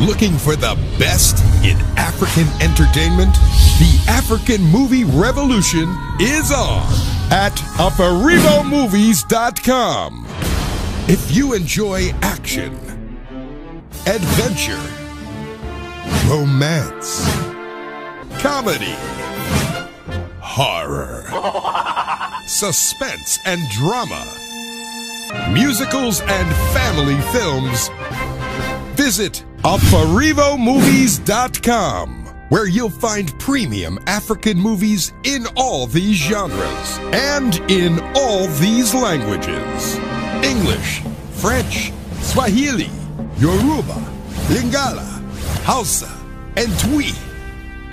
Looking for the best in African entertainment? The African movie revolution is on at AparivoMovies.com. If you enjoy action, adventure, romance, comedy, horror, suspense, and drama, musicals, and family films, visit AfarivoMovies.com, where you'll find premium African movies in all these genres and in all these languages English, French, Swahili, Yoruba, Lingala, Hausa, and Twi.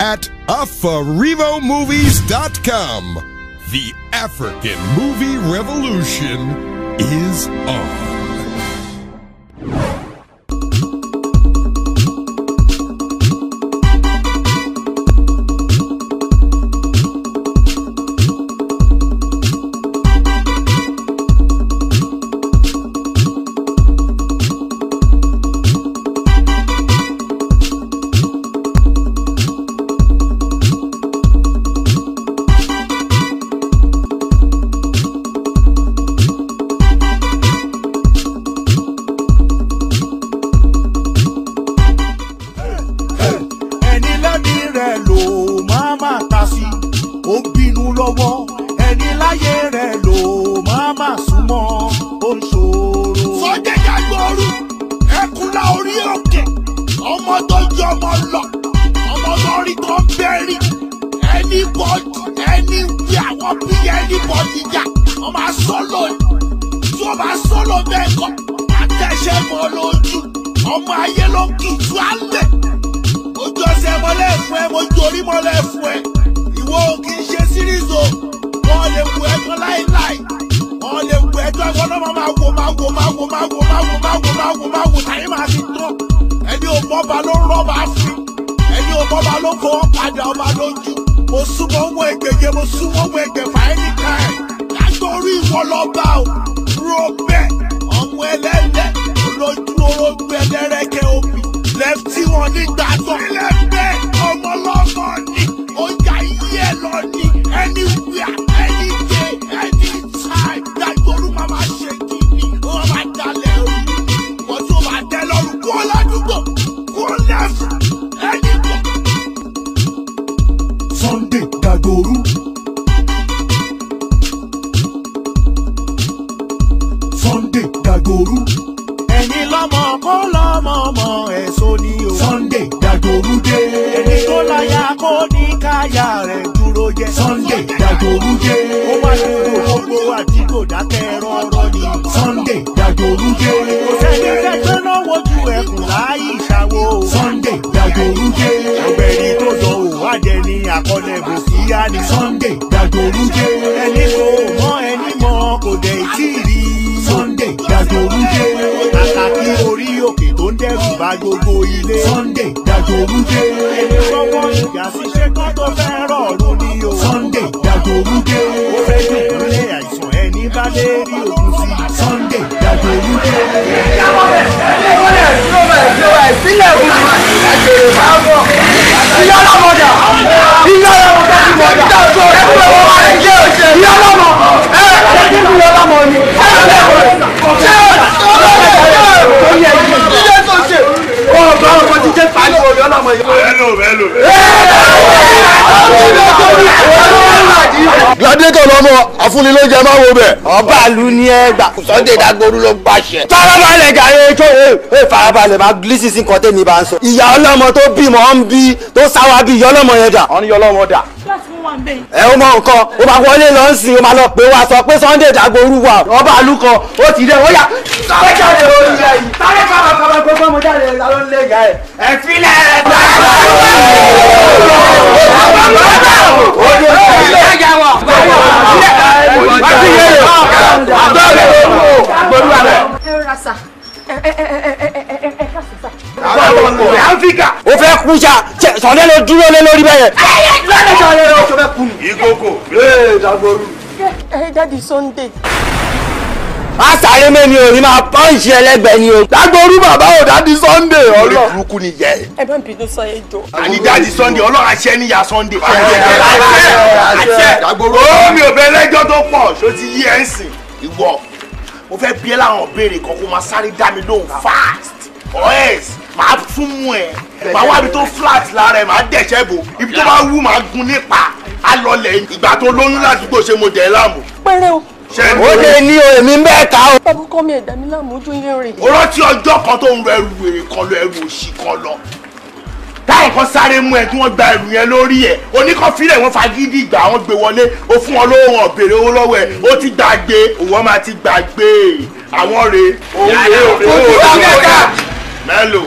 At AfarivoMovies.com, the African movie revolution is on. gbà Sunday Dagboru ló pàṣẹ. farabalẹ̀ gàrí tó e farabalẹ̀ máa lísì sí nǹkan tẹ́mi bá ń sọ. ìyá ọlọ́mọ tó bímọ ń bí tó sáwá bí yọlọ́mọ yẹn dà. wọ́n ní yọlọ́mọ dà. ẹ ó mọ nǹkan ó máa wọlé lọ sí i ó lọ pé wá sọ pé Sunday Dagboru wà. ọba àlùkọ ó ti dẹ ó yà. sáré jáde orí ẹ yìí sáré kábà kábà gbogbo ọmọ jáde ló ń lé ìyá ẹ. ẹ o fẹ́ kú sa sọlẹ ló dúró lé lórí bẹyẹ. ìkókò. ee dagboru. ẹ ẹ jáde sunday a sáré mẹ́ni o ní máa pọ́ǹsì ẹlẹ́gbẹ̀ẹ́ ni o. dágbóru bàbá ò dáàdi sunday ọlọ. orí burúkú ni yẹ. ẹ bá ń bínú sọ yẹn jọ. àní dáàdi sunday ọlọ́run aṣẹ́ níyà sunday. ó mi ò bẹ lẹ́jọ́ tó pọ̀ ṣó ti yí ẹ̀ ń sìn ìwọ mo fẹ́ bí ẹ láwọn béèrè kan kó máa sáré dá mi lóhùn fast ọ̀ẹ́s màá tún mú ẹ màá wá ibi tó flat lára ẹ màá dẹ̀ṣẹ́ bò ibi tó bá wú màá gun nípa alọ́lẹ̀ ìgbà tó lóyún ládùúgbò ṣe mo dẹ̀ láàmú. pẹ́rẹ́ o ó lè ní o èmi ń bẹ́ẹ̀ ká o. bàbá kọ́ mi ẹ̀dá mi láàmújú yẹn rè. o rántí ọjọ́ kan tó ń rọ ẹrù wèrè kan lọ ẹrù òṣì kan lọ táwọn kan sáré mú ẹ tí wọ́n gba ẹrù yẹn lórí ẹ oníkọ́fílẹ̀ wọn fagídí ìgbà wọn gbé wọlé o fún wọn lówó wọn béèrè owó lọ́wọ́ ẹ ó ti gbàgbé òwò máa ti gbàgbé àwọn rè òun rè òun rè mẹ́lò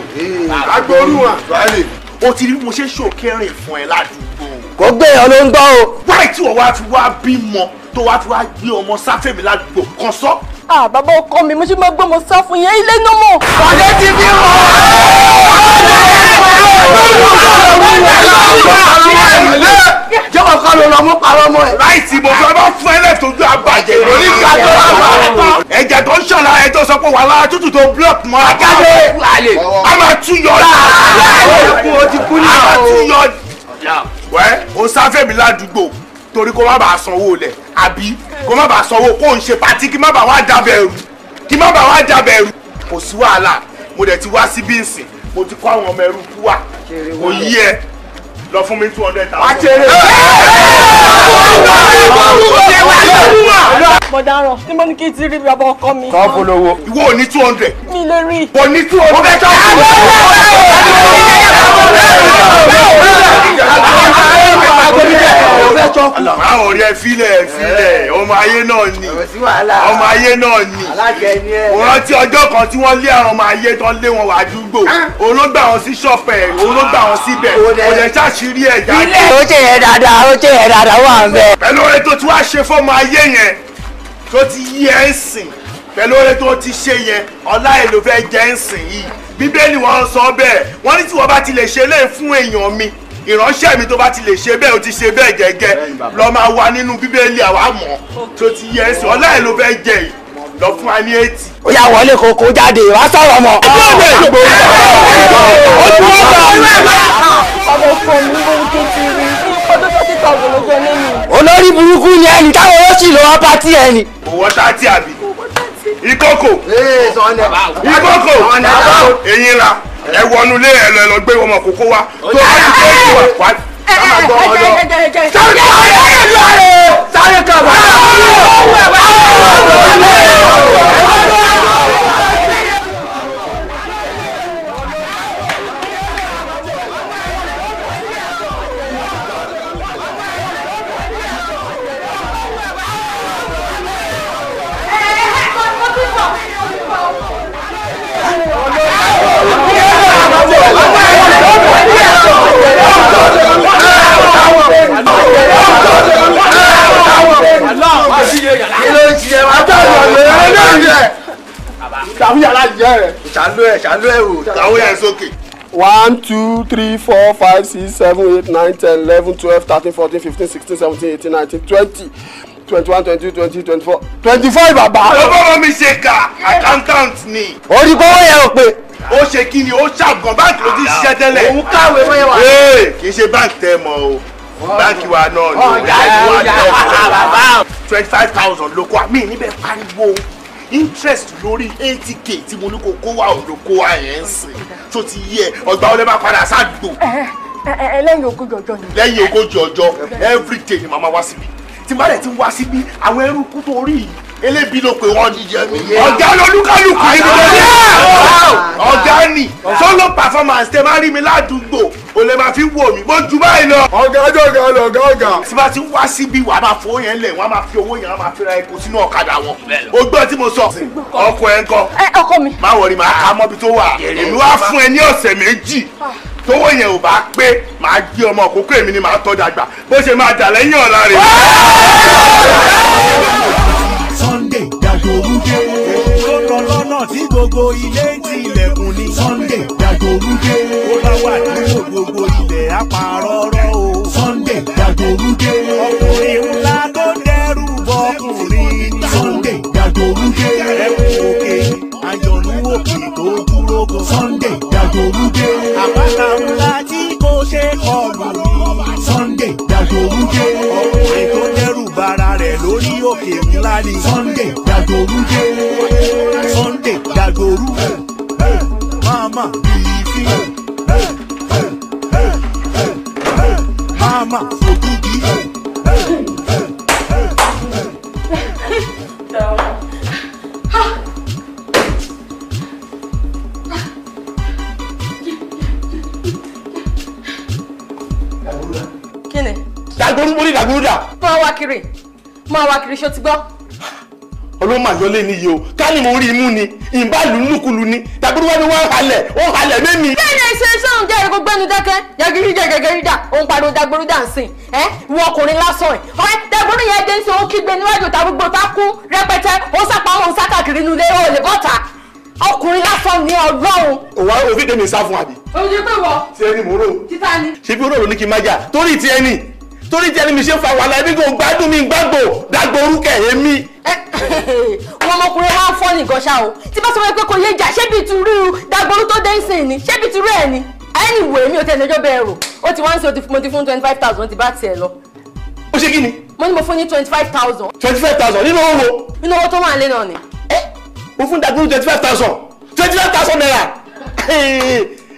agbóru wọn o ti rí mo ṣe ṣòkẹ́rìn fún ẹ ládùúgbò. kò gbé ọ ló ń gbọ́ o. wáyé tí wọ́n wá fi wá bímọ tó wá ti wá gbé ọmọ sáfẹ́mi ládùúgbò kan sọ. à bàbá ọkọ mi mo ṣe máa gbọ́ ọmọ sá fún yẹn ilé náà mọ̀. ọ̀dẹ ti fi hàn. jẹ́wọ́ ká ló lọ mú parọ́ mọ́ ẹ̀. láìsí mo fẹ́ bá fún ẹlẹ́ tójú àbàjẹ́ lórí ìgbàjọ́ àbàjọ́. ẹ̀jẹ̀ tó ń ṣọ̀la ẹ̀ tó sọ pé wàhálà tútù tó búlọ̀kì mọ́ àkàlẹ́ àlè a máa tún yọ ọ́. a máa tún o sáfẹ́ mi ládùúgbò torí kó má bàa sanwó lẹ̀ àbí kó má bàa sanwó kó n ṣe pati kí má bàa wá dábẹ̀rù kí má bàa wá dábẹ̀rù kò sí wàhálà mo dẹ̀ ti wá síbí nsìn mo ti kọ́ àwọn ọmọ ẹrú kú wa kò yí ẹ lọ fún mi two hundred thousand. mọ̀dáràn tí mo ní kí n ti rí bí ọba ọkọ mi. kọ́ polówó. ìwọ ò ní two hundred. mi lè rí. mo ní two hundred. mo fẹ́ tọ́ ọ. Agbo mi jẹ o fẹ́ tọ́ kú. báwo rẹ filẹ̀ filẹ̀ eh. ọmọ ayé náà ni ọmọ ayé náà ni mo rántí ọjọ́ kan tí wọ́n lé àwọn ọmọ ayé tán lé wọn wá dúgbò òun ló gbà wọn sí ṣọ́ọ̀fẹ̀ òun ló gbà wọn síbẹ̀ kò lè ṣàṣírí ẹ̀ jáde. ó ṣe yẹn dáadáa ó ṣe yẹn dáadáa wà ń bẹ. pẹ̀lú oore tó ti wá ṣe fọ́mọ ayé yẹn tó ti yí ẹ̀ ń sìn pẹ̀lú oore tó ti ṣe yẹn ọlá èlò fẹ́ jẹ́ ń sìn yìí bíbélì wọn sọ bẹ́ẹ̀ wọ́n ní tí wọ́n bá ti lè ṣe lẹ́yìn fún èèyàn mi ìránṣẹ́ mi tó bá ti lè ṣe bẹ́ẹ̀ o ti ṣe bẹ́ẹ̀ gẹ́gẹ́ lọ máa wà nínú bíbélì àwa mọ̀ tó ti yẹ ẹsẹ̀ ọ̀la ẹ̀ ló fẹ́ jẹ yìí lọ fún wa ní etí. ó yà wọlé kókó jáde wá sọ̀rọ̀ mọ́. olórí burúkú ni ẹni táwọn olóṣì ló wá pátí ẹni. òwò tá ti àbí ìkókò ìkókò èyí la ẹ wọnú lé ẹ lọ ẹ lọ gbé ọmọ kókó wa tó bá ti gbé ìwà wá sábà gbọ́ ọ lọ. sáré kà wá sáré kà wá. one two three four five six seven eight nine ten eleven twelve thirteen fourteen fifteen sixteen seventeen eighteen nineteen twenty twenty one twenty two twenty twenty four twenty four bàbá. mi ṣe ka accountant ni. orí kọ́wọ́ yẹn ò pé. ó ṣe kí ni ó ṣàgàn báńkì ló ti ṣiṣẹ́ tẹ́lẹ̀. òun káwé mọ́ yẹn wà. kì í ṣe báńkì tẹ́ mọ́ o báńkì wa náà ni ọ̀gá ìwà náà ah, twenty five thousand ló kó àmì níbẹ̀ pariwo interest lórí eighty k tí mo ní kó kó wa òun ló kó wa yẹn ń sìn tó ti yẹ ọgbà ọlẹ́ máa padà sáàdùgbò. Eh, eh, eh, lẹ́yìn ogójì ọjọ́ ni. lẹ́yìn ogójì ọjọ́ everyday ni màmá wá síbi tí má rẹ̀ ti wá síbí àwọn eruku tó rí yìí elébi ló pe wọn jíjẹ mi. ọ̀gá lolúkálùkù ìdílé ọ̀gá ni solo performance tẹ máa rí mi ládùúgbò o lè máa fi wò mí mo jù báyìí lọ. ọ̀gá ọjọ́ ọ̀gá ọ̀gá ọ̀gá. tí bá ti wá síbi wàá máa fowó yẹn lẹ̀ wọ́n á máa fi owó yẹn á máa fi ra epo sínú ọ̀kadà wọn. o gbọ́ tí mo sọ ọkọ ẹ̀ ń kọ. ọkọ mi. má wọrí màá kà mọ́bi tó wà èmi wá fún ẹ ní ọ̀sẹ̀ méjì ah tówó yẹn ò bá pé màá jí ọmọ òkókó èmi ni màá tọ́ dàgbà bó ṣe máa dà lẹ́yìn ọ̀la rẹ̀. Sunday Dagboru dé ó lọ lọ́nà tí gbogbo ilé ti ilẹ̀kùn ni Sunday Dagboru dé ó bá wà nínú gbogbo ilẹ̀ àpárọ̀. òkè ńlá ni Sunday Dagboru dé Sunday Dagboru mama bìbí mama ògùdì. Kí ni? Dagboru mo ní Dagboru dà. Bọ́wá kiri máa wá kiri ṣó ti gbọ́. ọlọ́mọ àyọlé ni yìí o ká ní mo rí imú ni ìbálù nùkùlù ni tàbí wọ́n ní wọ́n halẹ̀ wọ́n halẹ̀ mẹ́mi. bẹ́ẹ̀ni ẹ̀ṣẹ̀ iṣẹ́ òun jẹ́ ẹ̀rọ gbẹ́nu dákẹ́ jagirija jagirija òun pariwo dagboru dancing ẹ wọ ọkùnrin lásán ẹ ọ̀rẹ́ dagboru yẹn dé sí òun kígbe níwájú tàbúgbò tá kú rẹpẹtẹ ó sàpá òun sákàkiri nulẹ̀ ó lè bọ́ta ọkùnrin lásán ni ọlọ́run. òwò òfin tèmi sá fún àbí. òun ti pè wọ. ti ẹni mò ń rò. títà ni. ṣe fi oró ló ní kí n má jà torí ti ẹni torí tí ẹni mi ṣe ń fa wàhálà ẹbí kò gbádùn mi gbàgbò dàgbò orúkẹ èmi. wọn ọmọkùnrin máa ń fọ́ nìkan ṣá o tí bá sọ wọn pé kò lè jà ṣé bíi turú dàgbòrú tó dé ń sìn ṣé bíi turú ẹ̀ ni anyway mi ò tẹ̀lé ẹjọ́ bẹ́ẹ̀ rò ó ti wá ń ṣe mo ti fún twenty five thousand ti bá tiẹ̀ lọ. ó ṣe kí ni. mo ní mo fún ní twenty five thousand. twenty five thousand nínú owó. nínú owó tó wà lé náà ni. ẹ mo fún dàgbòrú twenty five thousand twenty five thousand naira.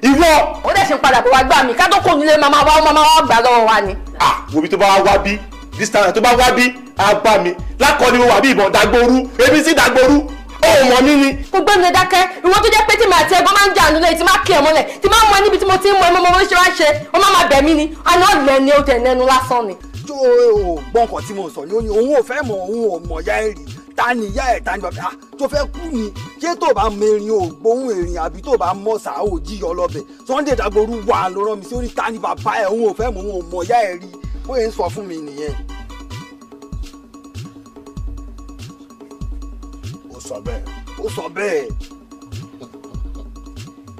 ìwọ. ó dẹ̀ ṣe ń padà bọ̀ wá gbà mí ká tó kò nílé màmá wa ó màmá gbà lọ́wọ́ wa ni. ah wo bí tó bá wá bí this time tó bá wá bí á bá mi lákọni mo wà bí ìbọn dagboru ebi sí dagboru ó mọ mí ni. kò gbé mi dákẹ́ ìwọ tó jẹ́ pé tí màá tiẹ̀ gan máa ń jà nílé tí máa kí ẹ̀ mọ́lẹ̀ tí máa ń mọ níbi tí mo ti ń mọ ẹmọ mo ṣe wá ṣe ó má máa bẹ̀ mí ni àná ọ̀lẹ́ ni ó tẹ̀ nẹnu lásán ni. jó o gbọ́n kan tí mo sọ ni òun ò fẹ́ mọ̀ òun ò mọ̀ yá ẹ̀rì ta ni ìyá ẹ̀ ta ni bàbá tó fẹ́ kú ni ṣé tó bá mẹrin o gbóhùn èrìn àbí tó bá mọ sàá jíyọ lọ́bẹ̀ Sunday Dagboru wà ló rán mi sí ó ta ni bàbá ẹ̀ òun ò fẹ́ mọ òun ò mọ ìyá ẹ̀ rí ó ń sọ fún mi nìyẹn. ó sọ bẹ́ẹ̀. ó sọ bẹ́ẹ̀.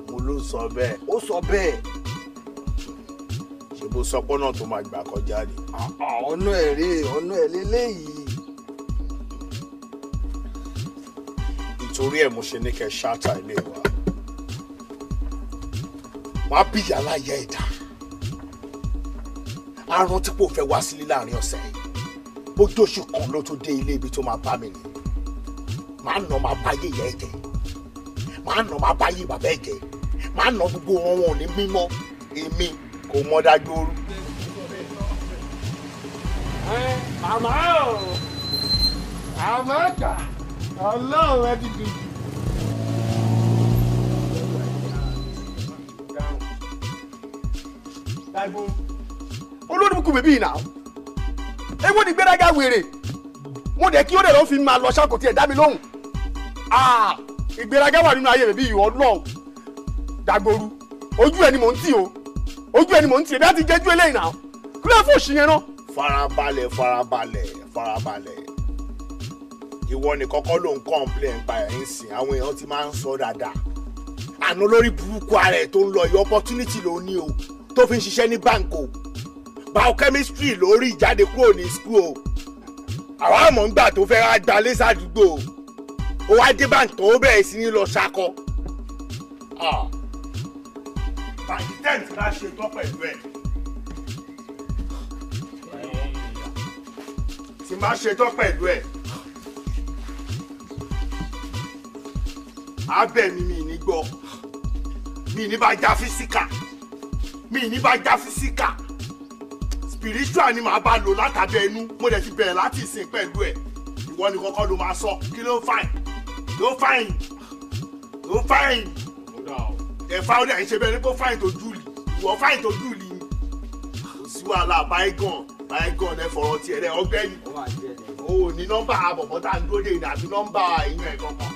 mo ló sọ bẹ́ẹ̀. ó sọ bẹ́ẹ̀ ṣe bó sọ pọ́nà tó máa gbà kọjá ni. ọ̀nà ẹ̀rẹ́ ọ̀nà ẹ̀ torí ẹ̀ mo ṣe ní kẹ́ ṣáàtà ilé wa wàá bí yàrá yẹ ẹ̀dá aràn tí kò fẹ́ wá sílé láàrin ọ̀sẹ̀ bó dóṣù kan ló tó dé ilé ibi tó máa bá mi nìyí màá nà máa bá yé ẹ̀jẹ̀ màá nà máa bá bàbá ẹ̀jẹ̀ màá nà gbogbo wọn wọn ò ní mímọ́ èmi kò mọ dájú ooru. màmá o àmọ́ kà ọlọ́run ẹ ti dùn jù. olórí kù bèbí ìnà ewu ni gbéraga wèrè mo dẹ̀ kí ó dẹ̀ lọ́ fi máa lọ ṣàkó tiẹ̀ dá mi lóhùn ìgbéraga wà nínú ayé bèbí ìwọ náà dàgbòru ojú ẹ ni mò ń tì o ojú ẹ ni mò ń tì ebi á ti jẹ́jú eléyìí náà kúlẹ̀ fún òṣìyẹn náà. farabalẹ̀ farabalẹ̀ farabalẹ̀ ìwọ nìkan kọ́ ló ń complain pa ẹ̀ ń sìn àwọn èèyàn ti máa ń sọ dáadáa àná lórí burúkú ara ẹ̀ tó ń lọ yìí opportunity ló ní o tó fi ń ṣiṣẹ́ ní báńkò biochemistry lórí ìjáde kúrò ní school o àwa àmọ́ ń gbà tó fẹ́ wá gba lẹ́sà àdúgbò o ó wá dé báńkì tó bẹ̀rẹ̀ sí ní lọ ṣakọ. bàjẹ́ tẹ́ǹtì bá ṣe tán pẹ̀lú ẹ̀. tí má ṣe tán pẹ̀lú ẹ̀. abẹ mi mi ní gbọ́ mi ni ba já fisika mi ni ba já fisika spiritual ni màá bá lò látàbẹ ẹnu mo dẹ̀ ti bẹ̀rẹ̀ láti ìsìn pẹ̀lú ẹ̀ ìwọ ni kọ́kọ́ ló máa sọ kí ló fàìn ló fàìn ló fàìn ẹ̀fà ó dẹ̀ ń ṣe bẹ́ẹ̀ ní kó fàìn tó júlì ìwọ fàìn tó júlì ni kò sí wàhálà bygone bygone ẹ fọ̀rọ̀ tiẹ̀ rẹ ọgbẹ́ni o ò ní nọ́mbà àbọ̀bọ̀tà ń dúró dé ìdàbí nọ́mbà ìyẹn kankan.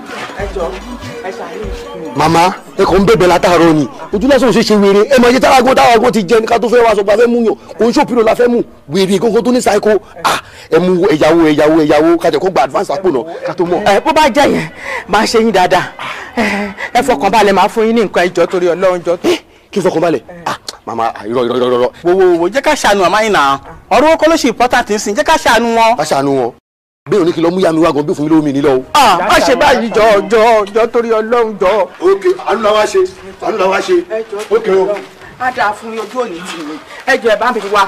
Mama, ẹ kàn ń bẹ̀bẹ̀ látàárọ̀ ni ojú lásán ò ṣe ṣe wèrè ẹ máa ṣe táwàgùn táwàgùn ti jẹ nǹkan tó fẹ́ wá sọ pé a fẹ́ mú yàn kò ń ṣòpinnu la fẹ́ mú wèrè kókó tó ní sáíkó à ẹ mú ẹ̀yàwó ẹ̀yàwó ẹ̀yàwó kájọ kó gba advance àpò náà ká tó mọ̀. ẹ bó bá jẹ yẹn máa ṣe yín dáadáa ẹ fọkàn balẹ̀ máa fún yín ní nǹkan ìjọ torí Ọlọ́run jọ. kí n fọkàn balẹ̀ ah mama. irọ́ irọ́ irọ́ irọ́. wo wo wo jẹ́ ká ṣàánú àmáyìn náà ọ̀rọ̀ owó kọ́ ló ṣe important sí jẹ́ bí òní kìlọ̀ mú ya mi wá gan bí òfin mi lówó mi nílọ o. Ah, a ṣe báyìí jọ jọ jọ torí Ọlọ́run jọ. ok àánú làwọn ṣe àánú làwọn ṣe ok o. a dáa fún mi ojú òní tì mí ẹ jọ ẹ bá mi wá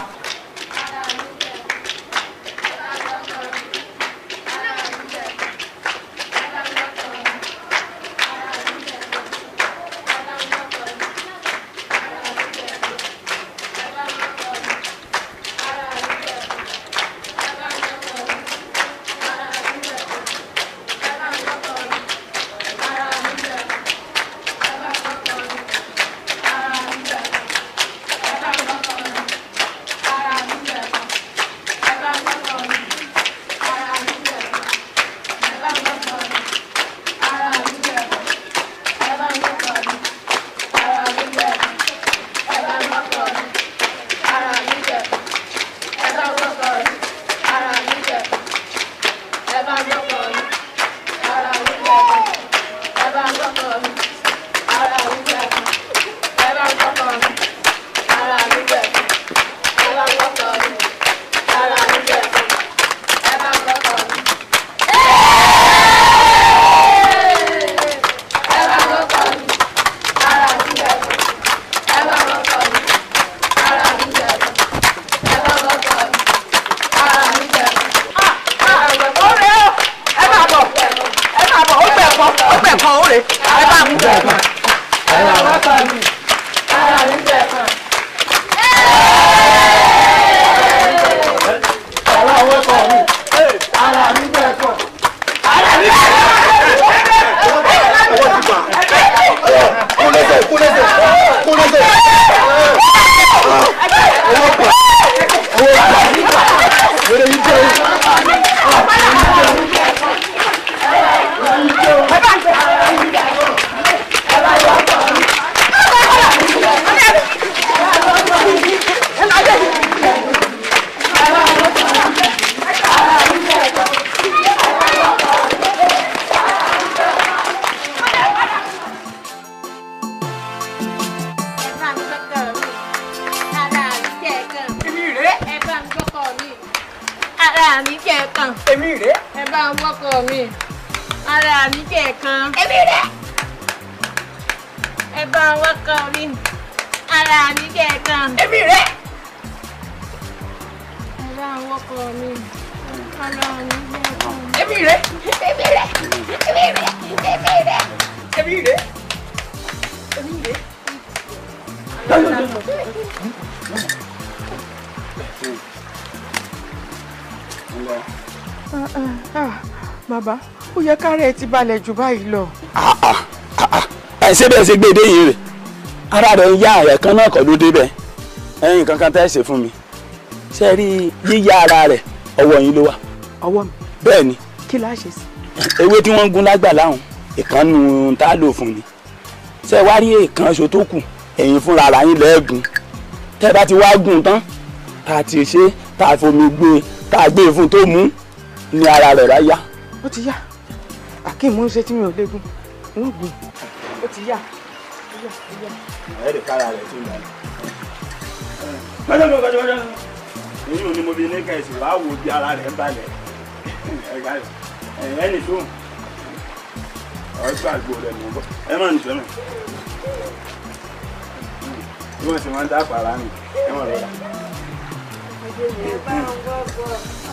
balẹ̀ jù báyìí lọ. Ah, ah, ah, ṣé bẹ́ẹ̀ ṣe gbé e dé yìí rè ara rẹ̀ ń yá rẹ̀ kan náà kọ́ ló débẹ̀ ẹ̀yìn kankan tẹ́ ẹ̀ ṣe fún mi ṣe rí yíyá ara rẹ̀ ọwọ́ yín ló wà. ọwọ́ mi. bẹ́ẹ̀ ni. kí la ṣe sí. ewé tí wọ́n ń gún lágbà láwọn ìkànnù tá a lò fún ni ṣe wá rí èèkan aṣọ tó kù ẹ̀yin fúnra ara yín lẹ́ẹ̀gùn tẹ́ bá ti wá gùn tán tá a ti ṣe tá a fomi gbé tá a gbé e fún tó mú ni ara rẹ̀ rá yá. ó ti yá akeem ń ṣe tí mi ò léegun ń gbìn ó ti yá ó yá ó yá. ọ̀rẹ́ lè kára rẹ̀ tó yà. gbọ́dọ̀ gbọ́dọ̀ gbọ́dọ̀ èyí ò ní mo fi ní kẹ́sì wàá wo bí ara rẹ̀ ń balẹ̀ ẹni tó ọ̀ṣọ́ àgbo rẹ̀ mọ̀ bọ́ ẹ má nìṣẹ́ mọ̀ bí wọ́n ṣe máa ń dápàá ara nì ẹ má lọ́la. ẹ bá ń gbọ́ bọ́.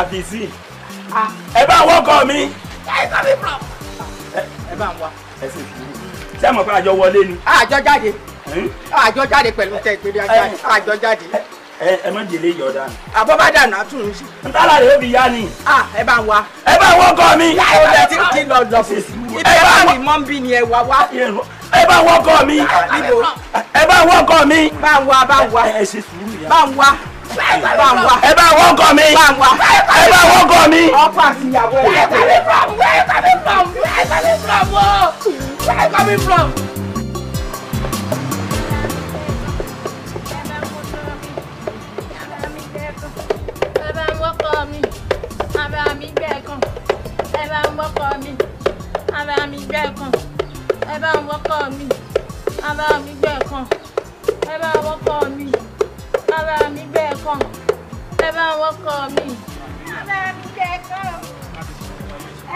àfìsí ah, ẹ Ah, wọ́n kọ́ call me. bá ń wá. ẹ sì fi I ṣé Tell my àjọ wọlé ni. àjọ jáde àjọ jáde pẹ̀lú tẹ ìpele àjọ jáde. ẹ mọ jèlé yọ dànù. àbọ̀ bá dànù àtún sí. n tálà rẹ̀ ó fi yá ni. too bá I'm wá. ẹ bá wọ́n Ah, mi. ó lẹ ti call me. lọ fún mi. ibẹ̀ bá mi mọ́ bí ni ẹ be near. ẹ bá wọ́n kọ́ call me. bá wọ́n kọ́ mi. bá ń wá bá ń wá. ẹ ṣe sùúrù ẹ bá wọ́n kọ́ mi ẹ bá wọ́n kọ́ mi. ọkọ àti ìyàwó ẹ. where you coming from where you coming from where you coming from where you coming from. ẹ bá ń mi ara bá mi ara ẹ bá ń mi bàbá mi bẹ́ẹ̀ kọ́ ẹ bá ń wọ́kọ mi. bàbá mi bẹ́ẹ̀ kọ́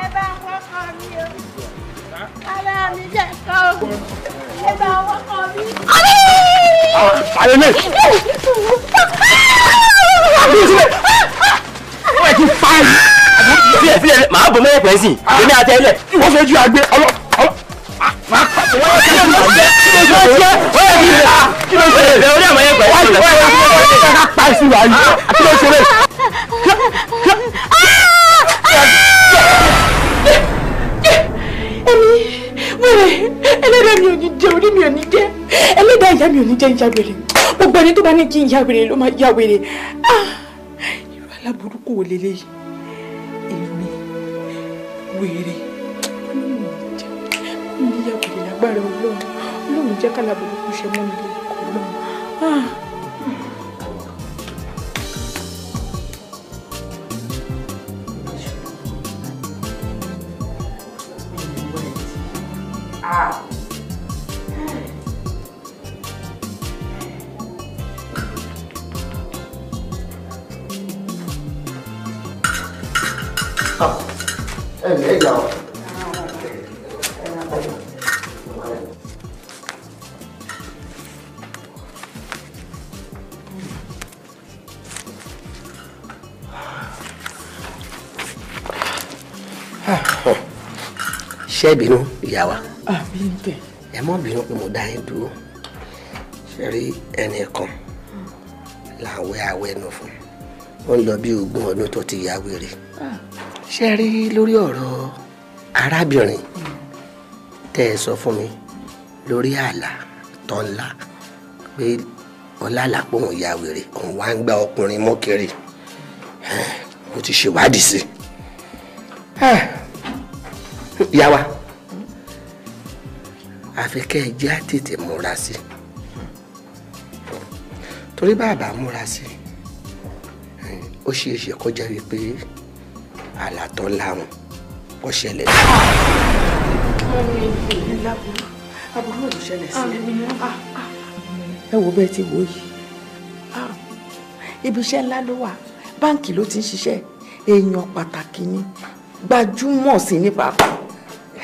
ẹ bá ń wọ́kọ mi o. bàbá mi bẹ́ẹ̀ kọ́ ẹ bá ń wọ́kọ mi. Ayé mi! Ayé mi! Ó yẹ kí n fa ẹ̀. Fílẹ̀ fílẹ̀ máa bọ̀ mẹ́rẹ̀ pẹ̀sìn. Èmi àtẹ̀lẹ̀. Ìwọ́n fẹ́ ju àgbẹ̀ ọlọ́ ẹlẹ́dàá mi ò ní jẹ́ orí mi ò ní jẹ́ ẹlẹ́dàá ìyá mi ò ní jẹ́ ìyá wèrè gbogbo ẹni tó bá ní kí n yá wèrè ló máa yá wèrè irú aláburúkú wo leléyìí èmi wèrè mi ò ní jẹ́ mi ò ní yá wèrè lágbára ọlọ́run ọlọ́run jẹ́ kálábùrú ṣe mọ́ mi lórúkọ ọlọ́run. Ah, ẹ ǹlẹ́ ìyá wa. ṣé ìbínú ìyá wa. àbínú ah, tẹ. ẹ mọ bínú pé mo dá yín dúró ṣe rí ẹnì kan làwẹ àwẹ nù fún ó ń lọ bí ogún ọdún tó ti yá wèrè ah. ṣe rí lórí ọ̀rọ̀ arábìnrin tẹ́ ẹ sọ fún mi lórí àlà tó ńlá pé ọlálàpọ̀ òun ya wèrè òun wá ń gba ọkùnrin mọ́kiri mo ti ṣèwádìí sí i ìyá wa àfi kẹ́ ẹ jẹ́ àtètè múra sí torí bàbá múra sí ó ṣeé ṣe kó jẹ́ wípé àlàtọ́ làwọn kò ṣẹlẹ̀. aburú ò lè ṣẹlẹ̀ sí ẹ wo bẹ́ẹ̀ ti wò yìí ibi iṣẹ́ ńlá ló wà báǹkì ló ti ń ṣiṣẹ́ èèyàn pàtàkì ni gbajúmọ̀ sí ní pàápàá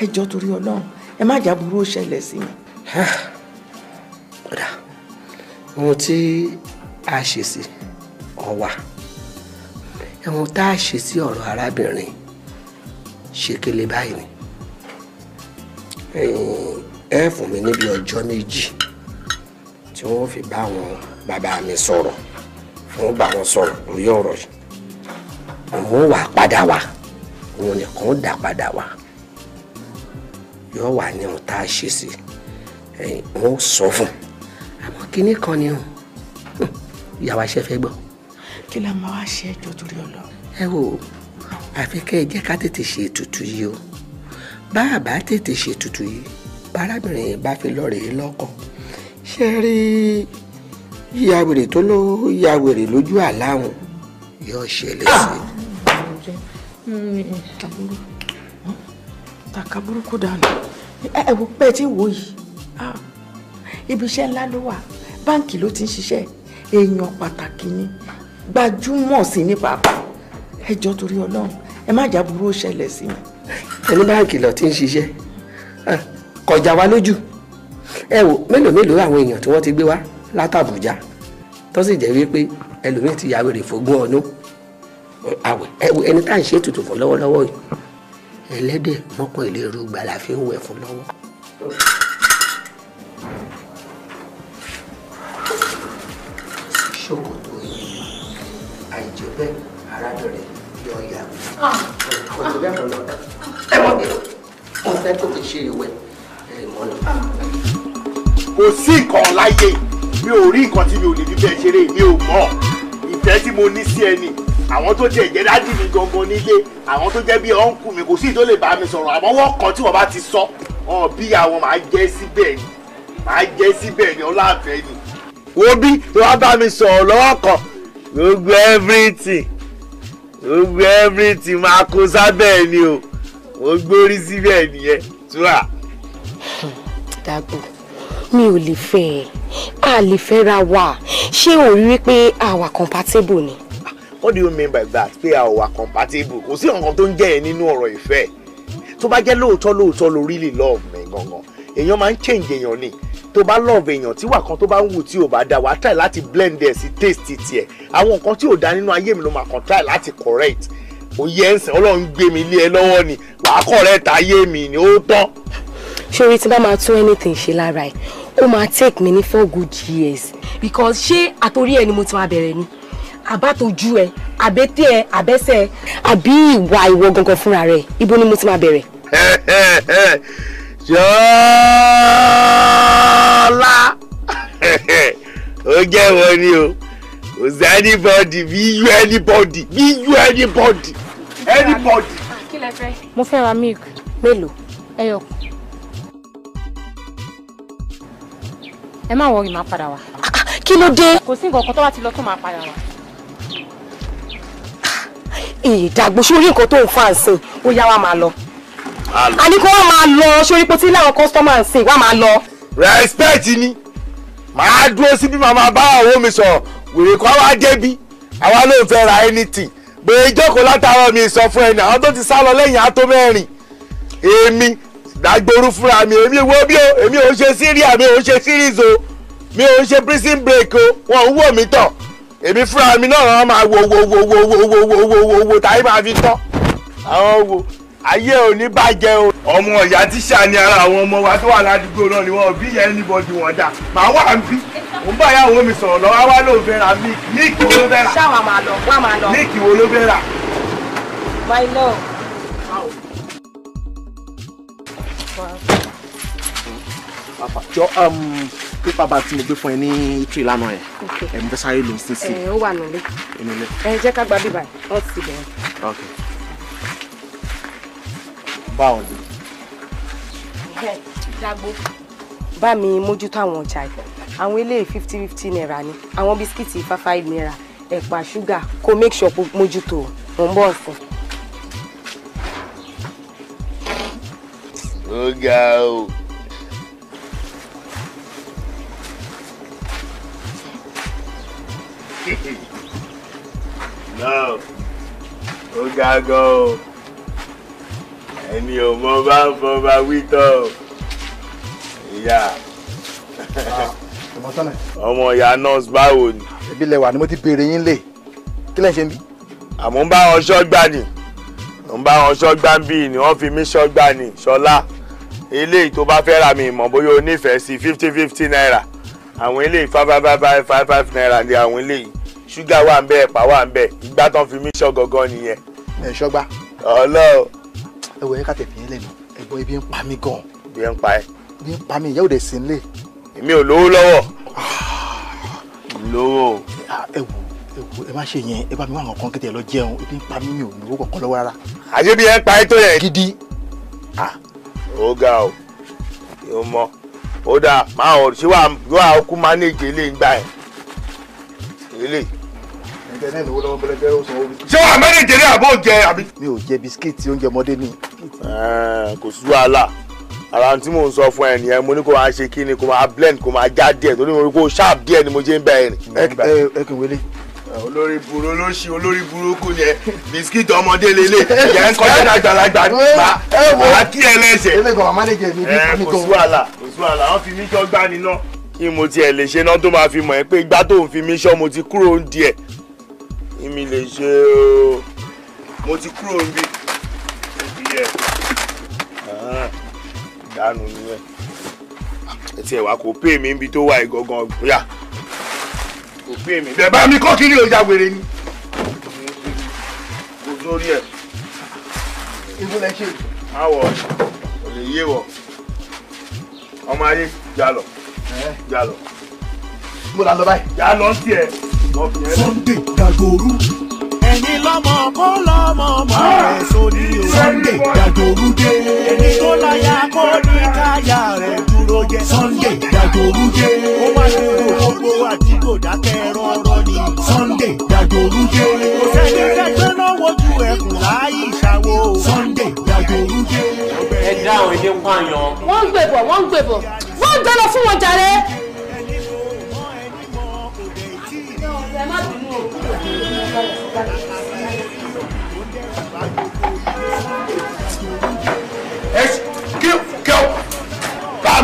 ẹ jọ torí ọlọ́run ẹ má jà burú ṣẹlẹ̀ sí mi. ohun tí a ṣe sí ọwà ohun tá a ṣe sí ọ̀rọ̀ arábìnrin ṣèkélé báyìí ni ẹ fún mi níbi ọjọ́ méjì tí wọ́n fi bá àwọn bàbá mi sọ̀rọ̀ fún bá wọn sọ̀rọ̀ lórí ọ̀rọ̀ yìí òun wà padà wá òun nìkan dà padà wá yóò wà ní ohun tá a ṣe sí wọn ò sọ fún àmọ́ kinní kan ni o ìyàwó aṣẹ fẹ́ gbọ́. kí la máa wá ṣe ẹjọ́ torí ọlọ. ẹ wo àfi kẹ́ ẹ jẹ́ ká tètè ṣe ètùtù yìí o bá a bá tètè ṣe ètùtù yìí bárábìnrin yẹn bá fi lọ́ọ̀rẹ́ lọ́kọ̀ ṣe rí yíyàwèrè tó ló yíyàwèrè lójú àláwọn yóò ṣẹlẹ̀ sí i tàbúrú tàkà burúkú dànù ẹ wo bẹ́ẹ̀ tí wò yìí ah, ibi iṣẹ́ ńlá ló wà báǹkì ló ti ń ṣiṣẹ́ èèyàn pàtàkì ni gbajúmọ̀ sí ní pàápàá ẹ jọ̀ọ́ torí Ọlọ́run ẹ má jà burú ó ṣẹlẹ̀ sí mi. ẹni báǹkì lọ ti ń ṣiṣẹ́ ah, kọjá wa lójú ẹ wò mélòó mélòó àwọn èèyàn tí wọ́n ti gbé wá látàbújá tó sì jẹ́ wípé ẹlòmíì ti yàwèrè fógún ọdún àwẹ̀ ẹwẹ ẹni tá à ń ṣe ètùtù fún lọ́wọ́lọ́wọ́ yìí ẹlẹ́dẹ̀ mọ́kàn ilé ru gbàlà fi ń wẹ̀ fún lọ́wọ́. ṣòkòtò yìí àìjẹ́ bẹ́ẹ̀ arábìnrin yọ ìyá ọ̀rọ̀ ìbẹ́ mọ̀ lọ́dọ̀ ẹ mọ̀ bí wọ́n fẹ́ kó fi ṣe ìwẹ̀ ẹ mọ̀ lọ. kò sí nǹkan láyé mi ò rí nǹkan tí mi ò lè fi bẹ́ẹ̀ ṣeré mi ò mọ̀ ìfẹ́ tí mo ní sí ẹni àwọn tó tiẹ̀ jẹ́ dájú mi gangan nílé àwọn tó jẹ́ bí ọ̀nkù mi kò sí tó lè bá mi sọ̀rọ̀ àmọ́ wọ́n kan tí wọ́n bá ti sọ ọ̀n bí àwọn màá jẹ́ síbẹ̀ ni màá jẹ́ síbẹ̀ ni ọláàfẹ́ ni. wo bí wọ́n bá mi sọ̀rọ̀ lọ́wọ́ kan gbogbo everything gbogbo everything máa kó sábẹ́ ni o mo gbórí síbẹ̀ nìyẹn túwà. dàgbò mi ò lè fẹ́ ẹ a lè fẹ́ra wa ṣé ò ń pé àwa compatible ni what do you mean by that pé a ò wà compatible kò sí nǹkan tó ń jẹ́ yẹn nínú ọ̀rọ̀ ìfẹ́ tó bá jẹ́ lóòótọ́ lóòótọ́ lo really love mi gangan èèyàn máa ń change èèyàn ni tó bá love èèyàn tí wà kan tó bá ń wù tí ò bá da wàá try láti blend ẹ̀ sí taste tiẹ̀ àwọn nǹkan tí ò da nínú ayé mi ló máa kàn try láti correct òye ẹ̀sìn ọlọ́run gbé mi lé ẹ lọ́wọ́ ni wàá correct ayé mi ni ó tán. ṣé orí tí bá máa tún anything ṣe lára ẹ ó máa take me ní four good years because ṣé àtòrí ẹ ni mo ti máa bẹ̀rẹ̀ ni àbátojú ẹ àbẹ́tẹ́ ẹ àbẹ́sẹ̀ ẹ àbí ìwà ìwọ gangan fúnra rẹ ibo ni mo ti máa bẹ̀rẹ̀. ṣọlá ó jẹ́ wọn ni o kò sí anybody bí yú anybody bí yú anybody anybody. mo fẹ́ ra milk mélòó ẹyọ kan ẹ má wọrí máa padà wá. Ah, ah, kí ló dé. kò sí nǹkan kan tó bá ti lọ tó máa padà wá ìdàgbò sórí nǹkan tó ń fa ǹsìn ó yá wa máa lọ. a ní kó wá máa lọ sórí pé tí láwọn kọ́sítọ́mà ń sìn wá máa lọ. respect ni màá dúró síbí màmá bá àwọn mi sọ̀rọ̀ wèrè kan wá débi àwa ló ń fẹ́ ra anything gbèrè ìjókòó látàwọn mi sọ fún ẹni àwọn tó ti sá lọ lẹ́yìn àtó mẹ́rin èmi dàgbòrú fúnra mi èmi wo bí o èmi ò ń ṣe síríà mi ò ń ṣe series o mi ò ń ṣe prison break o wọn ò wò mí tán èmi fúnra mi náà wọn máa wo wo wo wo wo wo wo wo wo wo tàyè máa fi tán àwọn wo ayé ò ní bàjẹ́ o. ọmọ ìyá tíṣà ni ara àwọn ọmọ wa tó wà ládùúgbò náà ni wọn ò bí yẹn anybody wọn dà màá wà ń bí mo bá ìyàwó mi sọ̀rọ̀ lọ́wọ́ wá ló fẹ́ ra míìkì wo ló fẹ́ rà ṣáà máa lọ wá máa lọ míìkì wo ló fẹ́ rà. my love. jọ pépà bá tí mo gbé fún ẹ ní tree lánàá yẹn ẹ mo fẹ́ sáré lò ó sínsìn. ẹ ó wà nílé ẹ jẹ́ ká gba bíbá ọ sì bẹ̀rẹ̀. báwo ni. dàgbò bá mi mójútó àwọn ọjà yìí àwọn eléyìí fifty fifty naira ni àwọn bisikíìtì five five naira ẹ̀pà ṣúgà kó make sure mójútó mò ń bọ̀ ọ̀sán. ó ga o. No, we gotta go. o ẹni ò mọ bá ń Yeah. bá wí tán o ìyá ah, ọmọ ìyá nurse báwo ni. ẹbí lẹwà ni mo ti béèrè yín lè kí lẹ ń ṣe ń bí. àmọ́ ń bá wọn ṣọ́gbà ni ń bá wọn ṣọ́gbà ń bí ni wọ́n fi mí ṣọ́gbà ni ṣọlá eléyìí tó bá fẹ́ ra mi ìmọ̀ bóyá o nífẹ̀ẹ́ sí fifty fifty naira àwọn eléyìí five five five five five naira ni àwọn eléyìí ṣúgà wà ń bẹ ẹ̀pà wà ń bẹ ìgbà tán fi mí ṣọ́ gangan nìyẹn. ẹ ṣọgbà. ọlọ. ẹ wọ ẹ ká tẹ̀fì yẹn lẹ́nu ẹ̀gbọ́n ebi ń pa mí gan. ebi ń pa ẹ. ebi ń pa mí ìyá ò dẹ̀ sí nílé. èmi ò lówó lọ́wọ́. Ah. lówó. Ah, ẹ wò ẹ wò ẹ má ṣe yẹn ẹ bá mi wá àwọn kan kẹtẹ lọ jẹun ebi ń pa mí mi ò lówó kankan lọ́wọ́ rárá. àṣé bí ẹ ń pa ẹ tó yẹ. gidi. ó ga o. yóò mọ ó dáa máa ọ̀ ṣé wàá wàá kú manage eléyìí gbà ẹ̀ eléyìí. ṣé wàá manage eléyìí àbó jẹ àbí. mi ò jẹ bisikíìtì oúnjẹ ọmọdé ni. kò sí wàhálà ara tí mò ń sọ fún ẹ nìyẹn mo ní kó máa ṣe kí ni kó máa blend kó máa já díẹ̀ torí mo rí kó sharp díẹ̀ ni mo ṣe ń bẹ ẹ rìn. ẹ ẹ ẹ kàn olórí burú olóṣì olórí burúkú yẹn bisikíìtì ọmọdé lélẹ̀ yẹn ń kọjá dàgbàlagbà bá bá kí ẹ lẹ́sẹ̀. ẹ kò sí wàhálà kò sí wàhálà wọn fi mí jọ gbá níná kí mo tiẹ̀ lè ṣe náà tó máa fi mọ̀ ẹ́ pé igbá tó ń fi mí ṣọ́ mo ti kúrò ń di ẹ̀ èmi lè ṣe o mo ti kúrò ń bí òbí yẹ ah, dànù nìyẹn ẹ tiẹ̀ wá kò pè mí níbi tó wà ìgangan gbóyà bẹ̀bá mi kọ́ kiri ọjà wèrè ni. kò sórí ẹ̀. ṣe. má wọ ọ yé wọ ọmọ ayé já lọ já lọ. mo là lọ báyìí. já lọ sí ẹ. Sunday Dagboru. ẹni lọ́mọ kó lọ́mọ mọ́ ah! ẹ̀ sóní o. Sunday Dagboru dé. ẹni tó láyà kó ní káyà rẹ̀ ló Sunday Dagboru jẹ. ó wá ṣòro gbogbo àdìgbò dákẹ́ rọ́rọ́ ni. Sunday Dagboru jẹ. kò sẹ́ni tẹ́tẹ́ lọ́wọ́ ju ẹkùn láàyè ìṣàwó. Sunday Dagboru jẹ. ẹ dáhùn ẹ dé pààyàn. wọ́n ń gbèbọ̀ wọ́n ń gbèbọ̀ wọ́n ń dáná fún wọn jàre.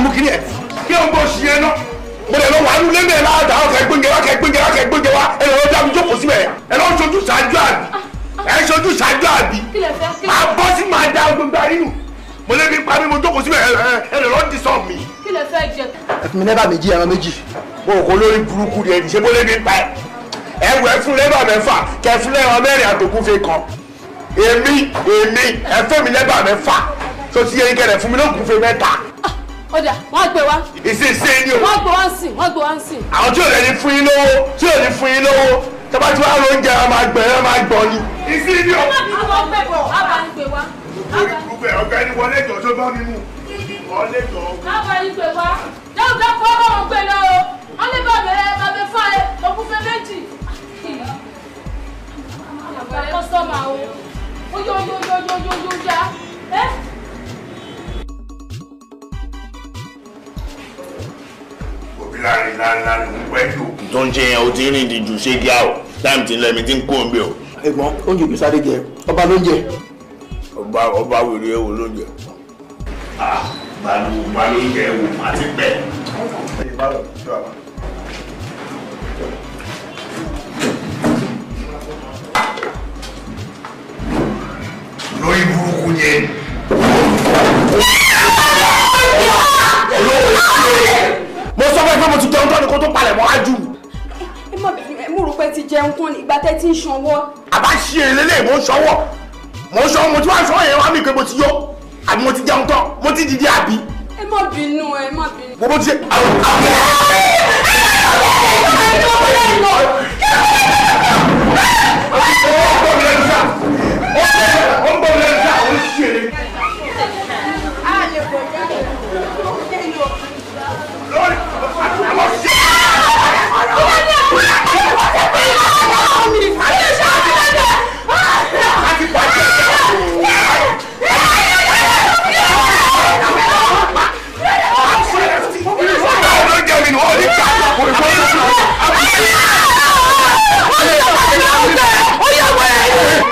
mú kí ni ẹ̀ kí ló ń bọ̀ ṣì yẹn náà mo lè lọ wà nínú lẹ́mẹ̀ẹ́ láàdá ọ̀kẹ́ gbẹ̀ngẹ̀ wá kẹ́ gbẹ̀ngẹ̀ wá kẹ́ gbẹ̀ngẹ̀ wá ẹ lọ́ọ́ dábí jókòó síbẹ̀ ẹ lọ́ọ́ ṣojú ṣáájú àbí ẹ ṣojú ṣáájú àbí máa bọ́ sí máa da gbogbo àrínù mo lè fi parí mo jókòó síbẹ̀ ẹ lọ́ọ́ dì sọ mi. kí lè fẹ́ jẹ. ẹ fún mi lẹ́bà méjì ẹran méjì. mo kò lórí burúkú rẹ ní ṣé mo lè fi pa ẹ. ẹ wẹ fún lẹ́bà mẹ́fà kẹ fún lẹ́wọ̀n mẹ́rin àtòkù fi kan. èmi èmi ẹ fẹ́ mi lẹ́bà mẹ́fà tó ti yẹ kẹrẹ fún mi lókùn fi mẹ́ta ọjà wọ́n gbé wá. ìsinsìnyí ni o. wọ́n gbé wá ń sìn wọ́n gbé wá ń sìn. àwọn tí ò lè ní fún yín lówó tí ò ní fún yín lówó tọ́ba tí wàá lóúnjẹ wọn máa gbẹ̀ wọn máa gbọ̀ ni. ìsinsìnyí ni o. àwọn ọgbẹ́ bọ̀ wá bá ń gbé wá. gbogbo ọ̀gá ẹni wọlé ìjọ tó bá mi mú. wọlé ìjọ. wá ń gbé wá. dáwùdá fọ́ ọlọ́run gbé lọ o. wọ́n ní bàbá rẹ̀ fún ẹ òkúfẹ́ méjì. àgbà láàrin ńláńlá ló ń pẹ́ jù. tó ń ṣe yẹn o ti ń rìn ìdíjú ṣé gíà o táìmù ti ń lọ èmi ti ń kó ń bẹ o. ẹ̀gbọ́n oúnjẹ òjò sáré jẹ ọba ló ń jẹ. ọba ọba wèrè ẹwò ló ń jẹ. balu balu ń jẹ ẹwò àti pẹ. lórí burúkú yẹn. olówó sí i sọ fún ẹ pé mo ti jẹun tán ni kó tó palẹ̀ mọ́ ájú mi. ẹ má bẹ̀rẹ̀ mo rò pé ti jẹun tán ni ìgbà tẹ́ ti ń ṣanwọ́. àbá ṣe eléyìí mo ń ṣọwọ́ mo ń ṣọwọ́ mo ti wá ṣọwọ́ yẹn wá mi pé mo ti yó àbí mo ti jẹun tán mo ti dìde àbí. ẹ má bínú ẹ má bínú. mo bó ti ṣe àwọn àwọn. ó ń bọ̀ lẹ́nu sá ó ń bọ̀ lẹ́nu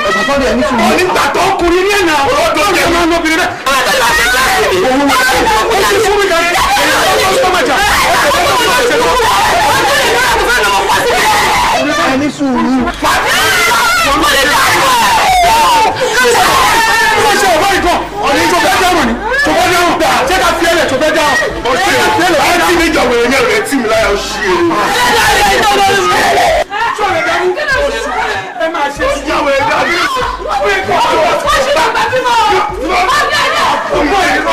ẹ̀fọ́fọ́dé ẹni sùn. onígbà tó kùnrin ní ẹ̀nà ọ̀dọ́ rẹ̀ máa ń lọ bìrì rẹ̀. àtàlà ti gbà sí mi. òun wà ní o ti fún mi kan èyí tó ń lọ sí ọmọjà ẹ̀fọ́ tó máa ṣe lọ. ẹni sùn ní. màmá lè lọ àwọn ọmọ ṣe ọ̀bá ìkọ̀ ọ̀nà ìjọ fẹ́ dárùn ni tó fẹ́ dárùn dà ṣé ká fi ẹlẹ̀ tó fẹ́ dárùn. ọ̀sẹ̀ ẹ̀ láti mi jọ̀wọ̀ ẹ̀yẹ rẹ̀ tì mí láyà ó ṣí e sọ̀rọ̀ dání oṣù ẹ máa ṣe ti yàwó ẹ dání oṣù ẹ kọ́ ọ́ ọ́ ọ́ ṣe ló gbà bímọ ọ́ ọ̀gá ẹ̀ náà ọ̀gá ẹ̀ náà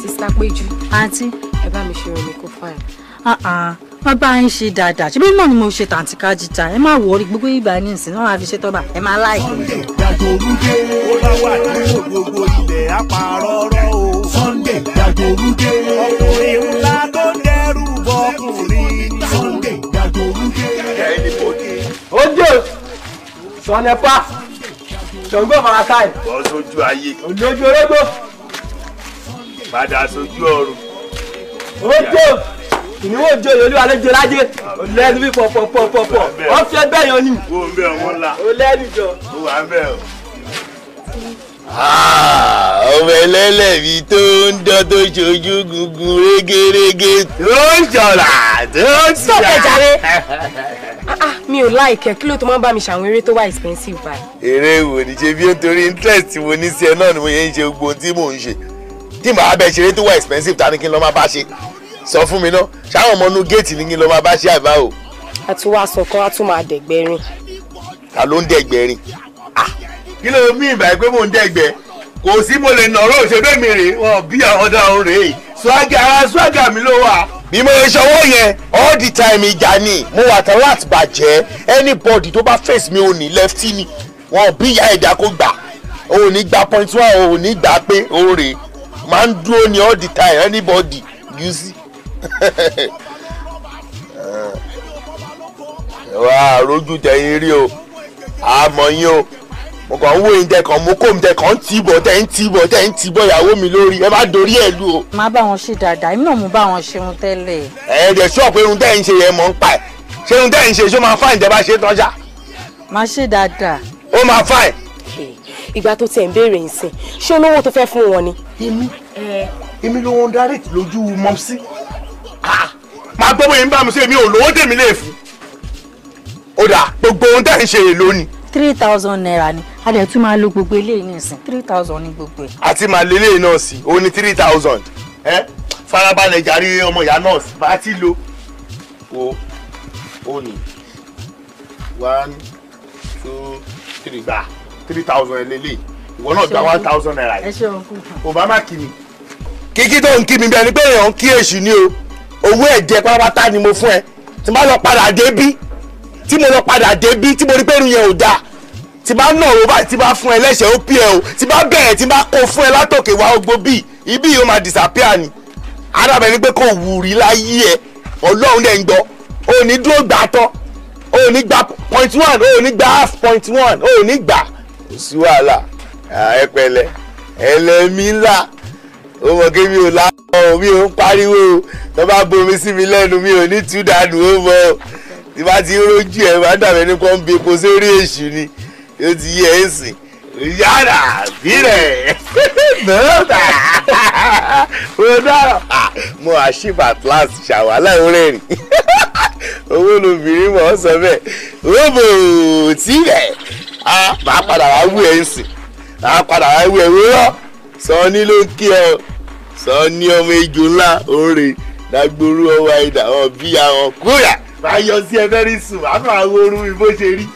Sista Péjú. Àǹtí. Ẹ bá mi ṣe omi kó fáìn wọ́n bá ń ṣe dáadáa ṣé bí ni mo ṣe tàǹtìkà jìjà ẹ má wọrí gbogbo ìgbà ní ìsìn náà àfi ṣe tọ́ba ẹ má láì. Sunday Dagboru dé ó bá wà gbogbo ilẹ̀ apàrọ̀rọ̀ o. Sunday Dagboru dé ọkùnrin ńlá tó dẹrù bọkùnrin. Sunday Dagboru dé. ó jò sọnẹpa ṣògbọ́n faransé. bọ́ sójú ayé. òjòjú orógbó. padà sójú ọ̀run. ó ìníwó òjò ìyọlú àlejò lájẹ lẹ́nu bí pọ̀pọ̀pọ̀pọ̀ wọ́n fi ẹgbẹ́ yan ni. wo ń bẹ ọmọ ńlá o lẹ́nu jọ. o wà ń bẹ o. ọmọ ẹlẹ́lẹ̀mí tó ń dán tó ṣojú gungun régerege tó ń jọra tó ń jà. sọ́kẹ̀ jàre ah, ah, mi ò láìkẹ́ kí ló tó máa ń bá mi ṣàwọn eré tó wà expensive báyìí. eré wo ni ṣe bí nítorí interest wo ní sí ẹ náà ni mo yẹn ń ṣe gbogbo tí mò ń ṣe tí màá bẹ ṣeré tó wà expensive ta ni kí n lọ máa bá ṣe sọ fún mi náà ṣáwọn ọmọ inú géètì ní kí n lọ máa bá ṣe àbá o. a tún wá sọ kan a tún máa dẹ̀gbẹ́rin. ta ló ń dẹ̀gbẹ́rin. kí ló mí ìgbà pé mò ń dẹ̀gbẹ́ kò sí mo lè nọ̀rọ̀ òṣèlú mi rè wọn bí ọ̀dà òun rèé swaga ara swaga mi ló wà. bí mo ṣe owó yẹn all the time ìjà ni mo wà tán láti bàjẹ́ anybody tó bá face mi ò ní lefty ni wọn bí ìyá ẹ̀dá kó gbà ò ní gba point one ò ní gbà pé òun rèé máa ń dúró ní all the time anybody you see wà á rojú tẹ̀yìn rí o àmọ́ yín o mo kàn ń wo ìjẹ kan mo kó ìjẹ kan ń tì bọ̀ tẹ̀ ń tì bọ̀ tẹ̀ ń tì bọ̀ ìyàwó mi lórí ẹ má dorí ẹ̀ lu o. má bá wọn ṣe dáadáa èmi náà mo bá wọn ṣeun tẹ́lẹ̀. ẹ ẹ jẹ ṣọ́ọ̀pù irun tẹ́ ń ṣe yẹn mọ̀ ń pa ẹ̀ ṣé irun ń ṣe ṣó máa fáìn jẹba ṣe tọ́já. má ṣe dáadáa. ó máa fáìn. ìgbà tó tiẹ̀ ń béèrè ìsìn ṣé olówó tó fẹ́ fún wọn ni. èmi èmi ló ń darí lójú mọ́sí máa gbọ́ bóyá ń bá mi sí èmi ò lówó dèmi léèfù ó dà gbogbo ohun tẹ́ ń ṣe èlò three thousand naira ni a dẹ̀ tún máa lo gbogbo eléyìí nísìn three thousand ni gbogbo ẹ̀. àti màá lé eléyìí náà sí ó three thousand ẹ farabalẹ̀ jàre ọmọ ìyá náà bá ti lo o ò ní one two three gba three thousand eléyìí ìwọ náà gba one thousand naira yìí obama kì mí kíkí tó ń kí mi bẹ́ẹ̀ ni pé èèyàn ń kí èṣù ni o owó ẹ̀jẹ̀ pátápátá ni mo fún ẹ tí mo lọ padà débí tí mo lọ padà débí tí mo rí pé irun yẹn ò dáa tí bá nà owó báyìí tí bá fún ẹ lẹ́sẹ̀ ó pí ẹ o tí bá bẹ̀rẹ̀ tí bá kó fún ẹ látòkè wá ogbó bíi ibi yìí ó máa disappear ni arábẹ̀ ni pé kò wùrí láyé ẹ ọlọ́run lẹ́ ń gbọ́ ò ní dúró gbà tán ò ní gba point one ò ní gba half point one ò ní gbà kò sí wàhálà ẹ pẹ̀lẹ́ ẹlẹ́mìí ńlá ó mọ̀ kí mi ò láwọ̀ mi ò ń pariwo tó bá bomi sí mi lẹ́nu mi ò ní tú dànù ó mọ̀ tí bá ti rójú ẹ̀ máa dàbẹ̀ ní kó ń bi epo sórí èṣù ni ó ti yẹ ẹ̀ e sìn yàrá bírẹ̀ nọ́ọ̀tà mo dára mo àṣìbà atlas ṣàwálà ìrẹ́rìn owó lobìnrin mọ̀ ọ́ sọ bẹ́ẹ̀ róbò tí rẹ̀ á máa padà wá wú ẹ̀ ń sìn á padà wá wú ẹ̀ wúrọ́. Sunny ló kí ọ Sunny ọmọ ejò ńlá òòrè dàgbòrú ọwọ́ àìdá ọ̀ bí àwọn kúrà máa yọ sí ẹ very soon àánú àwọn orun ìbò ṣe rí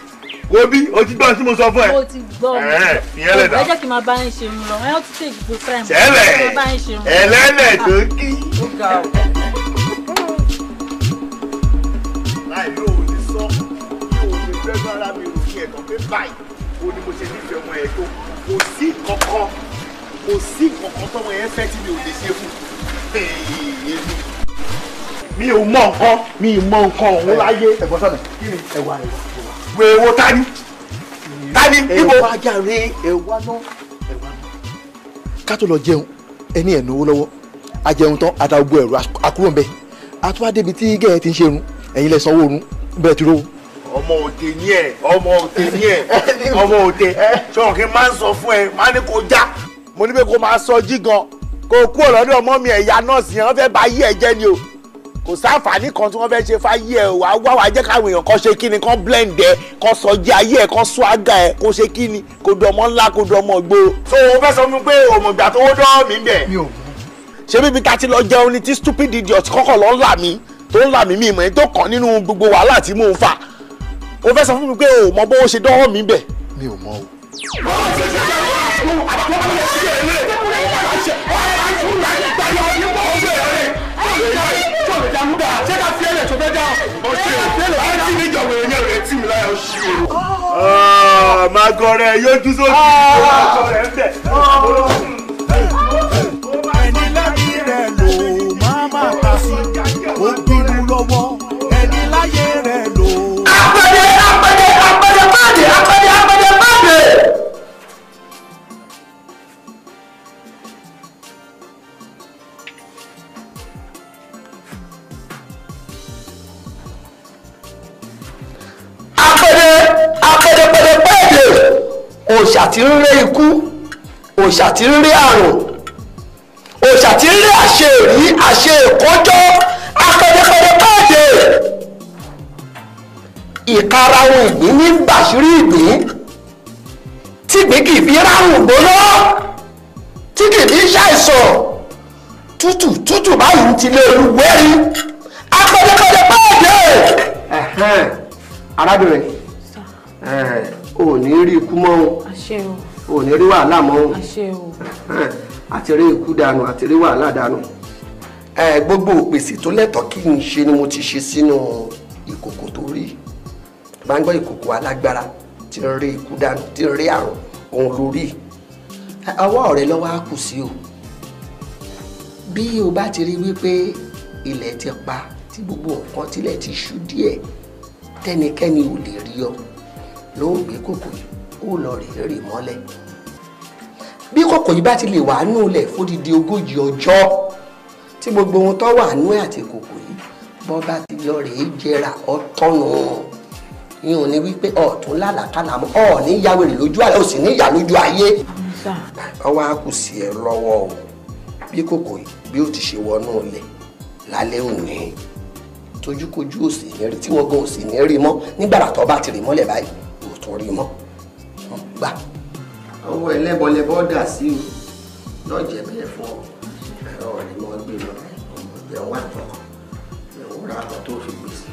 wo bí o ti gbọ́ sí mo sọ fún ẹ. mo ti gbọ́ mi ìyẹn lẹ́dà. ọ̀gbẹ́jọ́ kì í máa bá ń ṣe mu lọ ẹ̀ ọ́ ti tẹ̀ gbogbo fúráìmù. ṣẹlẹ̀ ẹlẹ́lẹ̀ tó kí. láì yóò ní sọ yóò ní fẹ́ bá ara mi rò kí ẹ̀tàn pé báyìí o ni mo ṣe nífẹ̀ẹ́ ọmọ ẹ̀ tó kò sí kankan kò sí nǹkan tọ́mọ yẹn fẹ́ tí mi ò lè ṣe fún mi ò mọ nǹkan mi ì mọ nǹkan òun láyé ẹ̀gbọ́n sọ̀nà ẹ̀wà ẹ̀wà wèèwò tani tani ibo. ẹ̀wà jàre ẹ̀wà náà ẹ̀wà náà. ká tó lọ jẹun ẹni ẹ̀ náwó lọ́wọ́ a jẹun tán a da gbogbo ẹ̀rọ akúrò ń bẹ́ẹ̀ atúwá débi tí gẹ́ẹ̀ ti ń ṣe irun ẹ̀yin lẹ ọmọ òde ni ẹ ọmọ òde ni ẹ ọmọ òde sọ̀rọ̀ máa ń sọ fún ẹ máa ní kó já mo ní pé kó máa sọ jí gan kó kú ọ̀lọ́dọ̀ ọmọ mi ẹ̀yà nọ́ọ̀sì yẹn wọ́n fẹ́ ba yí ẹ̀ jẹ́ ni o kò sáǹfààní kan tí wọ́n fẹ́ ṣe fáyé ẹ̀ wá wá wá jẹ́ káwọn èèyàn kan ṣe kí kan blend ẹ̀ kan sọ jí ayé ẹ̀ kan sọ àga ẹ̀ kó ṣe kí kó du ọmọ ńlá kó du ọmọ gbó. so o fẹ́ sọ fún mi pé òmùgbà tó wó dán mi bẹ̀. ṣé bíbi ta ti lọ jẹun ni tí stupid idiot kọ́kọ́ lọ ń là tó ń là mí mi tó kàn nínú gbogbo wàhálà tí mò ń fà o fẹ́ sọ fún mi pé o mọ bó ṣe dán mi bẹ̀. mi ò mọ o. o ṣe o àti mi jọ̀wọ́ ẹ̀yẹ akéde akédepẹ̀dẹ pẹ́ẹ́dẹ̀ òòṣà tí ń ré ikú òòṣà tí ń ré àrùn òòṣà tí ń ré àṣẹ èrí àṣẹ ìkọjọ́ akédepẹ̀dẹ pẹ́ẹ́dẹ̀ ìkarahun ìgbín ní gbàṣírí ìgbín tígbín kì í fi ráhùn gbóná tí kì í fi ṣàìsàn tútù tútù báyìí ti lè lu wẹ́rí akédepẹ̀dẹ pẹ́ẹ́dẹ̀ arábìnrin ò ní rí ikú mọ́ o ò ní rí wàhálà mọ́ o àti rí ikú dànù àti rí wàhálà dànù gbogbo òpèsè tó lẹ́tọ̀ọ́ kí n ṣe ni mo ti ṣe sínú ìkòkò tó rí bá ń gbọ́ ìkòkò alágbára tí ń rí ikú dànù tí ń rí àrùn òun lórí ọwọ́ rẹ lọ́wọ́ á kù sí o bí o bá ti rí wípé ilẹ̀ ti pa tí gbogbo nǹkan tilẹ̀ ti ṣú díẹ̀ tẹ́nikẹ́ni ò lè rí ọ ló ń gbé kòkò yìí ó lọ rè rè mọ́lẹ̀ bí kòkò yìí bá ti lè wà nù lẹ̀ fódìdí ogójì ọjọ́ tí gbogbo ohun tó wà nù ẹ̀ àti kòkò yìí bọ́ bá ti yọ rèé jẹrà ọ̀tọ̀nù yìí ò ní wípé ọ̀tún lálàkàlà mọ́ ọ̀ ní yàwèrè lójú àlẹ́ ò sì ní yà lójú ayé ọwọ́ á kù sí ẹ lọ́wọ́ o bí kòkò yìí bí ó ti ṣe wọnú lẹ̀ lálẹ́ òní tójúkojú òsì ní rí tí wọ́n gan òsì ní rí mọ́ nígbàrà tó bá ti rí mọ́lẹ̀ báyìí kò tún rí mọ́ gbà. owó ẹlẹ́bọlẹ́bọ dà sí o lọ́jẹ̀ bẹ́ẹ̀ fún ọ ẹ̀rọ rẹ̀ gbé lọ ọmọ ìjẹun wà tọkàn ẹ̀wúrà tó fi gbèsè.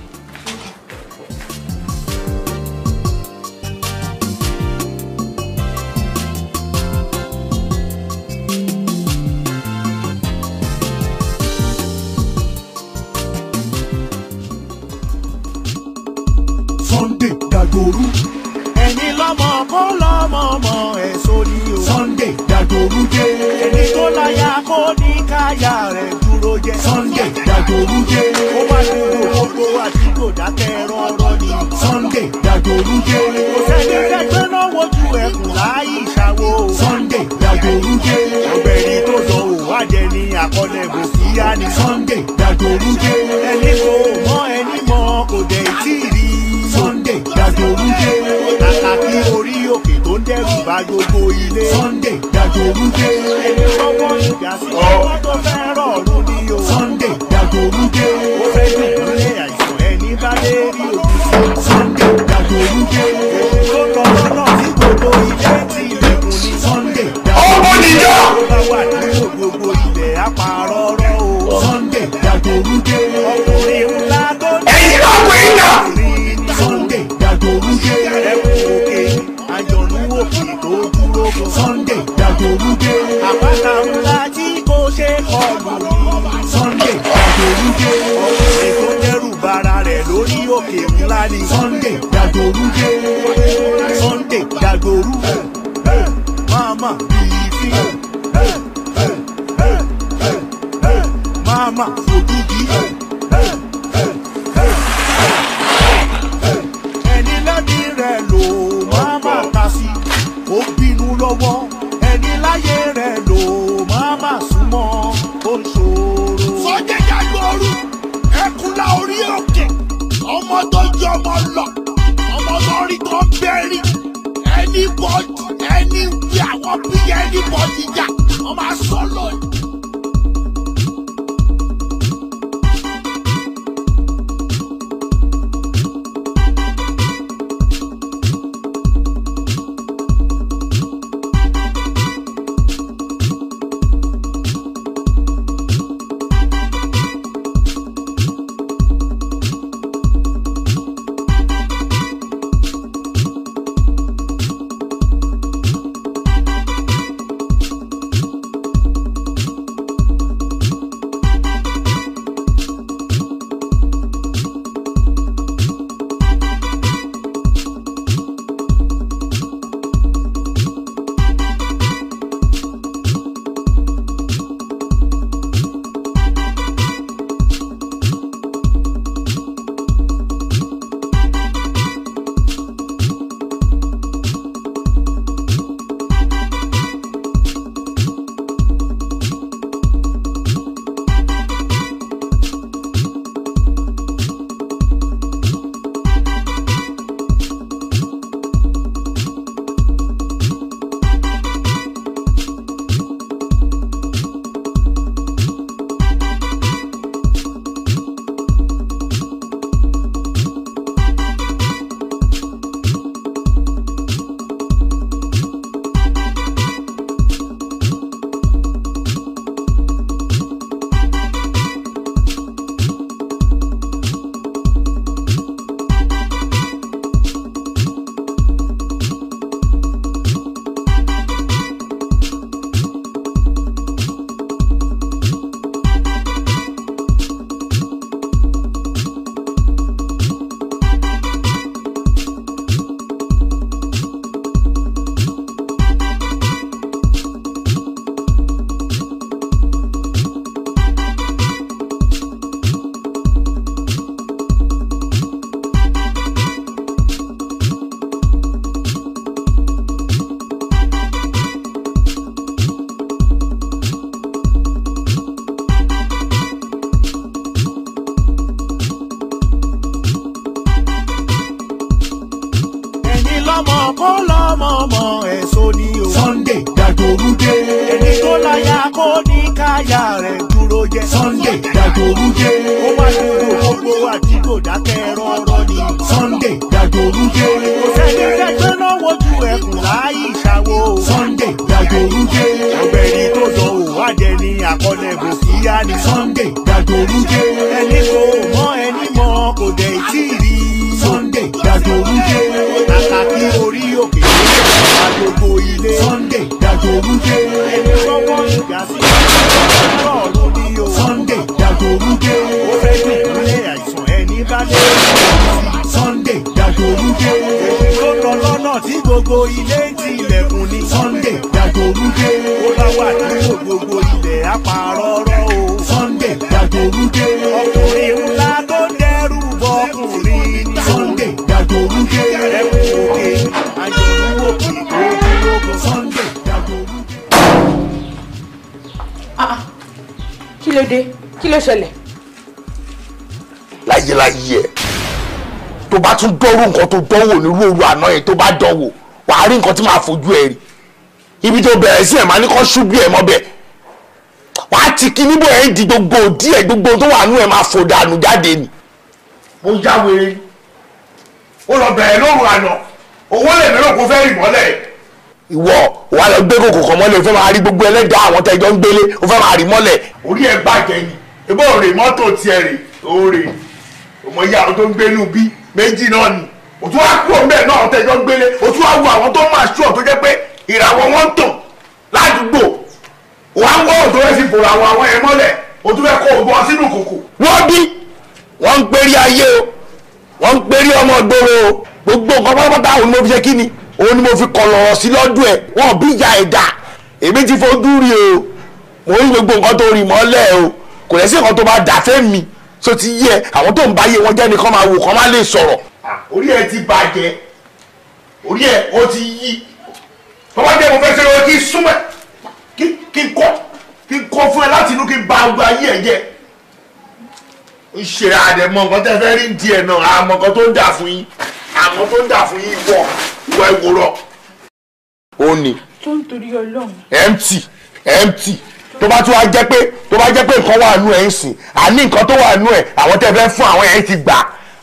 Dàgbòrú. ẹni lọ́mọ kó lọ́mọ mọ ẹ̀sọ́ ni o. Sunday Dàgbòrú dé. ẹni tó láyà kó ní káyà rẹ̀ dúró jẹ. Sunday Dàgbòrú dé. ó wá ní gbogbo àdúgbò dákẹ́ rọ́rọ́ ni. Sunday Dàgbòrú dé. kò sẹ́ni tẹ́gbẹ́ náà wojú ẹkùn láì ṣàwo. Sunday Dàgbòrú dé. ọ̀gbẹ̀rì tó sọ òwádẹ ní àkọlẹ̀ bò kíá ni. Sunday Dàgbòrú dé. ẹni kò mọ ẹni mọ kò dẹ̀ tí ì bá gbogbo ilé Sunday Dagboru dé ọmọ ṣùgbọ́n sí ọmọ tó fẹ́ rọ̀ọ̀rùn ni o Sunday Dagboru dé ó fẹ́ dùn lórí àìsàn ẹni bá lè rí òkú Sunday Dagboru dé ó lọ lọ́nà tí gbogbo ilé ti lẹ́kùn ní Sunday ọmọ nìyá ó bá wà nínú gbogbo ilẹ̀ apààrọ̀ rọ o Sunday Dagboru dé ọkùnrin ńlá tó ní. ẹ̀yin ló pè é òkè dúró ko Sunday Dagborude. àpáta ńlá tí kò ṣe kọlù ní Sunday Dagborude. ọ̀sẹ̀ tó dẹ́rù bara rẹ̀ lórí òkè ńlá ni Sunday Dagborude. Sunday Dagborude. mama bìí fi. mama fojú. dán wàá rí nǹkan tí màá fojú ẹ rí ibi tó bẹ̀rẹ̀ sí ẹ̀ máa ní kó ṣubú ẹ̀ mọ́ bẹ́ẹ̀ wàá ti kí níbo ẹ̀ di gbogbo díẹ̀ gbogbo tó wà nú ẹ̀ máa fò dànù jáde ni. mo ya ó lọ bẹ̀rẹ̀ lóru àná owó lè mérò kó fẹ́ ìmọ́lẹ̀. ìwọ wà lọ gbé kòkò kan mọ́lẹ̀ o fẹ́ máa rí gbogbo ẹlẹ́dàá àwọn tẹ́jọ́ ń gbélé o fẹ́ máa rí mọ́lẹ̀. orí ẹ bàjẹ́ ni ebó òrè mọ́tò tiẹ̀ rè òrè òmò ìyá tó ń gbénú bí méjì náà ni tó wá kú òun bẹ́ẹ̀ náà tẹ̀jọ́ gbélé o tún wá wo àwọn tó máa ṣú ọ̀ tó jẹ́ pé ìràwọ̀ wọn ń tàn ládùúgbò wà á wọ́ òtò rẹ̀ sì bòrò àwọn àwọn ẹ̀ mọ́lẹ̀ o tún fẹ́ kó o bọ́ sínú kòkò. wọ́n bí wọ́n ń perí ayé o wọ́n ń perí ọmọ ìgboro o gbogbo nǹkan pátápátá òun ni mo fi ṣe kí ni òun ni mo fi kọ̀lọ̀rọ̀ sí lọ́dún ẹ̀ wọ́n bí ìyá ẹ̀dá èmi ti fojú rí o mo rí gbogbo nǹkan tó rí mọ́lẹ̀ o kò lẹ́sìn nǹkan tó bá dà fẹ́ mi so ti yẹ àwọn tó ń báyé wọn jẹ́ nìkan máa wò kán má lè sọ̀rọ̀ orí ẹ ti bàjẹ́ orí ẹ ó ti yí bàbá jẹ́ mo fẹ́ ṣe lọ́wọ́ kí súnmọ́ kí kọ́ kí kọ́ fún ẹ láti inú kí ba ọgbà ayé ẹ jẹ́ ń ṣe àdẹ̀mọ nǹkan tẹ́ fẹ́ rí ń náà àmọ́ nǹkan tó ń dà fún yín àmọ́ tó ń dà fún yín wọ̀ wọ ìwòrọ̀. ó ní. tó ń torí ọlọ́run. empty empty tó bá tún wá jẹ́ pé tó bá jẹ́ pé nǹkan wà nù ẹ̀ ń sìn àní nǹkan tó wà nù ẹ̀ àwọn tẹ́ fẹ́ fún àwọn ẹ̀ ń ti gbà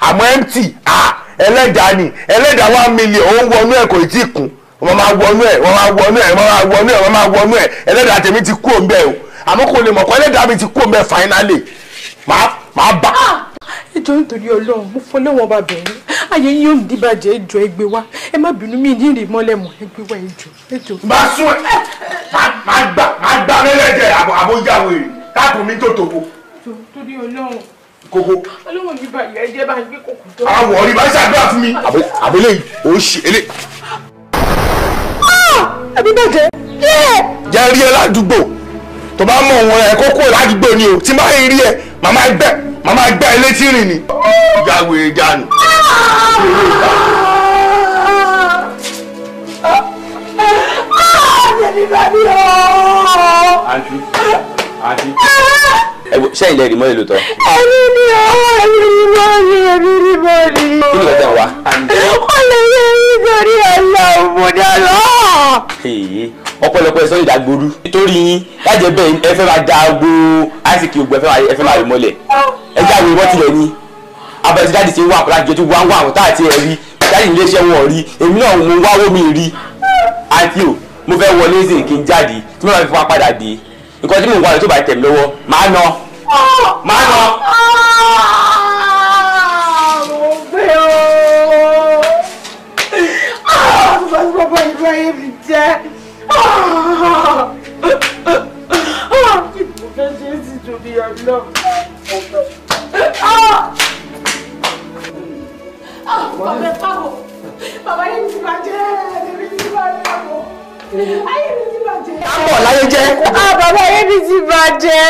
àmọ́ empty ah ẹlẹ́dàá ni ẹlẹ́dàá one million ó ń wọnú ẹ̀ kò tí ì kún wọ́n máa wọnú ẹ̀ wọ́n máa wọnú ẹ̀ wọ́n máa wọnú ẹ̀ wọ́n máa wọnú ẹ̀ ẹlẹ́dàá tèmi ti kú òun bẹ́ẹ̀ o àmọ́ kò lè mọ̀ pé ẹlẹ́dàá mi ti kú òun bẹ́ẹ̀ finally máa máa bá. ìjọ ah! nítorí Ọlọ́run mo fọ lẹ́wọ̀n ọba bẹ̀rẹ̀ ayé yín yóò di ìjọ ẹgbẹ́ wa ẹ má bínú mi ní ìrìn mọ́lẹ̀ mọ́ ẹgbẹ́ wa ìjọ ẹjọ. máa sún ẹ máa gbà máa gbà mẹ́lẹ́jẹ̀ àbójáwèrè káàkùn mi tó tòwó. torí Ọlọ́run kókó. ọlọ́run mi bàjẹ́ ẹ jẹ́ bá ń gbé kókó tó. àwọ̀ ọ̀rí bá ṣàdúrà fún mi. àbẹ̀lẹ̀ ò ń ṣe eré. ẹbí bàjẹ́. jẹ́ rí ẹ ládùúgbò tó bá mọ̀ wọn ẹ kókó ládùúgbò ni o tí má yẹ rí ẹ màmá ẹgbẹ́ màmá ẹgbẹ́ ẹ létí rìn ni. ìyá wèrè jánu. Àǹtí, àǹtí sẹ́yìn lẹ́rìí mọ́ èlò tọ́. ẹni ni ọwọ́ ẹni mọ́ ni ẹni ni mọ́ ni. kí ni ọjà wa. wọ́n lè yẹ ẹyin lórí ẹ̀lọ́ òmùdá lọ. ọ̀pọ̀lọpọ̀ ẹsọ ìdágbóru nítorí yín lájẹ bẹ́ẹ̀ ẹ fẹ́ máa da agbo àìsíkì ògùn ẹ fẹ́ máa rè mọ́lẹ̀ ẹ jáwé wọ́n tilẹ̀ ni abẹ́sí dáàdì ti wà kúrò àjẹtú wà ń wà tá àti ẹ̀ rí dáàdì ilé iṣẹ́ wọn rí èmi náà mo wáwó mi rí àti ò mo fẹ́ wọlé sí kí n jáde tí mo máa fi fún wa nǹkan tí mò ń wá rẹ̀ tó bá tẹ̀ lọ́wọ́ máa nà máa nà. mo gbé o bàbá tí bàbá yìí bá yé mi jẹ́ mo fẹ́ ṣe é sì tóbi ọ̀nà. Bàbá ẹ̀ pàwọ̀, bàbá yẹn ti bàjẹ́ ẹ̀ ayé mi ti bàjẹ́. àbọ̀ láyé jẹ́. ah bàbá ayé mi ti bàjẹ́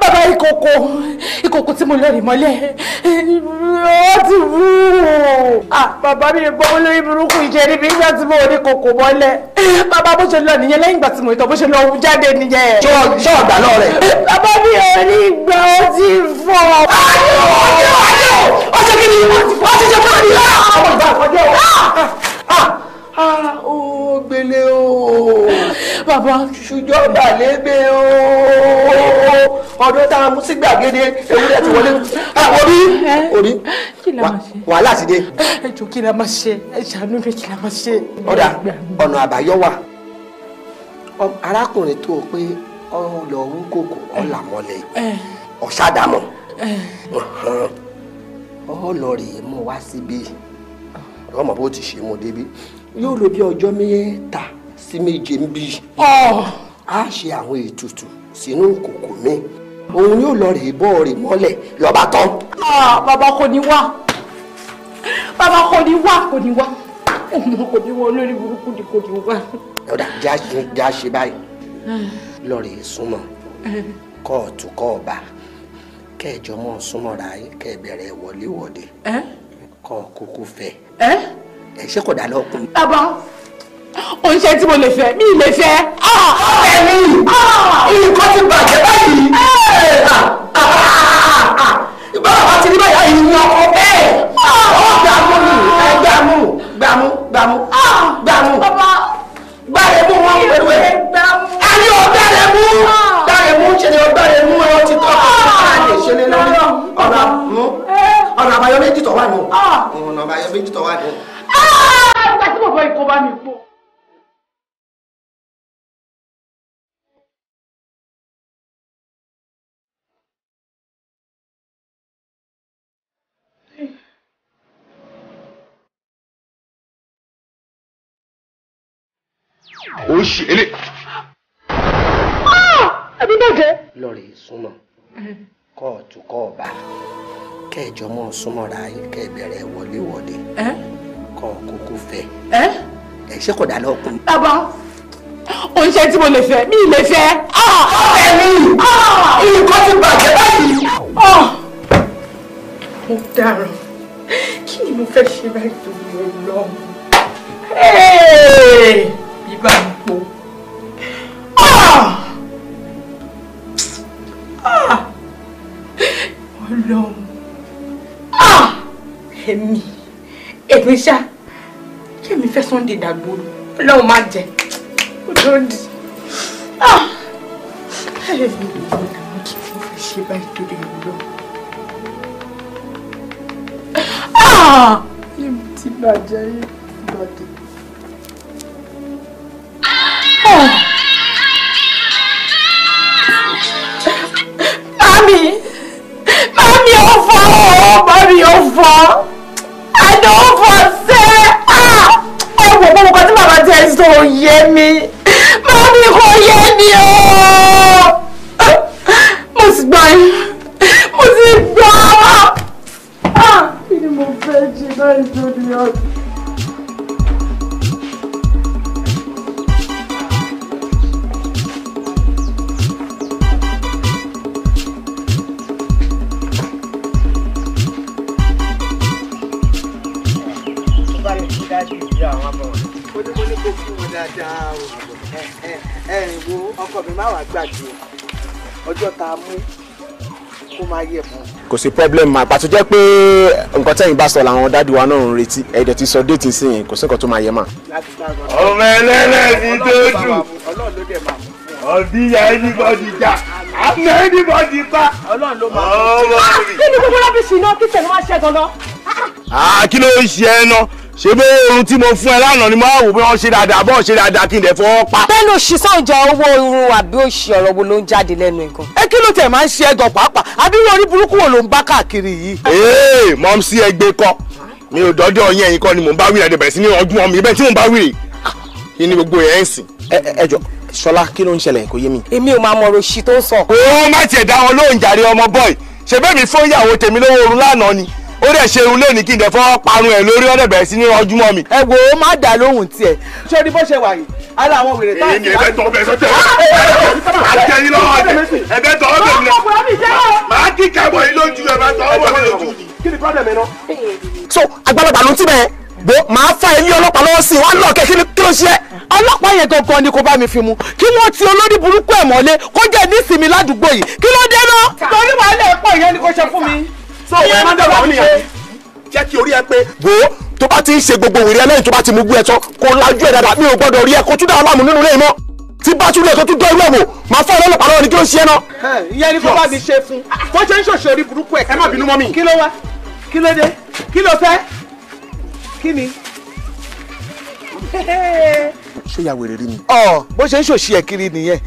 bàbá ìkòkò ìkòkò tí mo lẹ́rìí mọ́lẹ̀ ó ti wú ah bàbá mi ò gbọ́wọ́ lórí burúkú ìjẹ́ níbi nígbà tí mo ní kòkò mọ́lẹ̀ bàbá bó ṣe lọ nìyẹn lẹ́yìn ìgbà tí mo ìtọ̀ bó ṣe lọ jáde nìyẹn. ṣọ́ ọ̀gbà náà rẹ̀. bàbá mi ò ní ìgbà ó ti fọ́. ayọ̀ ọjọ́ ọjọ́ ọjọ́ kí ni ó ti jẹ́ Ah, ó gbélé o bàbá ṣùjọ́ bàlébé o ọdún tá a mú sí gbàgede ewúrẹ́ ti wọlé ah, orí orí wàhálà ti dé. ẹ jọ̀ọ́ kí la máa ṣe ẹ ṣàánú mi kí la máa ṣe. ọ̀dà ọ̀nà àbáyọ wà arákùnrin tó o pé ọlọ́wú kòkò ọ̀làmọ́lẹ̀ ọ̀ṣàdàmọ̀ ọlọ́ọ̀rì mú wá síbí ah. ọmọ bó ti ṣe mú débi yóò lò bí ọjọ́ mẹ́ta sí méje ń bí. Ah. a ṣe àwọn ètùtù sínú kòkò mi òun yóò lọ rè bọ́ rè mọ́lẹ̀ lọ́ba tán. Ah, bàbá kò ní wá bàbá kò ní wá kò ní wá ọmọ kò ní wá olórí burúkú ni kò ní wá. ọ̀dà já ṣe báyìí ah. lọ rè súnmọ́ kóòtù kọ́ọ̀bà kẹ́ẹ̀jọ́ mọ́ súnmọ́ra yín kẹ́ẹ̀ bẹ̀rẹ̀ wọléwọ̀de eh? kọ́ọ̀ kúkú ṣé kò dá lọ́kùnrin. bàbá oníṣẹ́ tí mo lè fẹ́ mi lè fẹ́. ẹ̀mí nǹkan ti bàjẹ́ báyìí. bàbá ti ní báyà yìí ní ọkọ bẹ́ẹ̀. ó gbàmú ni gbàmú gbàmú gbàmú gbàmú gbàrẹ̀ mú wọn wẹ̀wẹ̀. a ní ọgbà rẹ̀ mú gbàrẹ̀ mú ṣe ni ọgbà rẹ̀ mú ẹ ọtí tọ́ ọ̀rọ̀ àlè ṣe ni lórí ọ̀rọ̀ mú ọ̀nà àbáyọ méjì tó wà nù. Ah! ọ̀nà àbáyọ méjì tó wà nù. àgbà ah! tí mo bọ ikọ̀ bá mi pọ̀. ó ṣe é lè. Ah! ẹbí bẹ́ẹ̀ jẹ́. lọ́ọ̀rì súnmọ́ kóòtù kọ́ọ̀bà kẹjọ mọ súnmọ́ra yín kẹ bẹ̀rẹ̀ wọléwọlé kọ kókó fẹ́ ẹ ṣé kò dáná ọkùnrin. bàbá oúnjẹ tí mo lè fẹ́ mi lè fẹ́ ah! ẹ̀mí ah! nǹkan ti bàjẹ́ báyìí. Ah! mo dára kí ni mo fẹ́ ṣe báyìí tó yọ lọ. bíbá mi po. ọlọ́run èmi èmi ṣá kí èmi fẹ́ Sunday Dàgbòrò ọlọ́run má jẹ́ ó tó di ẹ̀rẹ́ mi ò gbọ́dọ̀ kí mo fẹ́ ṣe báyìí torí ìlú. Ibi tí bàjẹ́ yìí bàdé. Mami! ẹ̀sùn ò yé mi mami kò yé mi o mo sì gbà yín mo sì gbà á ah, kí ni mo fẹ́ ṣe náà ìjọba ọ̀dọ́. dájú ìlú mo ní mo ní kó fún wọn dáadáa o ẹ ẹ wo ọkọ mi má wàá gbàgbé ọjọ́ tá a mú kó máa yẹ fún. kò sí problem ma pàtó jẹ́ pé nǹkan tẹ́yìn bá sọ làwọn dádì wa náà ń retí ẹ̀dẹ̀ ti sọ déètì sí yẹn kò sí nǹkan tó máa yẹ mà. ọmọ ẹlẹ́rẹ̀ẹ́dì tó jù ọ̀bí ya anybody já àmọ́ anybody bá ọmọ mi. kí ni gbogbo rọ́bìṣì náà kí tẹ̀lé wá ṣẹ́ gan ah, kí ló ń ṣe ẹ náà ṣé bí oorun tí mo fún ẹ lánàá ni mo á wò bí wọ́n ṣe dáadáa bọ́ọ̀ ṣe dáadáa kí n dẹ̀ fọwọ́ pa. bẹ́ẹ̀ni òṣìṣẹ́ ìjà owó oorun àbí òṣì ọ̀rọ̀ wo ló ń jáde lẹ́nu nǹkan. ẹ kí ló tẹ̀ máa ń ṣe ẹgàn pàápàá àbí wọn orí burúkú wo ló ń bá káàkiri yìí. ee mọ sí ẹgbẹ́ kọ mi ò dọ́jọ́ yẹn ẹ̀yin kọ́ ni mò ń bá wíìrì ẹ̀dẹ̀bẹ̀rẹ̀ sí ní ọdún ọmọ ibẹ̀ tí mò ń bá wíìrì kí ni gbogbo yẹn ń sìn. ẹ jọ Ṣọlá kí ló ń ṣẹlẹ̀ kò yé mi. èmi ò máa mọ òṣì tó ń sọ. òun má tiẹ̀ dá wọn lóhùn jàre ọmọ bọ́ì ṣe bẹ́ẹ̀ mi fún ìyàwó tèmi lówó oorun lánàá ni ó dẹ̀ ṣe irun lónìí kí n dẹ̀ fọ́ parun ẹ̀ lórí ọ̀dẹ̀ bẹ̀rẹ̀ sí ní ọjúmọ́ mi. ẹ wo má dà lóhùn tiẹ̀ ṣé ní bó ṣe wà yìí ara àwọn wèrè táwọn. èyí ni ẹbẹ tọ ọbẹ sọtẹ àjẹ yín lọ́wọ́ ọdẹ ẹbẹ tọ ọbẹ mi lẹ màá kí kẹwọ yín lójú ẹ máa tọ ọwọ́ mi lójú. kí ni problem ẹ náà. so àgbàlagbà ló ti bẹ bo màá fa ilé ọlọ́pàá lọ́wọ́ sí i wọ́n lọ kẹ́ kí ló ṣe. ọlọ́pàá yẹn gangan ni kò bá mi fi mu kí wọ́n ti olórí burúkú ẹ̀ mọ́lé kó jẹ́ nísìmí ládùúgbò yìí kí ló dé náà. torí wàhálà ẹ̀pọ̀ yẹn ni kò ṣe fún mi so òwe máa ń dẹ̀rù àwọn ènìyàn jẹ́ kí orí ẹ pé wò ó tó bá ti ń ṣe gbogbo wèrè ẹlẹ́yìn tó bá ti mú gbé ẹ tán kó lajú ẹ dáadáa mi ò gbọ́dọ̀ rí ẹ kó tún dá aláàmú nínú ilé mọ́ tí bá tún lè tó tún dọ́ irú ẹ̀ wò máa fọ́ ọlọ́pàá lọ́wọ́ ni kí ló ń ṣe ẹ náà. ìyẹn ni kó bá mi ṣe fún ṣé ìyá wèrè rí mi. ọ bó ṣe ń ṣòṣì ẹ kiri nìyẹn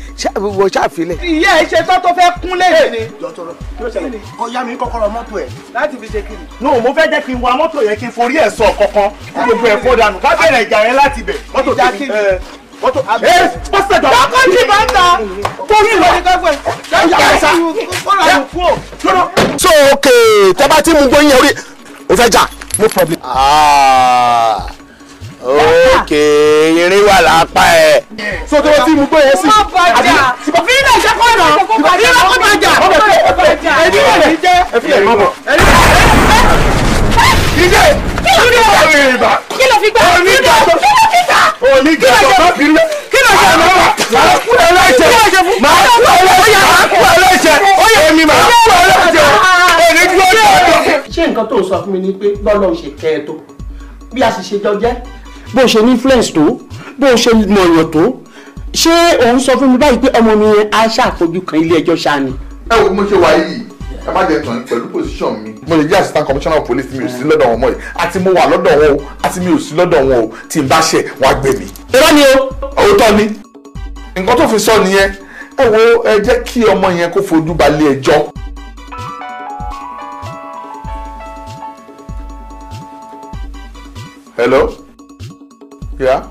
wò ṣàfilẹ. ìyá ẹ ṣe tọ́ tó fẹ́ kún lẹ́yìn ni. jọ̀tọ̀rọ̀ kí ló ṣẹlẹ̀ ọ̀yá mi kọ́kọ́rọ́ mọ́tò ẹ̀. láti fi ṣe kiri. no mo fẹ́ jẹ́ kí n wa mọ́tò yẹn kí n forí ẹ̀ sọ kankan gbogbo ẹ̀ fọ́ dànù bá bẹ̀rẹ̀ ìjà yẹn láti bẹ̀ mọ́tò tèmi mọ́tò ẹ pọ́sẹ̀ jọ̀ọ́. lọ́kọ́ ti bá ń ta fóònù lọ. so okay tẹ́ bá ti mú gbóyin orí o fẹ́ jà no problem. Ah òkè irin wà lápá ẹ. so tó o ti mú bóyá sí. ọmọ bàjá fi ilé iṣẹ́ kọ́ ọ̀nà fi ilé kọ́ bàjá. ọmọ tó o bàjá ẹni wà ní jẹ́ ẹfi ẹ̀rí mọ́ bọ̀. ìjẹ́ kí ló fi gbà onígbà kí ló fi gbà onígbà onígbà bá fi lé. kí ló ṣe fún wa. màá kú ẹ lẹ́sẹ̀ màá kú ẹ lẹ́sẹ̀ màá kú ẹ lẹ́sẹ̀ èmi màá kú ẹ lẹ́sẹ̀ èmi dúró ní ọ̀dọ̀. ṣé nǹkan tó sọ fún mi ni pé bọ́ọ̀lù ṣe kẹ́ ẹ tó bí a sì ṣe jọ jẹ́ bó ṣe ní influence tó bó ṣe mọ̀yàn tó ṣé òun sọ fún mi báyìí pé ọmọ mi yẹn á ṣàfojú kan ilé ẹjọ́ ṣáá ni. ẹ wo mo ṣe wà yìí ẹ má jẹ tàn pẹ̀lú position mi. mo lè jẹ́ assistant commissioner of police mi ò sí lọ́dọ̀ wọn mọ́ ẹ̀ àti mo wà lọ́dọ̀ wọn o àti mi ò sí lọ́dọ̀ wọn o tí n bá ṣẹ̀ wọ́n á gbé mi. irọ́ ni o. òótọ́ ni nǹkan tó fi sọ nìyẹn ẹ wo ẹ jẹ́ kí ọmọ yẹn kó fojú balẹ̀ ẹjọ́. hello yeah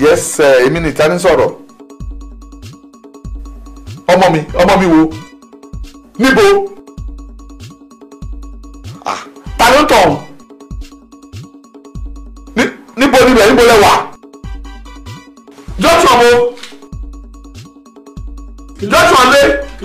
yes èmi ni ìtaní sọ̀rọ̀ ọmọ mi ọmọ mi wo níbo ah ta ló ń tọ̀ ọ́n níbo níbẹ̀ níbo lẹ wà jọ́sùn ọmọ jọ́sùn ọlẹ́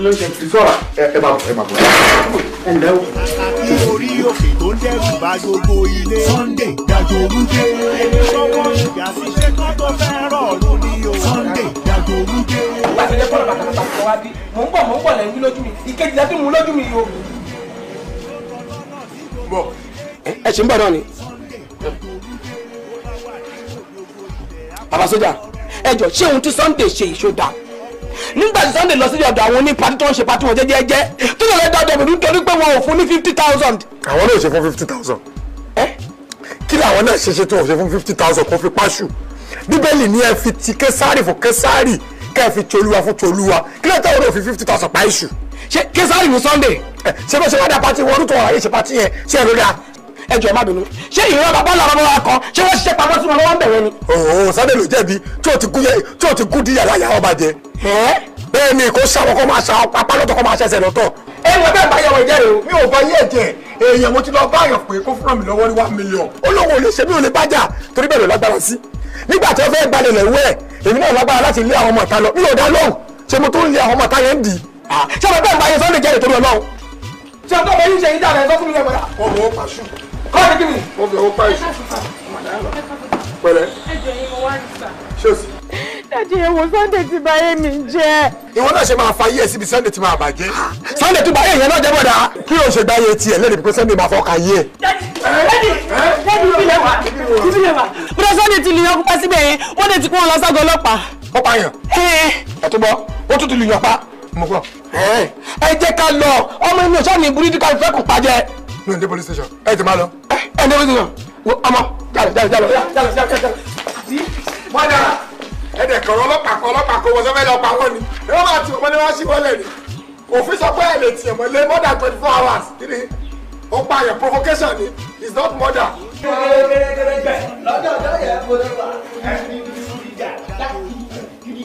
ló ṣe ẹ ṣe ń bọ̀ náà ni. bàbá sójà ẹ jọ ṣé ohun tí Sunday ṣe ìṣó dáa nígbà tí Sunday lọ sí ọ̀dọ̀ àwọn oní pati tó ń ṣe pati wọn jẹ́jẹ́jẹ́ tó lọ lẹ́dọ̀ ọ̀dọ̀ bèbí nítorí pé wọn ò fún ní fifty thousand. àwọn náà ò ṣe fún fifty thousand. ẹ kí làwọn náà ṣe ṣe tí wọn ò ṣe fún fifty thousand kó fi páṣù bíbélì ni ẹ fi ti kẹsàrì fún kẹsàrì kẹ́ ẹ fi tolúwa fún tolúwa kí lóò táwọn náà fi fifty thousand pa iṣu. ṣé kẹsàrì Sunday. ṣé bó ṣe wá dá pati wọn orúkọ àyè ṣe pati yẹn ṣé ẹ lórí ẹjọ ẹ má bínú ṣé ìran bàbá làwọn ọmọ wa kan ṣé wọ́n ṣiṣẹ́ pamọ́ sí wọn lọ́wọ́ ń bẹ̀rẹ̀ ni. òun sábẹ́ ló jẹ̀bi tí ò ti kú di yàrá yàrá ọba jẹ. bẹ́ẹ̀ ni kò ṣàwọn kọ́ máa ṣàwọn apá lọ́tọ̀ kọ́ máa ṣẹ̀ṣẹ̀ lọ́tọ̀. ẹ wọ bẹ́ẹ̀ bá yẹwò ìjẹ́ rẹ o mi ò bá yé ẹ̀jẹ̀ èèyàn mo ti lọ báyọ̀ pé kó fúnra mi lọ́wọ́ ní one million. olówó olè ṣe mi ò lè bá jà torí bẹ́ẹ̀ ló lágbára sí. nígbà tí wọ́n fẹ́ẹ́ balẹ̀ lẹ́wọ́ èmi náà lágbára láti lé àwọn ọmọ ìta lọ mi ò dá lóhùn ṣe mo tún lé àwọn ọmọ ìta yẹn ń dì í. ṣé ọmọ bẹ́ẹ̀ bá yẹ sọ́ọ́ lè jẹ́ ìtòrí ọlọ́run. ṣé ọjọ́ bẹ́ẹ̀ yìí ṣe yín dà rẹ̀ sọ́kùnrin yẹn padà. ọmọ ó pàṣù kọ́ ẹ̀ kíni. mo fi owó páìsì. pẹ̀lẹ́. ṣọ́ọ̀ṣì. dájú yẹn wo sunday ti bà ayé mi jẹ́. ìwọ náà ṣe máa fa iye síbi sunday ti máa bàjẹ́. sunday tó bà ayé yẹn náà jẹ́ bọ̀dá. kí o ṣe gba ayé tiẹ̀ lẹ́nu bí pé sunday máa fọ́ ka yé ẹ̀. dájú dájú ìbílẹ̀ wà ìbílẹ̀ wà. bùrọ̀ sunday ti lè yan kópa síbẹ̀ yẹn wọ́n dẹ̀ ti kó wọn lọ ságọ́ ọlọ́pàá. kọ́pá yàn. ẹ tó gbọ́ ó tún ti lè yan pa mo gbọ́. ẹ jẹ́ ká lọ ọmọ inú ọ̀ṣọ́ ni burúkú ká fẹ́ kó pàjẹ́. ní ọ̀dẹ́ police station ẹ ti máa lọ ẹni wọ́n ti sọ wo ọmọ jalè jalè jalè jalè jalè jalè di mọ́dà ẹ̀dẹ̀ kọ̀rọ̀ ọlọ́pàá kọ̀ ọlọ́pàá kọ̀ wọ́n sọ́fẹ́ lọ pa wọ́n ni ẹ̀rọ máa ti ọmọdé wá sí wọlé ni òfin sọ pé ẹ̀ lè tiẹ̀ mọ́ lé mọ́dà twenty four hours kí ni ó pààyàn provocation ni not murder. kéré kéré kéré bẹ́ẹ̀ lọ́dọ̀ ọ̀dọ́ yẹn mo lè wà ẹ̀ ní ìdíjà láti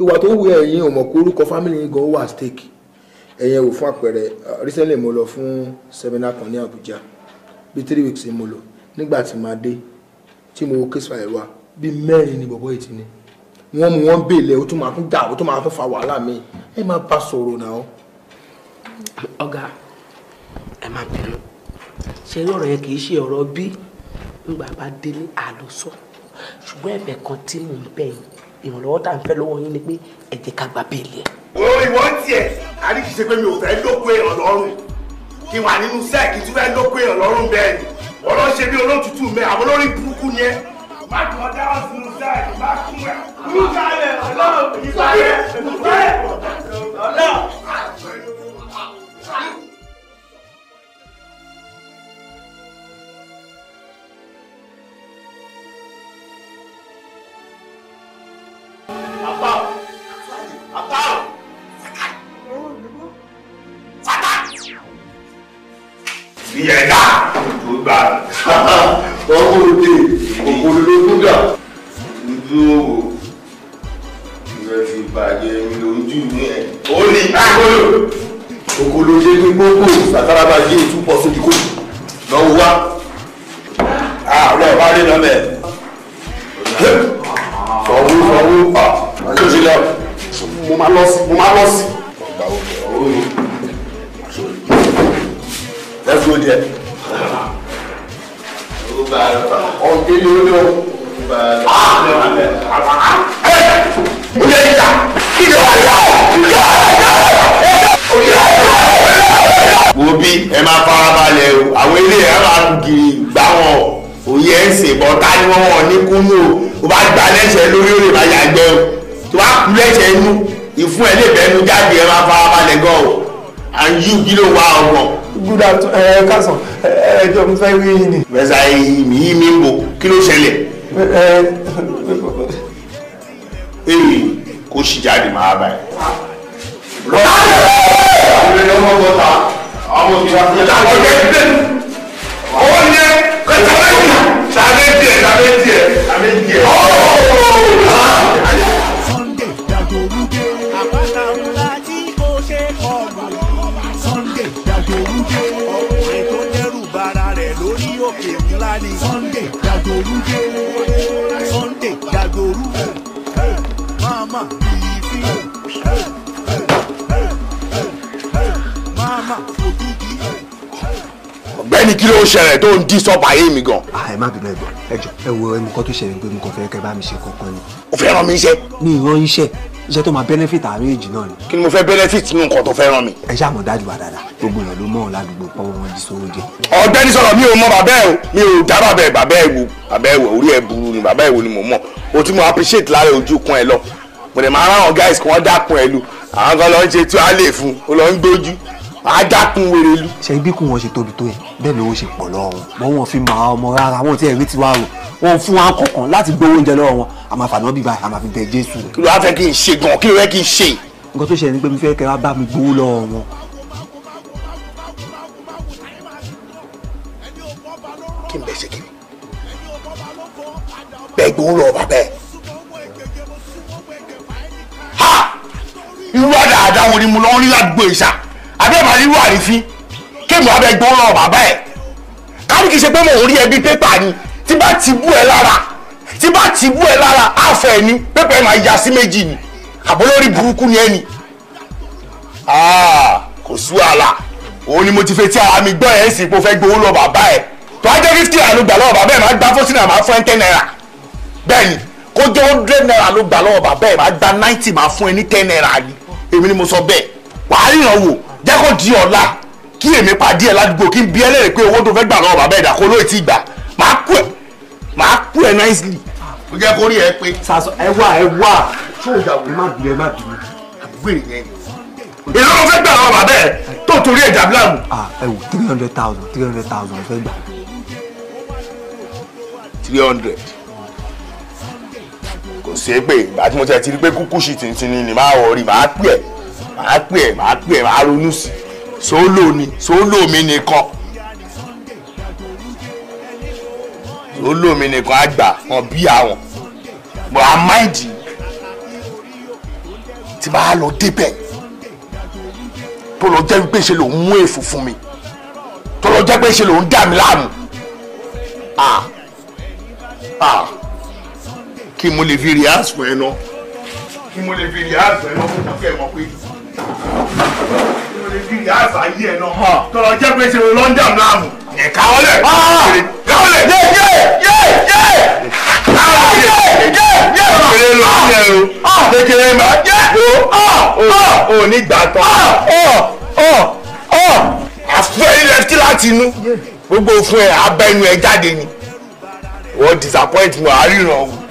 ìwà tó wù ẹ̀yin ò mọ̀ pé orúkọ fámìlì yín gan ó wà stake ẹ̀yin wò fún àpẹẹrẹ recently mo lọ fún seminar kan ní Abuja bíi three weeks mo lọ nígbà tí màá dé tí mo case file wa bíi mẹ́rin ni bọ̀bọ̀ ètí ni wọ́n mú wọn bèèlè ó tún máa tún dà ó tún máa tún fa wàhálà mi ẹ má bá sọ̀rọ̀ náà. ọ̀gá ẹ má bínú ṣe eré ọ̀rọ̀ yẹn kì í ṣe ọ̀rọ̀ bí ngbà bá délé àlọ́sọ ṣùgbọ́n ẹ̀bẹ̀ kan tí mò ń bẹ̀ ìrànlọ́wọ́ tá à ń fẹ́ lọ́wọ́ yín ni pé ẹ jẹ́ ká gba bẹ́ẹ̀lì ẹ̀. wo ìwọ ń tiẹ̀ àríkì pé mi ò fẹ́ lóko èèyàn lọ́rùn kí wà nínú sẹ́ẹ̀kì tí fẹ́ lóko èèyàn lọ́rùn bẹ́ẹ̀ ni wọ́n bí olótùtù mẹ́ àwọn olórí burúkú ni ẹ. má dùn ọ́ dáhùn sẹ́ẹ̀kì má kún ẹ̀ kúrú kálẹ̀ ọlọ́run ìgbà yẹn ìgbà yẹn. mi kọ́ tó ṣẹlẹ̀ pé mo kàn fẹ́ kẹ́ bá mi ṣe kankan ni. o fẹ́ ràn mí iṣẹ́. mi ìran iṣẹ́ iṣẹ́ tó máa benefit àárín èjì náà ni. kí ni mo fẹ́ benefit nínú nǹkan tó fẹ́ ràn mí. ẹ ṣáà mọ̀ dájú wa dáadáa gbogbo èèyàn ló mọ̀ ọ́n ládùúgbò pọ́wọ́ wọn di sówó jẹ. ọ̀gbẹ́ni sọ̀rọ̀ mi ò mọ bàbá ẹ̀ o mi ò dá bàbá ẹ̀ bàbá ẹ̀ wò bàbá ẹ̀ wò orí ẹ̀ burú ni bàbá ẹ̀ wò ni mo mọ̀ o tún mo appreciate lára ojú kan ẹ lọ mo dẹ̀ máa ráwọn guys kí wọ́n dákun ẹ lu àwọn kan lọ ń ṣe tí wàá lè fún un lọ ń gbójú adákun wèrè lu. ṣe ibi kún wọn ṣe tóbi tó yẹn bẹ́ẹ̀ ni owó ṣe pọ̀ lọ́wọ́ wọn wọn fi máa ọmọ rárá wọn ti ẹ̀rí tiwa rò wọn fún wa kọ̀ọ̀kan láti gbowó oúnjẹ lọ́wọ́ wọn a máa fàná bíbá a máa fi bẹ jésù. kí ló wá fẹ́ kí n ṣe gan kí ló fẹ́ kí n ṣe. nǹkan tó ṣẹlẹ̀ ni pé mi fẹ́ kẹ́ wá bá mi gbowó lọ́wọ́ wọn. kí n bẹ ṣe kí n bẹ gbowó lọ́wọ́ bàbá ẹ̀. ha irú àdáadáa wo ni mo lọ ń rí àdúgbò ìṣà àbẹ́ẹ̀ máa rí irú àrífín kéèmù abẹ́ gbowó lọ́wọ́ bàbá ẹ̀ káàdì kì í ṣe pé mo ò rí ẹbí pépà ni tí bá ti bú ẹ lára tí bá ti bú ẹ lára àfẹ ni pépè máa ya sí méjì ni àbólórí burúkú ni ẹni ah, kò sí wàhálà òun ni mo ti fetí ara mi gbọ́ ẹ̀ sì kó fẹ́ gbowó lọ bàbá ẹ̀ tó a jẹ́ fifty naira ló gbà lọ́wọ́ bàbá ẹ̀ máa gbá fọ́sí náà máa fún ẹ ten naira bẹ́ẹ̀ ni kó jẹ́ hundred naira ló gbà lọ́wọ́ bàbá ẹ̀ máa gba ninety máa fún ẹ ní ten naira ni èmi ni mo sọ bẹ́ẹ̀ wàá ríran wò jẹ́ kó di ọ̀la kí èmi pàdé ẹ̀ ládùúgbò kí n bi ẹlẹ́rìí pé owó tó fẹ́ gbà lọ́wọ́ bàbá ẹ̀ dà kó lóye ti gbà màá kú ẹ nicely. ó jẹ́ kó rí ẹ pé. sàṣọ ẹ wá ẹ wá ẹ má bínú ẹ má bínú. àbúrò yẹn ni. ìlú ló fẹ́ gbà àwọn bàbá ẹ̀ tó torí ẹ̀ jà Ah, ẹ wò three hundred thousand three hundred thousand ẹ fẹ́ gbà. three hundred kò sí pé ìgbà tí mo ti ẹ̀ ti rí pé kúkú sí tìǹtìǹ ni máa wọ̀ rí màá pè ẹ̀ màá pè ẹ̀ màá pè ẹ̀ màá ronú sí i sóòlò ni sóòlò mi nìkan. olómi nìkan àgbà wọn bí àwọn but her mind ti máa lọ débẹ̀ tó lọ jẹ́ pé ṣe lòun mú èèfù fún mi tó lọ jẹ́ pé ṣe lòun dà mí láàmú ah ah kí mo lè fi rí àsùn ẹ̀ náà kí mo lè fi rí àsùn ẹ̀ náà fún mi ẹ mọ̀ pé kí mo lè fi rí àsùn ayé ẹ̀ náà tó lọ jẹ́ pé ṣe lòun lọ́ndà láàmú káwọlẹ̀ ah! káwọlẹ̀ yé yé yé yé yé yé yé ah! Ah! kékeré ló ń yẹ o kékeré ma yé o ò ní gbà tán àfẹ́ ilẹ̀ tí láti inú gbogbo fún ẹ abẹ́nu ẹ jáde ni wọ́n disappoint mu àríran o.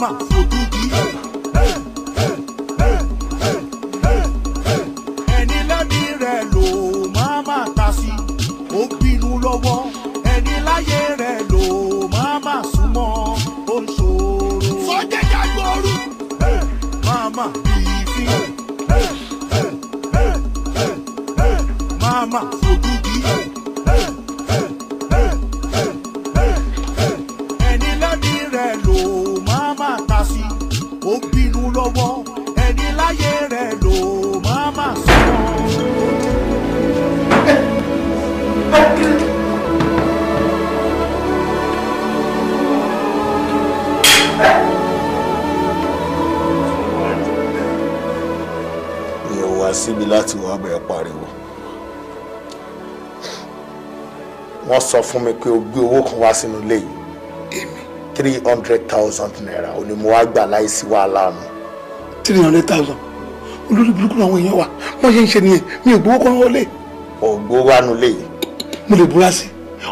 mama ògùgì. ẹni lẹ́mí rẹ̀ lò máa máa ta sí ó bínú lọ́wọ́ ẹni láyé rẹ̀ lò máa máa súnmọ́ ó ń ṣòro. sọ́jẹ́jà gbòòrò. mama bíi fi. mama. síbi láti wá bẹ̀rẹ̀ pariwo wọ́n sọ fún mi pé o gbé owó kan wá sínú ilé yìí three hundred thousand naira ò ní mo wá wàhálà mi. three hundred thousand olórí burúkú làwọn èèyàn wa wọ́n ṣe ń ṣe nìyẹn mi ò gbowó kan wọlé. ò gbowó wá nu ilé yìí. mo lè búra sí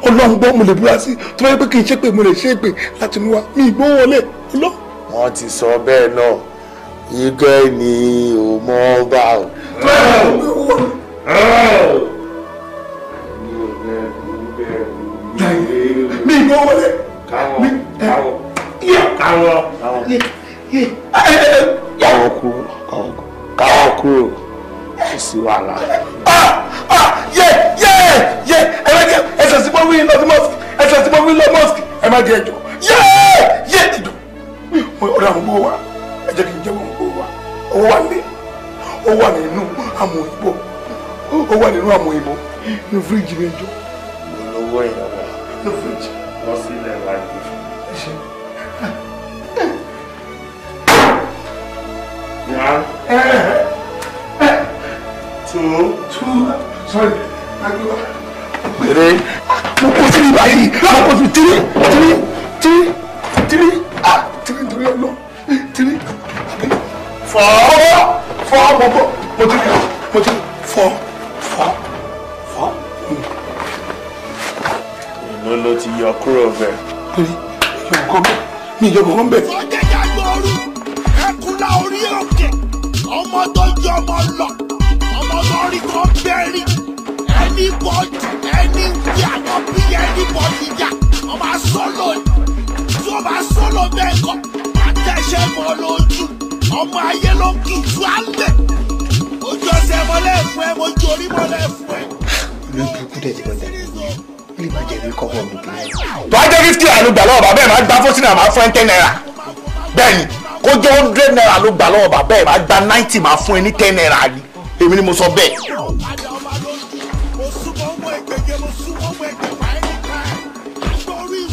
ọlọ́run gbọ́ mo lè búra sí tó bá yẹ pé kì í ṣe pé mo lè ṣe é pé láti nu wa mi ì gbowó wọlé ọlọ́. wọ́n ti sọ bẹ́ẹ̀ náà igẹ́ ni ò mọ́ bá ọ mi gbọ́ wọlé. káwọn káwọn káwọn káwọn kúrò káwọn kúrò kò sí wàhálà. yẹ yẹ yẹ ẹ má jẹ ẹsẹ̀ tí mo wí lọ sí mọ́sìkì ẹsẹ̀ tí mo wí lọ mọ́sìkì ẹ má jẹ ẹjọ́ yẹ yẹ ìdùn ọ̀dọ̀ àwọn ọmọ wa ẹ jẹ́ kí n jẹ́ wọn ọmọ wa ọwọ́ wa lé ó wà nínú àmọ̀ ìbò ó wà nínú àmọ̀ ìbò ní fíríjì mi jọ. olówó èèyàn ní fíríjì lọ sílẹ̀ láì Two. Two. Sorry. Péré. Mo kó sí báyìí. Mo kó sí tiri tiri tiri tiri ah tiri ọlọ tiri. Four fọ́ mo bọ́ mo ti mo ti fọ́ fọ́ fọ́. ìlú ló ti yọ kúrò bẹ́ẹ̀. péré yọ nǹkan bẹ́ẹ̀ mi yọ nǹkan bẹ́ẹ̀. sọ́jẹ́jà gbòòrò ẹkùnlá orí òkè ọmọ tó jẹ ọmọ lọ ọmọ tó rí kan bẹ́ẹ̀rì ẹni bọ́ọ̀dù ẹni wí àwọn bí ẹni bọ́ọ̀dù jà ọmọ asọ́lọ̀ tí ó bá bẹ́ẹ̀ kọ́ àtẹ̀ṣẹ́ mọ́ lójú ọba ayé ló kì í tú àlẹ ojú ọsẹ mọlẹ fún ẹ mojú orí mọlẹ fún ẹ. ló ń kú dẹ̀ dìbọn dẹ̀ ó lè má jẹ́ bí kọ́kọ́ ọ̀dùn kìí. tó a jẹ́ fifty naira ló gbà lọ́wọ́ bàbá ẹ̀ máa gbá fọ́sí náà máa fún ẹ ten naira bẹ́ẹ̀ ni kó jẹ́ hundred naira ló gbà lọ́wọ́ bàbá ẹ̀ máa gba ninety máa fún ẹ ní ten naira ni èmi ni mo sọ bẹ́ẹ̀.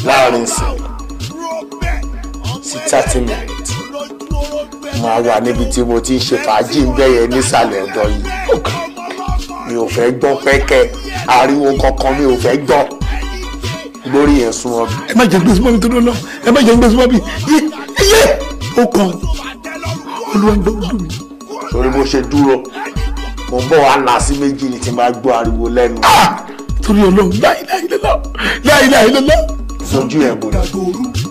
láàrin sìn sí thirty minutes máa wà níbi tí mo ti ń ṣe fàájì ń bẹ̀yẹ nísàlẹ̀ ọ̀dọ̀ yìí mi ò fẹ́ gbọ́ pẹ́kẹ́ ariwo kankan mi ò fẹ́ gbọ́ lórí ẹ̀sùn ọ̀bì. ẹ má jẹ gbèsè mọ́ mi tó lọ́nà ẹ má jẹ gbèsè mọ́ mi yé ó kàn olúwa gbọ́ dùn mí. torí bó ṣe dúró mo ń bọ̀ wá là sí méjì ni tí n bá gbọ́ ariwo lẹ́nu. Ah! torí ọlọ́run láìláìlélá láìláìlélá. sojú ẹ̀ bò ní.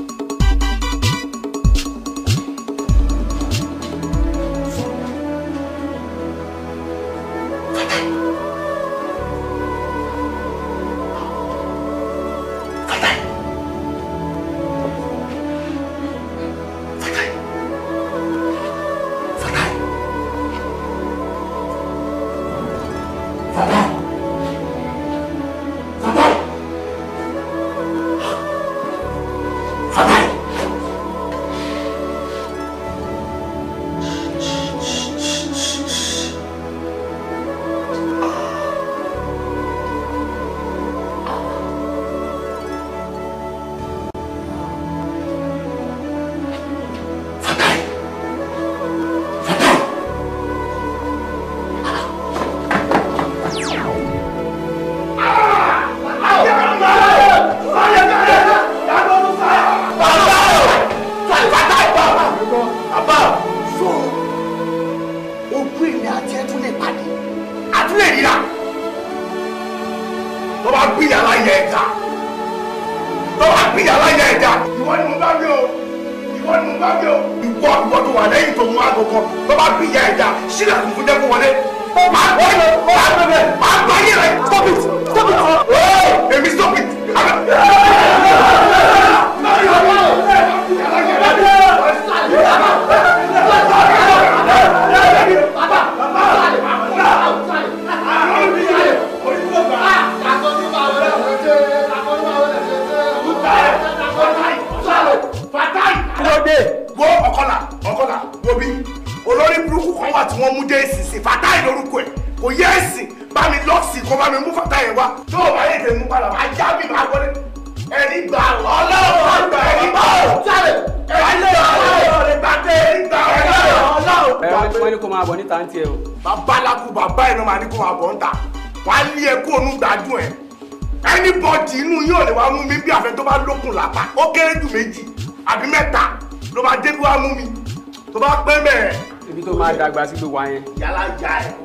dàgbà sí gbogbo wa yàrá jà ẹ.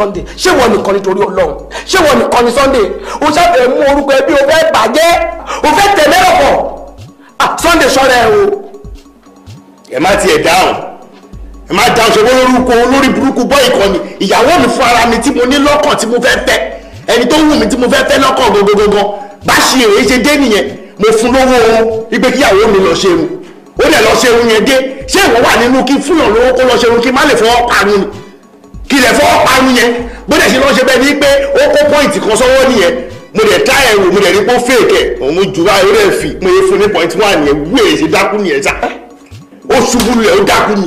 Sunday ṣé wọn nìkan nítorí Ọlọ́run ṣé wọn nìkan ní Sunday o ṣàfẹ́ mú orúkọ ẹbí o fẹ́ bàjẹ́ o fẹ́ tẹ̀lé ọ̀pọ̀ Sunday ṣọ́ra ẹ o. ẹ má tiẹ̀ dáhùn ẹ má dáhùn ṣe olórúkọ olórí burúkú bọ́ ìkànnì ìyàwó mi fún ara mi tí mo ní lọ́kàn tí mo fẹ́ fẹ́ ẹni tó wù mí tí mo fẹ́ fẹ́ lọ́kàn gangan bá ṣe èyí ṣe dé nìyẹn mo fún lówó ohun ipe kíyàwó mi lọ ṣerun ó dẹ̀ lọ ṣerun yẹn dé ṣé ìwọ wà nínú kí fúnyàn lówó kó lọ ṣerun kí má lè fọwọ́ parun ni parun yẹn bó dẹ̀ ṣe lọ́ ṣe bẹ́ẹ̀ ni pé ó kó pọ́ìntì kan sọ́wọ́ nìyẹn mo dẹ̀ tá ẹ̀rù mo dẹ̀ rí pé ó fèèkì ẹ̀ òun jù bá eré ẹ̀fì mo yẹ fún ní pọ́ìntì wà nìyẹn wíwèé ṣe dákú nìyẹn sá ó ṣubú lulẹ̀ ó dákú ni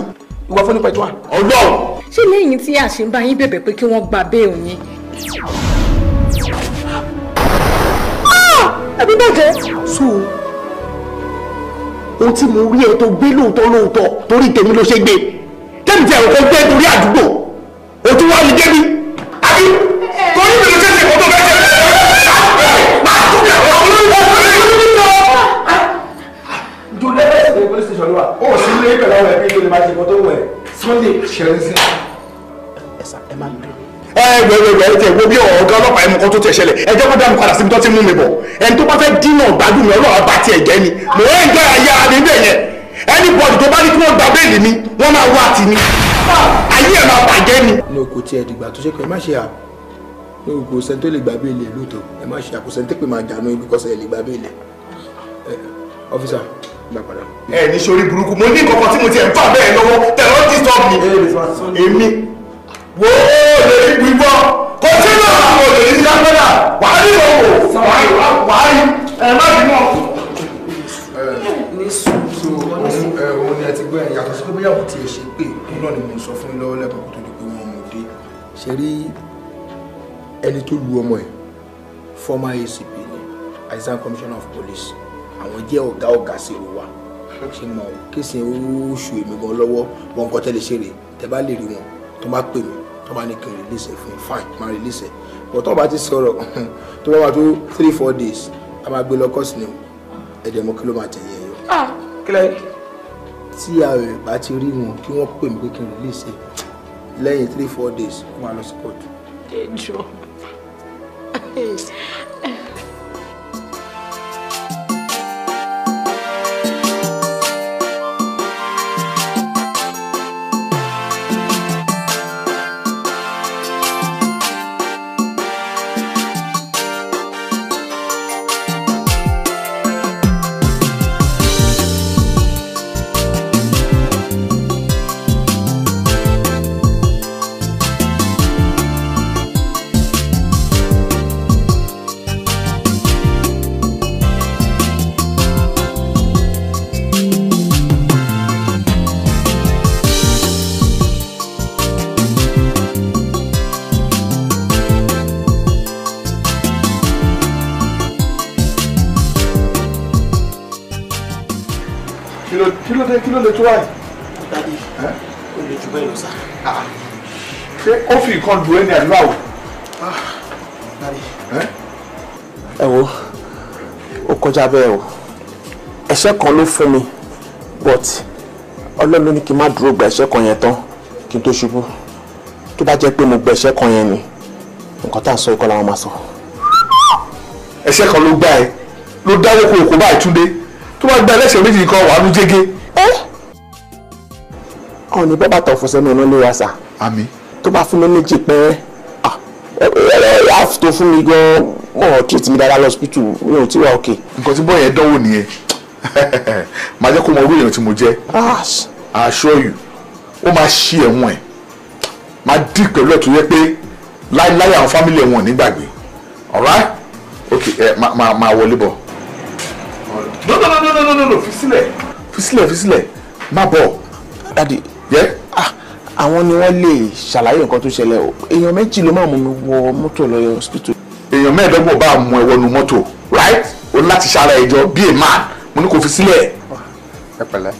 ìwọ fún ní pọ́ìntì wà ọlọ́run. ṣé lẹ́yìn tí àṣìbá yín bẹ̀bẹ̀ pé kí wọ́n gba béèlì yín. ẹbí ah! bàjẹ́. so ohun tí mo rí ẹ tó gbé lóòótọ́ lóòótọ́ torí tèmi ló ṣe gbé tẹ́lifíà ò o tún wá mi débi àbí torí mi ló tẹ̀sí kó tó bẹ́ẹ̀ tẹ̀sí máa tún kẹ̀ ọ́ lórí ọ̀sán rẹ̀ lórí ọ̀sán. ju lẹ́fẹ̀sì ní police station wa ó sì ń lé pẹ̀lú ọ̀rẹ́ bí ìjọba ti kó tó wẹ̀ sunday ṣẹlẹ̀ sí. ẹ sà ẹ máa ń bẹ̀rẹ̀ ẹ wẹ̀wẹ̀wẹ̀ ẹ tẹ wo bí ọ̀gá ọlọ́pàá ẹmu kan tó tẹ̀ ṣẹlẹ̀ ẹ jẹ́ kó dá mi padà síbi tó ti mú mi bọ̀ ẹni tó bá fẹ́ dínà gbádùn mi ọlọ́run bá tiẹ̀ jẹ́ mi mò ń jẹ́ àyà mi bẹ́ẹ̀ yẹn ẹni bọ̀dù tó bá ní kí wọ́n gba bẹ́ẹ̀lì mi wọ́n máa wá àti ayé ẹ̀ máa bàjẹ́ ni. ní oko tí ẹ dìgbà tó ṣe pé má ṣe à ní gbogbo sẹ́ni tó lè gbà bí ilé lóòótọ́ ẹ má ṣe àkóso tí pé máa jànú ibi kọ́sẹ̀ ẹ lè gbà bí ilé. ọ́fíìsà gbà padà. ẹ ní sori burúkú mo ní nǹkan tí mo ti ẹ̀ ń fà bẹ́ẹ̀ lọ́wọ́ tẹ̀lọ́ ti sọ mi. èmi wo lè fi gbígbọ́ kò tí ì àwọn olè ní sáfẹ́lá wàá rí òwò wàá rí ẹ má bímọ. gbogbo ẹ̀ yàtọ̀ sí pé bóyá òun ti ẹ̀ ṣe pé òun náà ni mo sọ fún yín lọ́wọ́ lẹ́kọ̀ọ́ tó di pé wọ́n mú dé ṣe rí ẹni tó lu ọmọ ẹ̀ former ACP ni assistant commissioner of police àwọn jẹ́ ọ̀gá ọ̀gá sí ìlú wa ṣe mọ̀ kéèsì oṣù èmi gan lọ́wọ́ wọn kọ́ tẹ́lẹ̀ ṣe rè tẹ́ bá lè rí wọn tó bá pè mí tó bá ní kí n release ẹ̀ fún fine máa release ẹ̀ bọ̀ bá ti sọ̀rọ̀ tó bá wà tó three four days a máa gbé lọ kọ́sì ni ẹ̀dẹ̀ mọ́ kí ló máa tẹ̀yìn ẹ̀yọ́. Ah! kílẹ̀ tí ààrẹ bá ti rí wọn kí wọ́n pè mí pé kí n release ẹ lẹ́yìn three four days wọ́n á lọ sí court. ẹ lè tó wáyé. dádì ó lè jù bẹ́ẹ̀ lọ sá. Ah, ah. ṣé ó fi nǹkan dùn ẹ́ ní àdúrà o. Ah, dádì. ẹ wo ó kọjá bẹ́ẹ̀ o ẹ̀ṣẹ̀ kan ló fún mi but ọlọ́run ló ní kí n má dúró gba ẹ̀ṣẹ̀ kan yẹn tán kí n tó ṣubú tó bá jẹ́ pé mo gba ẹ̀ṣẹ̀ kan yẹn ni nǹkan tá à ń sọ ikọ́ làwọn máa sọ. ẹ̀ṣẹ̀ kan ló gbá ẹ ló dáwọ́ kó o kó bá ìtúndé tó bá gba ẹlẹ́sẹ̀ méjì kan wàá nu jẹ́gẹ́ ọlọ́run ní bọ́bà tọ̀ fún sẹ́nu ọ̀nà lè wá sà. àmín. tó bá fún mi méjì pẹ́ half tó fún mi gan mọ̀ treat mi dáadáa lọ́sibítù mi ò tí wà òkè. nǹkan tí bọ́ọ̀ yẹn dánwò nìyẹn màá jẹ́ kó mọ orí èèyàn tí mo jẹ́ I assure you ó máa ṣí ẹ̀wọ̀n ẹ̀ máa dì pẹ̀lú ẹ̀ tó yẹ pé láíláí àwọn fámìlì ẹ̀wọ̀n nígbàgbé alright ok ẹ máa máa wọlé bọ̀. no no no no no no fi sílẹ̀ fi sílẹ̀ fi sílẹ̀ má bọ̀. dadi jẹ́. Ah, àwọn ni wọ́n lè ṣàlàyé nǹkan tó ṣẹlẹ̀ o èèyàn méjì ló máa mú mi wọ mọ́tò lọ hospital. èèyàn mẹ́ẹ̀ẹ́dọ́gbọ̀n bá mú ẹ wọnú mọ́tò right o ní láti ṣara ẹjọ́ bí a man mo ní kó fi sílẹ̀. Ah, ẹ pẹ̀lẹ́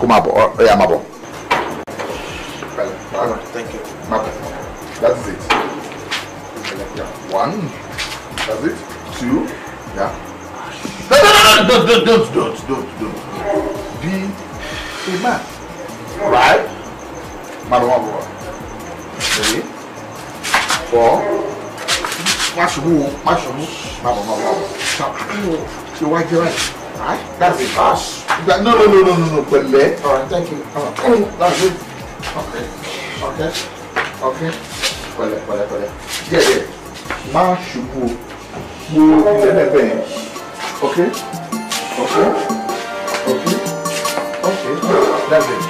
kó máa bọ̀ ọ yà máa bọ̀. Yeah. No, no, no, no, don't, don't, don't, don't, don't. Be a man right mara wọn bọ three four má ṣubú o má ṣubú má bọ̀ má bọ̀ ṣá ṣe wá jẹ́ right that's it pass that, no no no no no no pẹ̀lẹ́ all right thank you come on that's it okay okay okay pẹ̀lẹ́ pẹ̀lẹ́ pẹ̀lẹ́ díẹ̀ díẹ̀ má ṣubú o mo ilẹ̀ náà bẹ̀rẹ̀ okay okay okay okay that's it.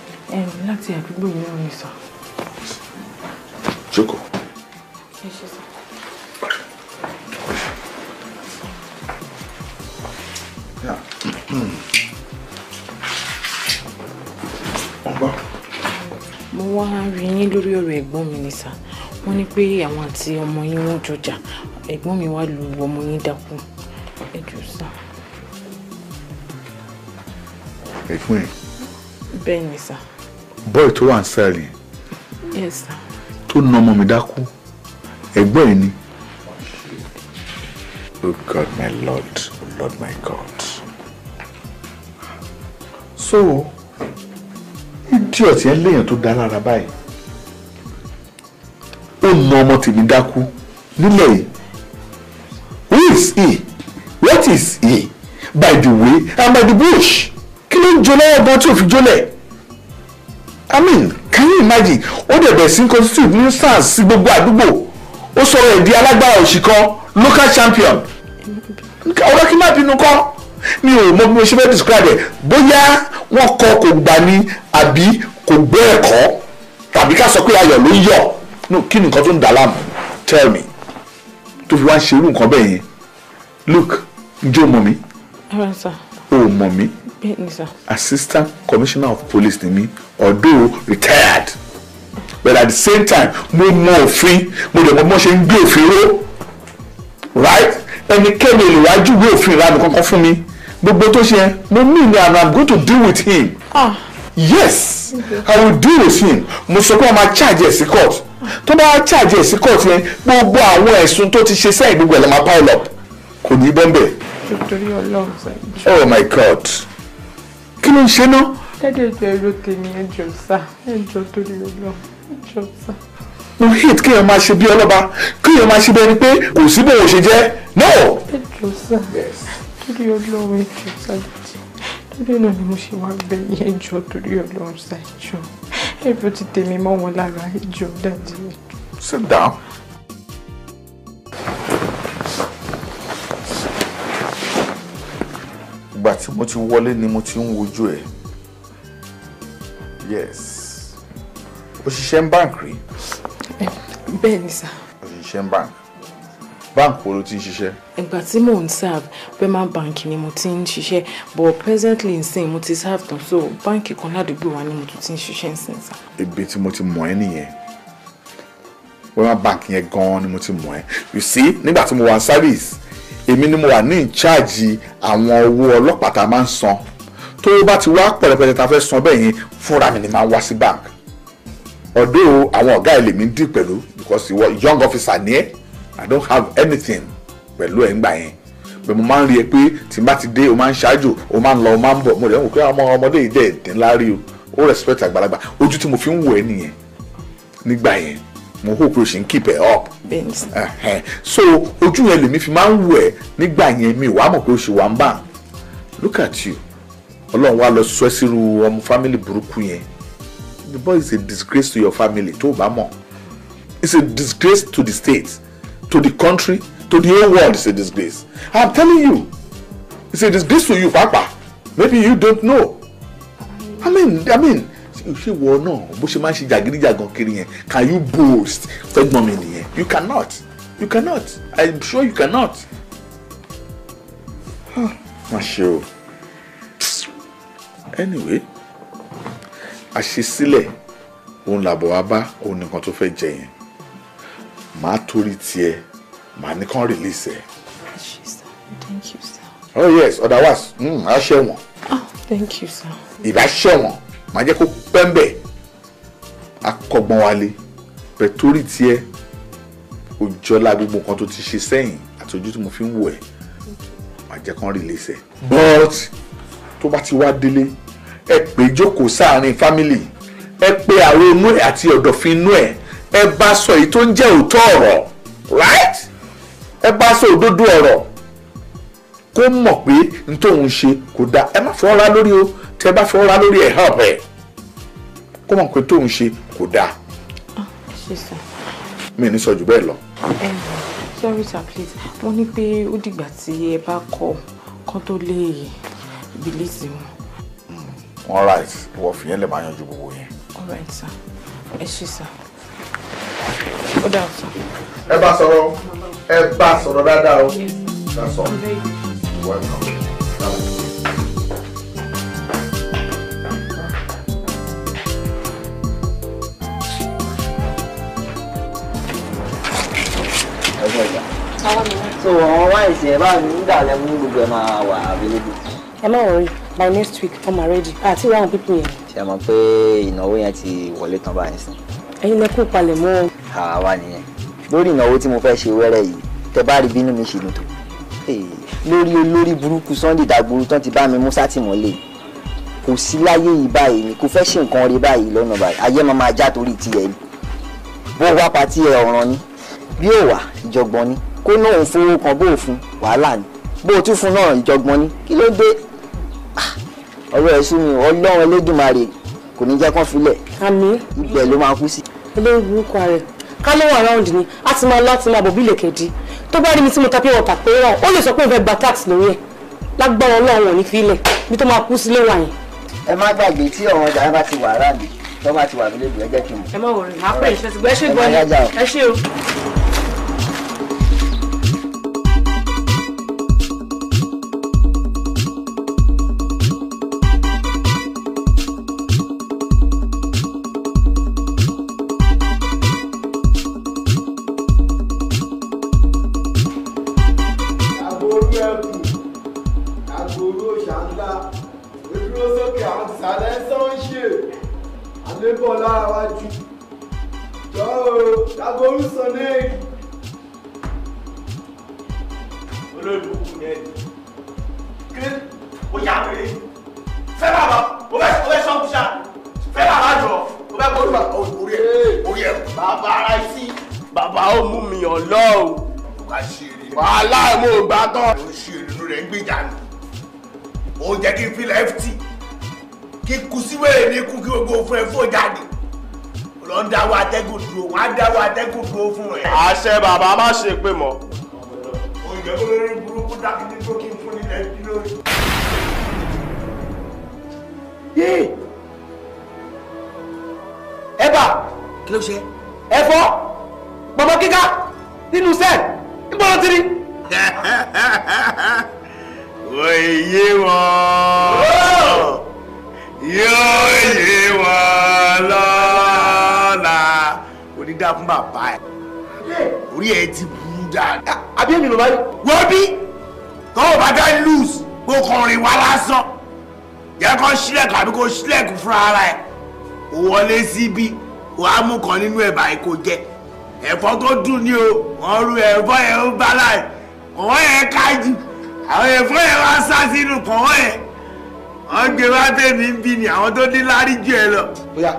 láti àdúgbò mi ò ní sọ. jókòó. ẹ ṣe sọ. mo wá rí yín lórí ọ̀rọ̀ ẹ̀gbọ́n mi ni sà wọ́n ní pé àwọn àti ọmọ yín wọ́n jọjà ẹ̀gbọ́n mi wá lu ọmọ yín dákú ẹ jù sà. ẹ fún ẹ. bẹ́ẹ̀ ni sà. Boy, to wà ń sẹ́rìn yes tó na ọmọ mi dákú ẹ̀gbọ́n ẹ̀ ni. oh god my lord oh lord my god so idiot yẹn léèyàn tó dá lára báyìí ó na ọmọ tèmi dákú nílẹ̀ yìí who is he what is he by the way and by the bush kí ló ń jọ lọ́wọ́ gan tí ò fi jólẹ̀. I mean can you imagine ó dẹ̀ bẹ̀ sí constitute new stars sí gbogbo àdúgbò ó sọ̀rọ̀ ẹ̀ di alágbára òṣì local champion ọ̀rọ̀ kí n má bínú kọ́ mi ò mọ bí mo ṣe fẹ́ describe ẹ̀ bóyá wọ́n kọ kò gbà ní àbí kò gbé ẹ̀kọ́ tàbí ká sọ pé ayọ̀ ló ń yọ̀ kí ni nǹkan tó ń dà láàmú tell me tó fi wá ń ṣe irú nǹkan bẹ́ẹ̀ yẹn look ǹjẹ́ o mọ̀ mí o mọ̀ mí assistant commissioner of police ni mí although retired but at the same time mo mọ òfin mo dẹ̀ mọ bọ́n ṣe ń gbé òfin ró right ẹnikẹ́ni olùwájú wé òfin ìlànà kankan fún mi gbogbo tó ṣe mo mí ni and i'm going to deal with him ah. yes okay. i will deal with him mo sọ pé wọn máa charge ẹ sí court tó bá charge ẹ sí court yẹn gbogbo àwọn ẹ̀sùn tó ti ṣe sẹ́yìn gbogbo ẹ̀ ló pile up kò ní bẹ́ẹ̀ bẹ́ẹ̀. oh my god kí ló ń ṣe náà kẹ́dẹ̀ jẹ́ èrò tèmi ẹjọ́ sá ẹjọ́ torí ọlọ́ ẹjọ́ sá. mo hate kéèyàn máa ṣe bí ọlọ́ba kéèyàn máa ṣe bí ẹni pé kò sí bòun ṣe jẹ́ no. ẹjọ́ sá torí ọlọ́run ẹjọ́ sá jẹ́ torí náà ni mo ṣe wá bẹ̀yìn ẹjọ́ torí ọlọ́run sá ẹjọ́ ẹjọ́ ti tèmi mọ́ wọn lára ẹjọ́ dájú. sit down. ìgbà tí mo ti wọlé ni mo ti ń wojú ẹ̀ yes ó ṣiṣẹ́ ń bank rí. bẹ́ẹ̀ ni sà. ó ṣiṣẹ́ ń bank bank wo ló ti ń ṣiṣẹ́. ìgbà tí mò ń serve Wema bank ni mo ti ń ṣiṣẹ́ but presently nsìn mo ti serve tán so báǹkì kan ládùúgbò wa ni mo tún ti ń ṣiṣẹ́ nsìn sà. ibi tí mo ti mọ̀ ẹ́ nìyẹn Wema bank yẹn gan-an ni mo ti mọ̀ ẹ́ you see nígbà tí mo wà ní service èmi ni mo wà ní ìcháàjì àwọn owó ọlọ́pàá tá a máa ń san tó bá ti wá pẹ̀rẹ̀pẹ̀rẹ̀ ta fẹ́ san bẹ́ẹ̀ yẹn fúnra mi ni máa wá sí bank ọ̀dọ́ àwọn ọ̀gá ẹ̀ lèmi ń dì pẹ̀lú because ìwọ young officer ni ẹ́ i don't have anything pẹ̀lú ẹ̀ ń gbà yẹn bẹ́ẹ̀ mo máa ń rí ẹ pé tí n bá ti dé o máa ń ṣáájú o máa ń lọ o máa ń bọ̀ mo rẹ̀ ń wò pé ọmọ ọmọdé yìí dẹ̀ dín láárí o ó respect àgbàlagbà ojú tí mo fi ń wò ẹ́ nìyẹn nígbà yẹn mo hope o ṣì ń keep ẹ up so ojú yẹn lèmi fi máa ń wò ẹ́ nígbà yẹn mi wàá mọ̀ pé o ṣì wà ń bà look at you ọlọ́run wá lọ sọ sírú ọmọ family burúkú yẹn the boy is a disgrace to your family tó o bá mọ̀ it's a disgrace to the state to the country to the whole world it's a disgrace i'm telling you it's a disgrace to you papa maybe you don't know i mean i mean ṣé wọ náà bó ṣe máa ń ṣe jàgídíjàgan kiri yẹn can you boast fẹgbọn mi nìyẹn you cannot you cannot i'm sure you cannot. Huh. show anyway àṣesílẹ̀ òun làbọ̀ wá bá òun nìkan tó fẹ́ jẹ yẹn màá torí tiẹ̀ màá nìkan release ẹ̀. thank you sir. oh yes otherwise mm, a ṣẹ̀wọ̀n. oh thank you sir. ìbá ṣẹ̀wọ̀n màá jẹ́ kó pẹ́ńbẹ̀ akọgbọ́n wálé bẹ̀ torí tiẹ̀ òjọ́lá gbogbo nǹkan tó ti ṣe sẹ́yìn àti ojú tí mo fi ń wò ẹ́ màá jẹ́ kán release ẹ̀ but tó bá ti wá délé ẹ pè jókòó sáàrin fámìlì ẹ pè àrò inú ẹ àti ọ̀dọ̀fin inú ẹ ẹ bá sọ èyí tó ń jẹ́ òótọ́ ọ̀rọ̀ right ẹ bá sọ òdodo ọ̀rọ̀ kó mọ̀ pé n tóun ṣe kò dáa ẹ má fọwọ́ ra lórí o tẹ bá fọwọ́ ra lórí ẹ̀ hàn bẹ́ẹ̀ kó mọ̀ pé tóun ṣe kò dáa. Ah, mi ní sọ jù bẹ́ẹ̀ lọ. Eh, sorry sir please mo ní pé ó dìgbà tí ẹ bá kọ kan tó lè bílíìtì wọn. Mm. all right wọ́n fi yẹn lè máa yanjú all right sir ẹ you, sir Go down. sọ. ẹ bá sọ̀rọ̀ ẹ bá sọ̀rọ̀ o ẹ sọ ìwọ ẹ̀ so àwọn wáìsì ẹ bá you lẹ mú gbogbo ẹ máa wà abílẹ̀ ẹ má wọrí by next week I'm máa ready àti ah, ìwé àwọn pípín yẹn. ṣe é mọ̀ pé ìnáwó yẹn ti wọlé tán báyìí sí. ẹ̀yin lẹ kó palẹ̀ mọ́. àwa nìyẹn lórí ìnáwó tí mo fẹ́ ṣe wẹ́rẹ́ yìí tẹ bá rí bínú mi ṣe mi tó lórí olórí burúkú Sunday Dàgbòrú tán ti bá mi mú sátìmọ́lé kò sí láyé yìí báyìí ni kò fẹ́ ṣe nǹkan rí báyìí lọ́nà báyìí ayé máa máa já torí tiẹ̀ ni bó wá patí ẹ ọ̀ràn ni bí ò wà ìjọ̀gbọ̀n ni kó náà òun fowó kan bó o fún wàhálà ni bó o tún fún náà ìjọ̀gbọ̀n ni kí ló dé ọ̀rọ̀ ẹ̀ sú mi ọlọ́run elédùnmarè kò ní jẹ́ kán filẹ̀. àmín ibẹ̀ ló máa kú sí. eléyìí burúkú ààrẹ ká ló wà round ni a ti máa láti máa bọ̀ bí ìlẹ̀kẹ̀dí tó bá rí mi tí mo ta pé wọ́n tàpé ràn ó lè sọ pé mo fẹ́ gba tax lórí ẹ̀ lágbára ọlọ́run ò ní filẹ̀ bí tó máa kú sílé wà yẹn. ẹ má gbàgbé tí ọ̀rọ̀ ọjà bá ti wà ráàlì tó bá ti wà nílé ìgbẹ́ kí n mọ̀. ẹ má wòrán máa pè é ṣe ti gbẹ́ ṣe gbọ́ ẹ ṣe o. ológo fún ẹ fò jáde lọ ń dáwọ́ atẹ́gùn dúró wọn á dáwọ́ atẹ́gùn dúró fún ẹ. àṣẹ bàbá má ṣe pé mọ. oúnjẹ olórí burúkú dákìtì tó kí n fún nílẹ̀ bí lórí. yé ẹ kí ló ṣe ẹ fọ bàbá nínú sẹ́ẹ̀ níbo ló ti rí. wọ́n yé wọn. yóò yé wọn lọ́la kò ní dáa fún bàbá ẹ̀ orí ẹ̀ ti burú dáadáa. Ah, àbí èmi ló bá rí. wọ́n bí tọ́wọ́ bá dá lùs kó kọrin wá lásán jẹ́ kó ṣílẹ̀kùn àbí kó ṣílẹ̀kùn ara ẹ̀ ò wọlé síbí ò á kan nínú ẹ̀bà ẹ̀ kó jẹ ẹ̀fọ́ tó dùn ní o wọ́n ru ẹ̀fọ́ yẹn ó bá láì kọ̀wọ́ yẹn kájú àwọn ẹ̀fọ́ yẹn wá sá sínú yẹn. wọ́n gbé wá tèmi ń bí ni àwọn tó ní lárí jù ẹ lọ. bóyá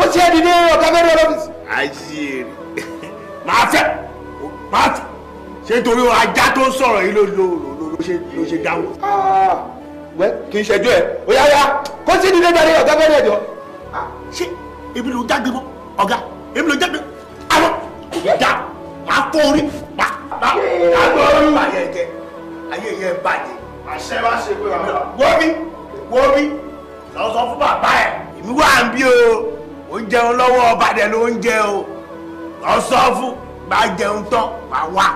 ó ti ẹni ní ọ̀gá mẹ́rin ọlọ́fíìsì. àṣírí màá fẹ́ màá fẹ́ ṣé nítorí ajá tó ń sọ̀rọ̀ yìí ló ló ló ṣe dáhùn. Ah, wẹ́ kì í ṣẹjú ẹ̀ ó yá yá kó sì ní lẹ́gbẹ̀rẹ́ ọ̀gá mẹ́rin ẹ̀jọ̀. Ah, ṣé èmi ló jágbe mọ́ ọ̀gá èmi ló jágbe àwọn kò dá màá orí màá màá gbọ́ orí màá yẹ jẹ ayé yẹ wo bí lọ sọ fún bàbá ẹ̀ èmi wà ń bí o ò ń jẹun lọ́wọ́ ọba dẹ̀ ló ń jẹ o lọ sọ fún bá jẹun tán máa wá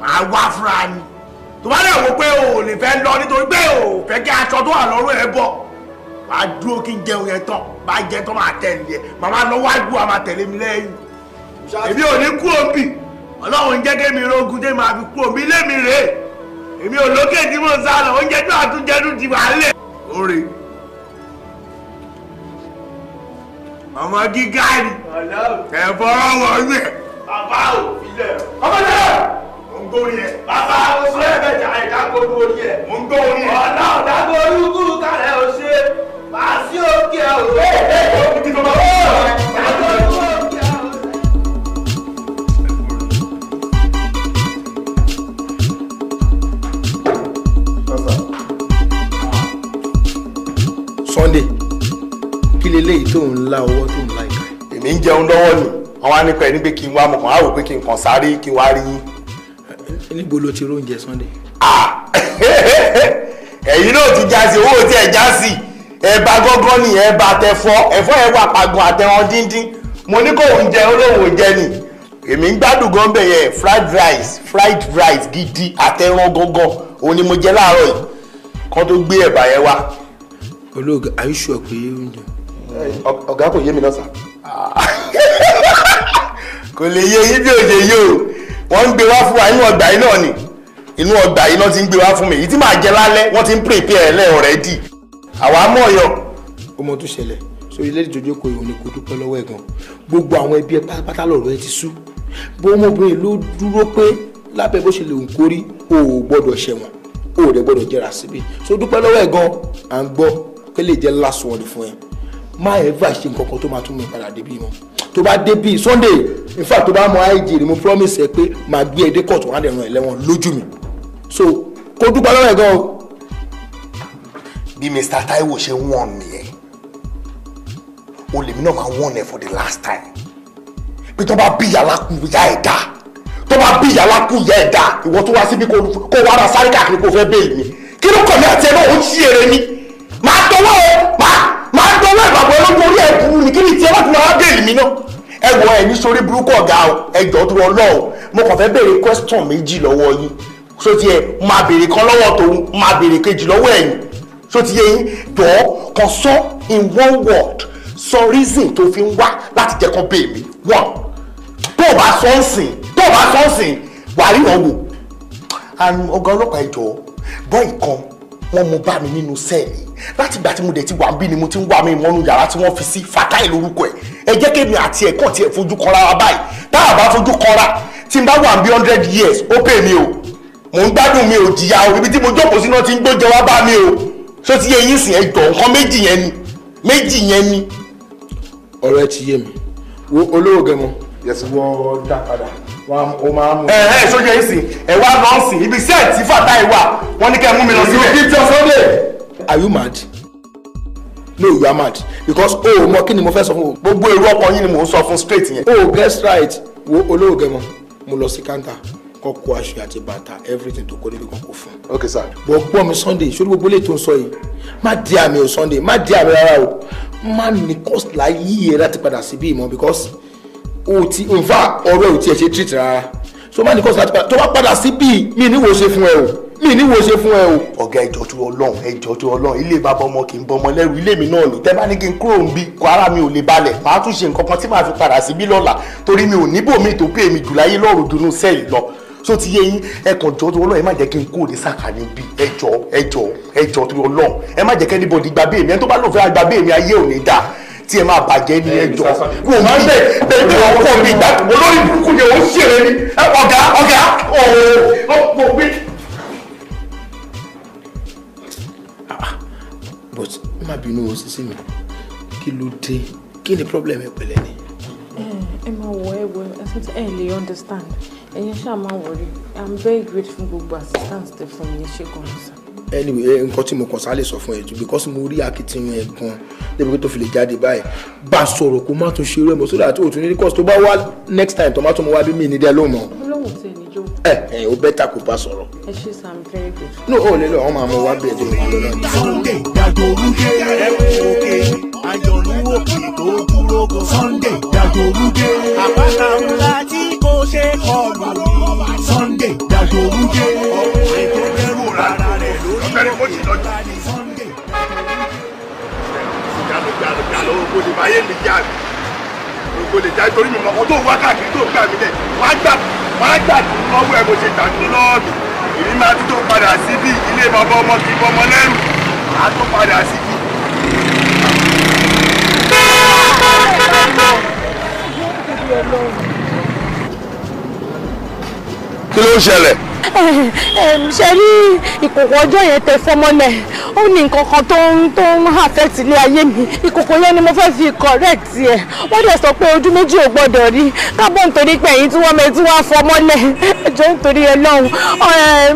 máa wá fúnra ni tó bá dẹ̀ wò pé o ò lè fẹ́ lọ nítorí pé o ò fẹ́ kí aṣọ tó wà lọ́rùn ẹ̀ bọ̀ wàá dúró kí n jẹun yẹn tán bá jẹ tán máa tẹ̀lé ẹ̀ màmá lọ wájú àmà tẹ̀lé mi lẹ́yìn èmi ò ní kú òbí ọlọ́run jẹ́ kémi rogun tẹ́ máa fi kú òbí lémi rèé èmi ò lókè tí mo sá lọ oúnjẹ tó àtúnjẹ tó ti wà lẹ̀ orí ọmọ gíga ni ẹ̀fọ́ ọwọ́ gbé. bàbá ò filẹ̀. ọmọ náà. mo ń gbórí ẹ. bàbá o sọ ẹ bẹ jà ẹ dáko lórí ẹ. mo ń gbórí ẹ. ọ̀nà ọ̀dàgbò olúkú kalẹ̀ ọ̀ṣẹ́. màá sí òkè ọ̀rọ̀. ẹ ẹ ẹ o ti fi bọ́ bọ́. Sunday kí leléyìí tó ń la ọwọ́ tó ń la ìka ẹ̀. èmi ń jẹun lọ́wọ́ ni àwọn á nípa ẹ̀ pé kí n wá mọ̀kàn á rò pé kí n kàn sáré kí n wá rí yín. níbo ló ti róúnjẹ Sunday. ẹ̀yin náà ti já sí owó tí ẹ̀ já sí ẹ̀ bá gángan ni ẹ̀ bá tẹ̀fọ́ ẹ̀fọ́ ẹ̀ wà pàgùn àtẹ̀wọ̀n díndín mo ní kó oúnjẹ olóhùn oúnjẹ ni èmi ń gbádùn gan bẹ̀ yẹn fried rice fried rice gidi àtẹ̀wọ̀n gangan òun ni mo jẹ láàárọ̀ yìí kan tó gbé ẹ̀bà yẹn wá pẹ̀lú àyíṣù ẹ̀ pé oúnjẹ. ọ̀gá kò yé mi náà sà. kò lè yé yín bí òde yìí o wọ́n ń gbé wá fún wa inú ọgbà yìí náà ni inú ọgbà yìí náà ti ń gbé wá fún mi èyí tí màá jẹ lálẹ́ wọ́n ti ń prepare ẹ̀ lẹ́ẹ̀ already àwa mọ̀ yọ. ọmọ tó ṣẹlẹ̀ so ilé ìjọjọ́ kò ìhòòhò ni kò dúpẹ́ lọ́wọ́ ẹ̀ gan gbogbo àwọn ẹbí ẹ pátápátá lọ̀rọ̀ ẹ ti sú bó ọmọbìnrin ló dúró pé lábẹ́ bó ṣe lè ń kórí o ò gbọ́dọ̀ ṣẹ̀wọ̀n o ò dẹ̀ gbọ́dọ̀ jẹ́ra síbi so dúpẹ́ lọ́wọ́ ẹ̀ gan à ń gbọ́ kó lè jẹ́ last word fún ẹ má ever ṣe nǹkan kan tó máa tún mi padà débí mọ́ tó bá débí Sunday in fact tó bá mọ IG rẹ mo promise ẹ pé màá gbé ẹ dé court wọn á dẹ̀ ràn ẹ lẹ́wọ̀n lójú mi so kó dúpẹ́ lọ́wọ́ ẹ̀ gan o. bí Mr. Taiwo ṣe wọ̀n nìyẹn olèmi náà máa wọ̀n ẹ for the last time pé tó bá bí yàrá kú yá ẹ̀ dá tó bá bí yàrá kú yá ẹ̀ dá ìwọ tó wá síbi kó wá ra sáré káàkiri kó fẹ́ bẹ́ẹ̀ mi kí ló kọ̀ ní àti náà ó ń ṣí ere ni máa tọwọ́ ẹ máa tọwọ́ ìgbàgbọ́ ológun orí ẹ̀ burú ni kí ni tiẹ̀ láti máa bẹ́ẹ̀lì mi náà ẹ wọ ẹ ní sórí burúkú ọ̀gá ẹjọ́ tó wọ́n lọ́ọ̀ mo kàn fẹ́ béèrè question méjì lọ́wọ́ yín so ti ẹ máa béèrè kan lọ́wọ́ tòun máa béèrè kejì lọ́wọ́ ẹ̀yìn so ti yẹ yín kan sọ in one word sọ reason tó fi ń wá láti jẹ́ kan bẹ́ẹ̀ mi one tó o bá sọ ń sìn tó o bá sọ ń sìn wàá rí ìrànwọ́ ọ̀gá ọlọ́pàá ẹjọ́ bọ́ ìkan wọ́n mú bá mi nínú sẹ́ẹ̀lì láti ìgbà tí mo dẹ̀ ti wà ń bí ni mo ti ń wà mí mọ́nú yàrá tí wọ́n fi sí Fatai lórúkọ ẹ̀ ẹ jẹ́ kémi àti ẹ̀kọ́ tiẹ̀ fojú kanra wa báyìí tá a bá fojú kanra tí n bá wà ń bí hundred years ó pè mí o mò ń gbádùn mi ò jìyà o ibi tí mo jókòó sí náà ti ń gbójọ wá bá mi o tó ti yẹ yín sìn ẹ jọ nǹkan méjì yẹn ni méjì yẹn ni. ọ̀rọ̀ ẹ ti yé mi wo olówó gẹmọ yẹsì wọ dá padà o máa mú. ẹ ẹ sójú yìí sìn ẹ wá lọ sìn ibi sí ẹ tí fàtà ẹ wà wọn ní kẹ mú mi lọ síbẹ̀. you keep your sunday. are you mad? no you are mad because o ò mọ kí ni mo fẹ́ sọ fún o. gbogbo èrò ọkọ yín ni mò ń sọ fún straight yẹn. o oh, guess right wo olóògẹ mọ mo lọ sí kanta kọ kó aṣọ àti bàtà everything tó kó níbi kan kó fún. ok sir. bọ̀ gbọ́ mi sunday ṣé gbogbo lè tó ń sọ yìí má di àmì o sunday má di àmì rárá o má ní cost láyé rẹ láti padà síbí mọ́ because o ti in fact ọ̀rọ̀ ẹ ò tiẹ̀ ṣe treat rárá so má ní kọ́sì láti padà tó bá padà sí bíi mi ní wo ṣe fún ẹ o mi ní wo ṣe fún ẹ o. ọ̀gá ẹjọ́ tó ọlọ́run ẹjọ́ ilé bàbá ọmọ kì í bọ ọmọ ilé mi náà ni tẹ́ bá ní kí n kúrò ń bí kó ara mi ò lè balẹ̀ màá tún ṣe nǹkan kan tí màá fi padà sí bí lọ́la torí mi ò níbò mi tó pé mi jùláyé lọ́rùn dunú sẹ́yìn lọ so ti yé yín ẹkàn jọ tó ọlọ́run ẹ má jẹ́ kí n kúrò ní sàkà níbí ẹjọ́ ẹjọ́ ẹjọ́ tó ọlọ́run ẹ má jẹ́ kẹ́ni bọ̀dì gbàgbé mi ẹni tó bá lóun fẹ́ mi ayé ò ní tí ẹ máa bàjẹ́ ní ẹjọ́ wò má bẹ bẹ́ẹ̀ bí wọn kọ mi ìgbà olórí burúkú yẹn ó ń ṣèrè ni ọ̀gá ọ̀gá ọ̀ọ́ mi. but má bínú o sísí mi kí ló dé kí ni problem ẹ pẹ̀lẹ́ ni. ẹ máa wọ ẹ wọ ẹ lè understand ẹ̀yin ṣáà máa wọrí i'm very grateful gbogbo assistance tẹ fún mi ṣe gan-an anyway eh, nǹkan tí mo kàn sálẹ̀ sọ fún ẹ jù because mo rí akitiyan ẹ gan débi pé tó fi lè jáde báyìí bá sọ̀rọ̀ kó má tún ṣe rẹ̀ mọ́ sódà àti òtún ní kọ́sì tó bá wá next time tó má tún mọ wá bí mi ní dẹ́ lóun mọ́. olóhùn tí èmi ẹ ẹ eh, eh, o bẹ́ẹ̀ ta bá sọ̀rọ̀. ẹ ṣe sam very good. no o lè lọ àwọn máa mọ wá bí ẹjọ́ ìlú náà. Sunday Dagboruge òkè ayọ̀lú òkè tó dúró gan. Sunday Dagboruge àpáta ńlá tí kò ṣe kọlù mi. Sunday Dagboruge ọ̀pọ̀ ètò ẹrù rárá mẹ́rin mo ṣì lọ́jọ́. jalo jalo jalo o lè máa yé já mi o lè já torí mi mọ ọdún wá káàkiri tó gbà mí dẹ wàá gbà wàá gbà lọ́wọ́ ẹ̀ mo ṣe tàbí lọ́ọ̀bì èmi máa tó padà sí bí ilé bàbá ọmọ kì í bọmọ lẹ́rù màá tó padà sí bí. kí ló ń ṣẹlẹ̀ ṣe rí ìkòkò ọjọ́ yẹn tẹ fọmọ náà ó ní nǹkan kan tó ń tó ń affect ilé ayé mi ìkòkò yẹn ni mo fẹ́ fi correct ẹ̀ wọ́n dẹ̀ sọ pé ojú méjì ò gbọ́dọ̀ rí kábọ̀ nítorí pé ẹ̀yìn tí wọ́n mẹ tí wọ́n á fọmọ náà ẹjọ́ nítorí ẹ lọ́hùn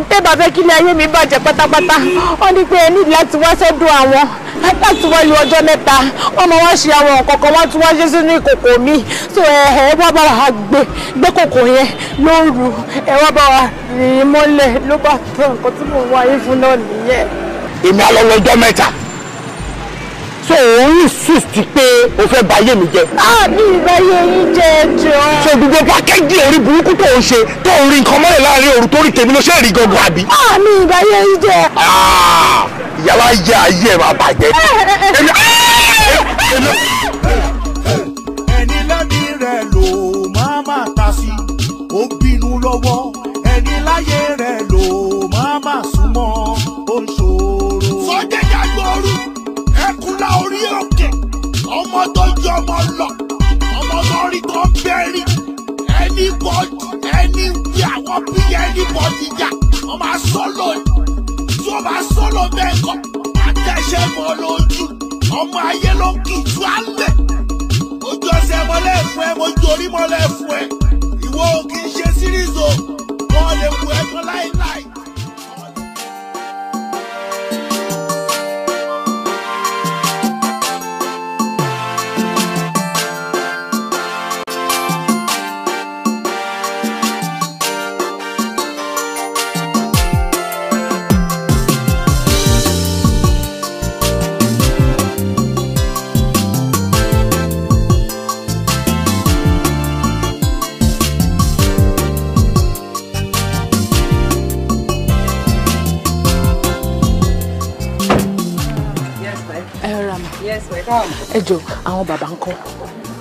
pébà fẹ́ kí ilé ayé mi bàjẹ́ pátápátá wọ́n ní pé ẹ ní láti wá sọ́dọ̀ àwọn láti wá lu ọjọ́ mẹ́ta wọ́n máa wá ṣe àwọn nǹkan wọ́n tún wá ṣe sínú ìkòkò mi so ẹ̀ ẹ̀ wá bá wa gbé gbé kòkò yẹn lóru ẹ̀ wá bá wa rí yìí mọ́lẹ̀ ló bá tán nǹkan tí mò ń wá yín fún náà nìyẹn. èmi á lọ mẹ́ta so òun insist pé o fẹ́ bà ayé mi jẹ́. àbí ìbáyé yín jẹ́ ẹjọ́. so gbogbo pákẹ́jì orí burúkú tó ń ṣe tó ń rí nǹkan mọ́lẹ̀ láàrin òru tó rí tèmi ló ṣe rí gangan àbí. àmì ìbáyé yín jẹ́. Ah! ìyàwó ayé ayé ẹ̀ máa bàjẹ́. Eh, eh, eh, ẹni lẹ́mìí rẹ̀ ló máa máa ta sí ó bínú lọ́wọ́. ọmọ lọ ọmọ lọ́rí kan bẹ́rì anybody anywhere wọ́n bí anybody jà wọ́n máa sọ́lọ̀ tí wọ́n máa sọ́lọ̀ bẹ́ẹ̀ kọ́ àtẹ̀ṣẹ́ mọ́ lójú ọmọ ayé ló ń kì í tú alẹ̀ ojú ọ̀sẹ̀ mọ́lẹ̀ fún ẹ mojú orí mọ́lẹ̀ fún ẹ ìwọ ò kì í ṣe series o lè wù ẹ́ kan láíláí. ẹ jọ àwọn bàbá ń kọ́.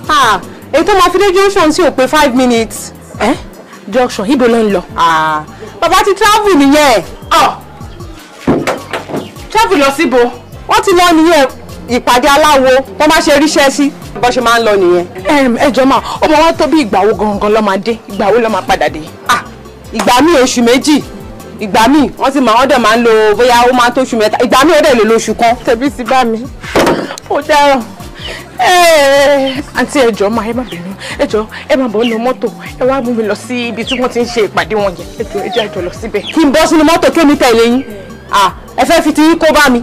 Ah, èyí tó máa fi dé junction sí ò five minutes. ẹ junction ibo ló ń lọ. Ah, bàbá ti travel nìyẹn. Ah, travel lọ síbo wọ́n ti lọ nìyẹn ìpàdé aláwo wọ́n máa ṣe ríṣẹ́ sí bó ṣe máa ń lọ nìyẹn. ẹ jọ máa ó máa wá tó bí ìgbà wo gangan ló máa dé ìgbà wo ló máa padà dé. ìgbà míì oṣù méjì ìgbà míì wọ́n ti máa ọ́dọ̀ máa ń lo bóyá ó máa tó oṣù mẹ́ta ìgbà míì ó dẹ̀ lè lo oṣù kan. tẹ̀bí ti bá mi ó dára àǹtí eh, ẹjọ́ máa ẹ má bínú ẹjọ́ ẹ má bọ̀ nínú mọ́tò ẹ wá mú mi lọ sí ibi tí wọ́n ti ń ṣe ìpàdé wọn yẹn ẹjọ́ ẹjọ́ ẹjọ́ lọ síbẹ̀. kí n bọ́ sínú mọ́tò kí èmi tẹ̀lé yín ẹ fẹ́ fi ti yín kó bá mi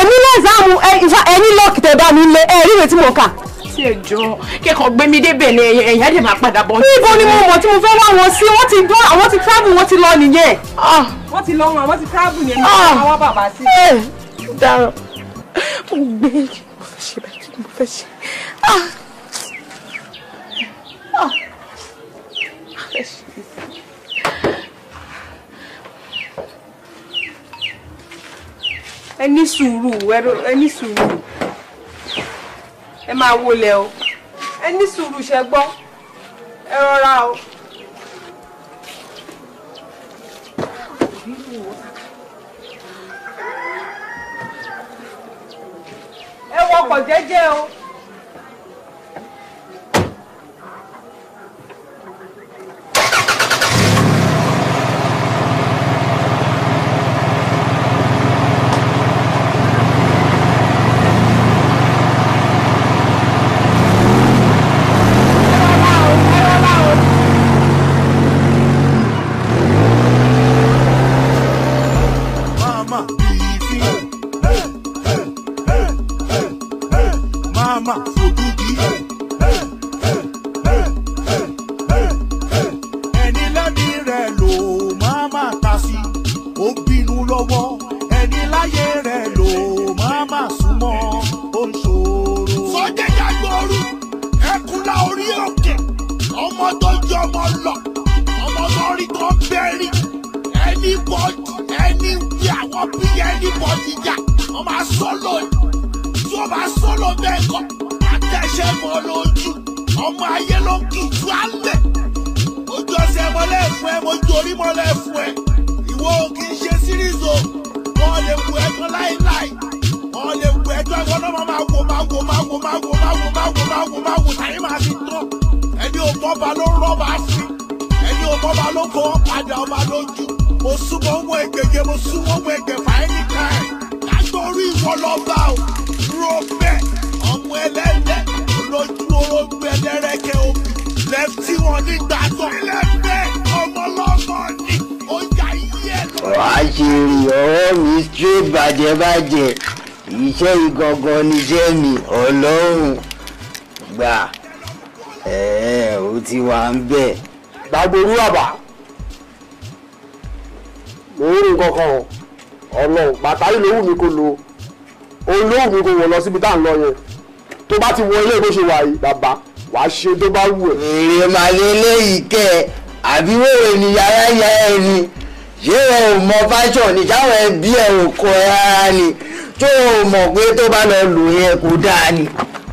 èmi náà sáàmù ẹ̀yìn lọ́ọ̀kì tẹ̀ bá mi lé ẹ̀rí ìwé tí mo kà sí ẹjọ́ kẹ́kọ̀ọ́ gbé mi débẹ̀ ni ẹ̀yìn á dẹ̀ máa padà bọ̀. níbo ni mo mọ̀ tí mo fẹ́ wá wọn sí wọ́n ti gbọ́ àwọn ti travel wọ́n ti lọ nìyẹn. Ah. wọ́n ti lọ wọn àwọn ti travel yẹn ní ah. àwọn mo gbé kí mo fẹ́ ṣe báyìí kí mo fẹ́ ṣe ah! Ah! Ah! fẹ́ ṣe. ẹ ní sùúrù ẹ ní sùúrù ẹ máa wọlé o ẹ ní sùúrù ṣẹ gbọ́ ẹ rọra o. ẹ wọkọ̀ jẹ́jẹ́ o. Suma. Ẹni lẹ́mí rẹ̀ lò máa máa ta sí, ó ń bínú lọ́wọ́. Ẹni láyé rẹ̀ lò máa máa súnmọ́, ó ń ṣòro. Sọ́jẹ́jà gbòòrò, ẹkùnlá orí òkè, ọmọ tó jẹ́ ọmọ lọ, ọmọ tó rí tó bẹ́rí. Ẹni bọ́ọ̀dì, ẹni wí àwọn bí ẹni bọ́ọ̀dì jà, wọ́n máa sọ lóyún tó bá sọ̀rọ̀ bẹ́ẹ̀ kọ́ àtẹ̀ṣẹ́ mọ́ lójú ọmọ ayé ló kì í tú àlẹ̀ ojú ọ̀sẹ̀ mọ́lẹ̀ fún ẹ mojú orí mọ́lẹ̀ fún ẹ ìwọ ò kì í ṣe series o lè wù ẹ́ tán láíláí wọ́n lè wù ẹ́ tán ẹ̀wọ́n náà máa wò máa wò máa wò máa wò máa wò máa wò máa wò máa wò táyé máa fi tán ẹni ò mọ́ba ló rọ́bà fi ẹni ò mọ́ba ló kọ́ padà ọba lójú mo súnmọ́ ohun ẹgbẹ̀gẹ̀ mo súnmọ́ ohun ẹgbẹ̀fà ẹnìkan ẹ̀ lágbórí ìwọ lọ́ba o dúró bẹ́ẹ̀ ọmọ ẹlẹ́lẹ́ lójú orógbó ẹlẹ́rẹ́kẹ́ omi lẹ́tí wọn nígbà tó ilé bẹ́ẹ̀ ọmọ lọ́kọ̀ ni ó yà yí ẹ̀ lọ. wàá ṣe rí ọwọ́ mi straight bàjẹ́bàjẹ́ iṣẹ́ ìgangan níṣẹ́ mi ọlọ́run gbà ẹ̀ẹ́ ó ti wà ń bẹ̀. gbàgbórú àbá mo ń rìn kankan ọlọ́run bàtà yìí ló wù lo olóògùn kò wọ̀ lọ síbi tá à ń lọ yẹn tó bá ti wọ ilé bó ṣe wà yìí bàbá wàá ṣe tó bá wù ẹ. èrè màlẹ eléyìí kẹ àbí wèrè ni yàrá yàrá ẹni yóò ò mọ fashion ni táwọn ẹbí ẹ ò kọ ẹ rárá ni tó o mọ̀ pé tó bá lọ lò yẹn kò dáa ni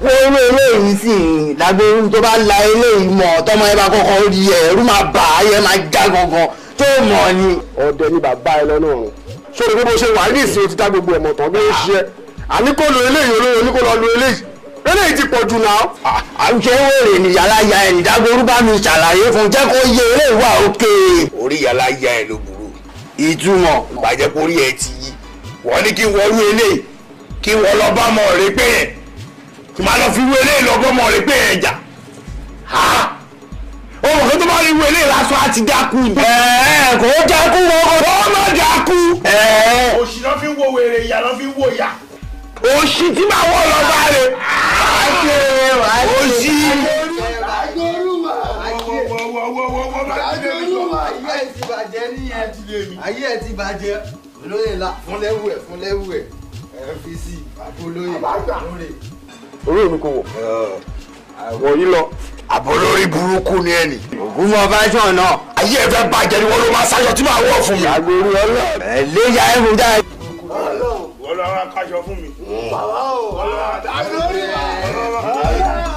wọ́n irú eléyìí sì lágbèrú tó bá la eléyìí mọ̀ tọmọ ẹ bá kọ́kọ́ rí ẹ máa bà á yẹ máa já gangan tó mọ̀ ni. ọdẹ ni bàbá ẹ lọ́nà ọ̀run sórí bí mo ṣe wà ní ìsìn òtítà gbogbo ẹ̀mọ̀tàn bí ó ṣe àní kò lo eléyìí olóyè oní kò lọ lo eléyìí eléyìí ti pọ̀ jù náà. àjẹ wèrè ni yàrá ya ẹ̀ nídàgbòrú bá mi ṣàlàyé fún jẹ́ kó yé eléyìí wà òkè. orí yàrá ya ẹ ló burú ìtumọ̀ bàjẹ́ kó rí ẹ ti yí wọ́n ní kí wọ́n rú eléyìí kí wọ́n lọ bá mọ̀ rẹ pé yẹn kí máa lọ fi rú eléyìí lọ bọ́ mọ̀ rẹ pé yẹn jà ohun kan tó bá rí wọ eléyìí lásán á ti dákú ni. kò ó dákú wọn. kò ó má dákú. òṣì ló fi ń wo wèrè ìyá ló fi ń wo ìyá òṣì tí màá wọ̀ lọ bá rẹ̀ òṣì. ayé ẹ ti bàjẹ́ nìyẹn ayé ẹ ti bàjẹ́ olóyè la fún lẹ́wù ẹ̀ fún lẹ́wù ẹ̀ ẹ fi sí olóyè lórí. olóyè mi kò wọ̀ wọ̀ yí lọ. àbólórí burúkú ni ẹnì. ògùn mọ fáṣọ náà. ayé ẹ fẹ́ bàjẹ́ ni wọ́n ló máa ṣayọ tí màá wọ̀ fún mi. àgbèrè ọlọ́ọ̀. ẹ̀ léyà ẹ̀ mú dáa. Ọlọ́run. Ọlọ́run akájọ fún mi. Bàbá o. Ọlọ́run akájọ fún mi.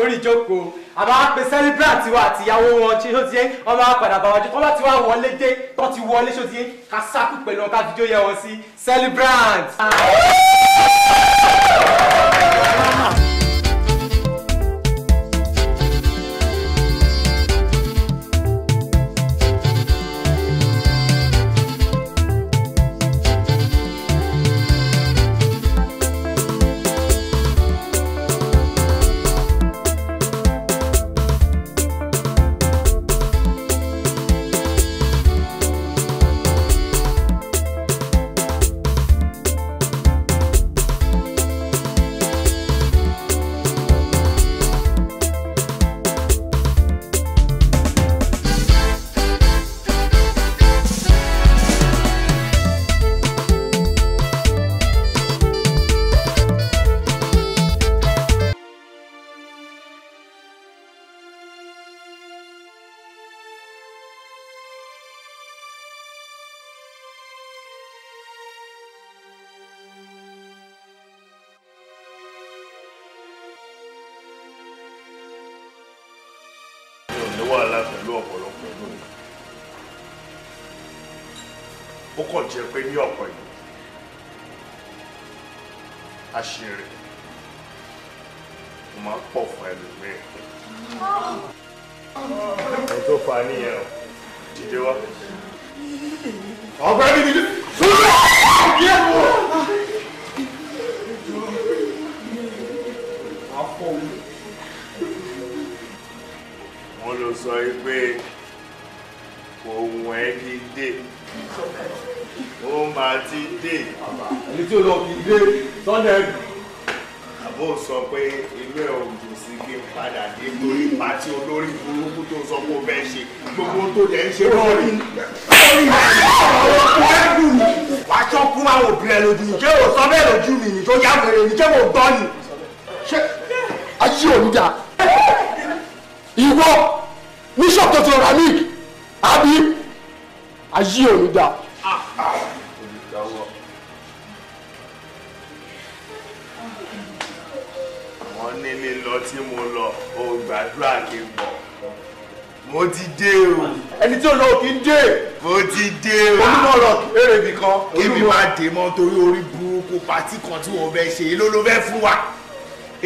sórí ìjókòó àbá pe celebrant wa àtìyàwó wọn ṣe ṣó ti yé wọn máa padà bá wọn jẹ tó bá wọlé dé tó ti wọlé ṣó ti yé ká sáàpù pẹ̀lú wọn ká yẹ wọn sí celebrant.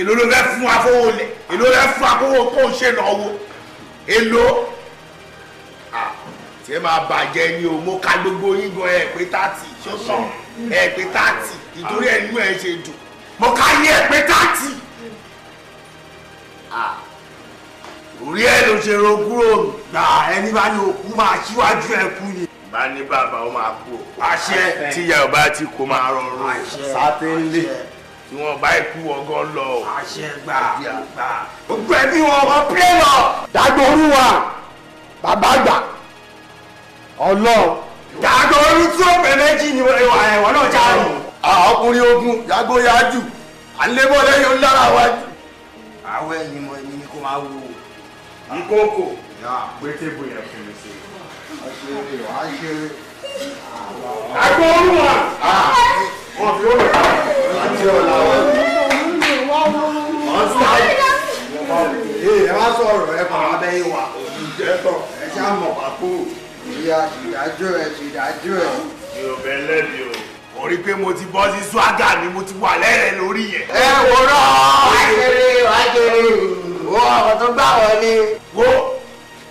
èló ló fẹ́ fún afọwọ́ lẹ̀ èló fẹ́ fún akówó kó o ṣe náwó èló tí ẹ máa bàjẹ́ ni o mo ka gbogbo yín gan ẹ pé tààtì ṣọ́sàn ẹ pé tààtì ìtorí ẹnu ẹ ṣe dùn mo ka yín ẹ pé tààtì orí ẹ ló ṣe ro kúrò gbà ẹni bá ní òkú máa ṣíwájú ẹ kú ni bá ní bàbá ó máa kú o. àṣẹ tíyà ọba ti kó máa rọrùn sátẹ́lẹ̀ ìwọ̀n bá ikú ọgọ́ lọ. àṣẹ gbà gbà. gbogbo ẹbí wọn ọmọ pílẹ̀ lọ. dàgbòrú wa bàbá àgbà ọlọ́run. dàgbòrú tí ó pè méjì ni ẹ̀wọ̀n náà já rù. ọkùnrin ogun jágbó yá jù àlébọ̀ lẹ́yìn olára wa jù. àwọ̀ ẹ̀yìn mọ̀ ẹ̀yìn ni kò máa wò. ìkókò pété bóyá fún sí i. àṣẹ àṣẹ. dàgbòrú wa. wọ́n fi ó lè ṣe ọ̀la wọn. ọ̀sán ẹ wá sọ̀rọ̀ ẹ kàn wá bẹ́ ìwà òjìjẹ́tọ̀ ẹ ṣá mọ̀ pàkó ìyá ìdájọ́ ẹ ìdájọ́ ẹ. yorùbá ẹlẹ́bi o mo rí i pé mo ti bọ́ sí swaga ni mo ti wà lẹ́rẹ̀ẹ́ lórí yẹn. ẹ wò rọ wájèrè wájèrè wo ọkọ̀ tó gbà wọlé. wo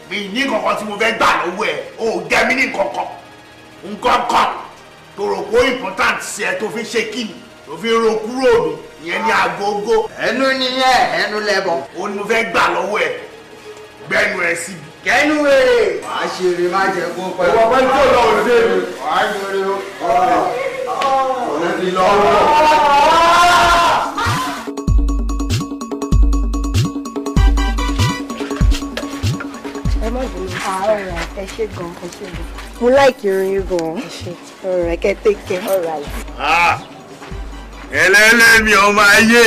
mi ní kankan tí mo fẹ́ gbà lọ́wọ́ ẹ̀ o jẹ́ mi ní kankan nkankan tó rò pé important ṣe ẹ tó fi ṣe kí ni tó fi ro kúrò mi ìyẹn ní agogo. ẹnu nìyẹn ẹnu lẹbọ. ó ní mo fẹ́ gbà lọ́wọ́ ẹ̀ gbẹ́nu ẹ̀ síbi. kẹ́nu wèrè. wàá ṣe eré má jẹ kó pẹ́. ìwọ pẹ́ tó lọ òde mi. wàá ṣe eré ọ̀rọ̀ òun ti lọ wọ̀. ẹ ṣe ah, gan ẹ ṣe gan mo like irun yín gan ẹ ṣe all right kẹ take care all right. Ah! ẹlẹ́lẹ́mi ọmọ ayé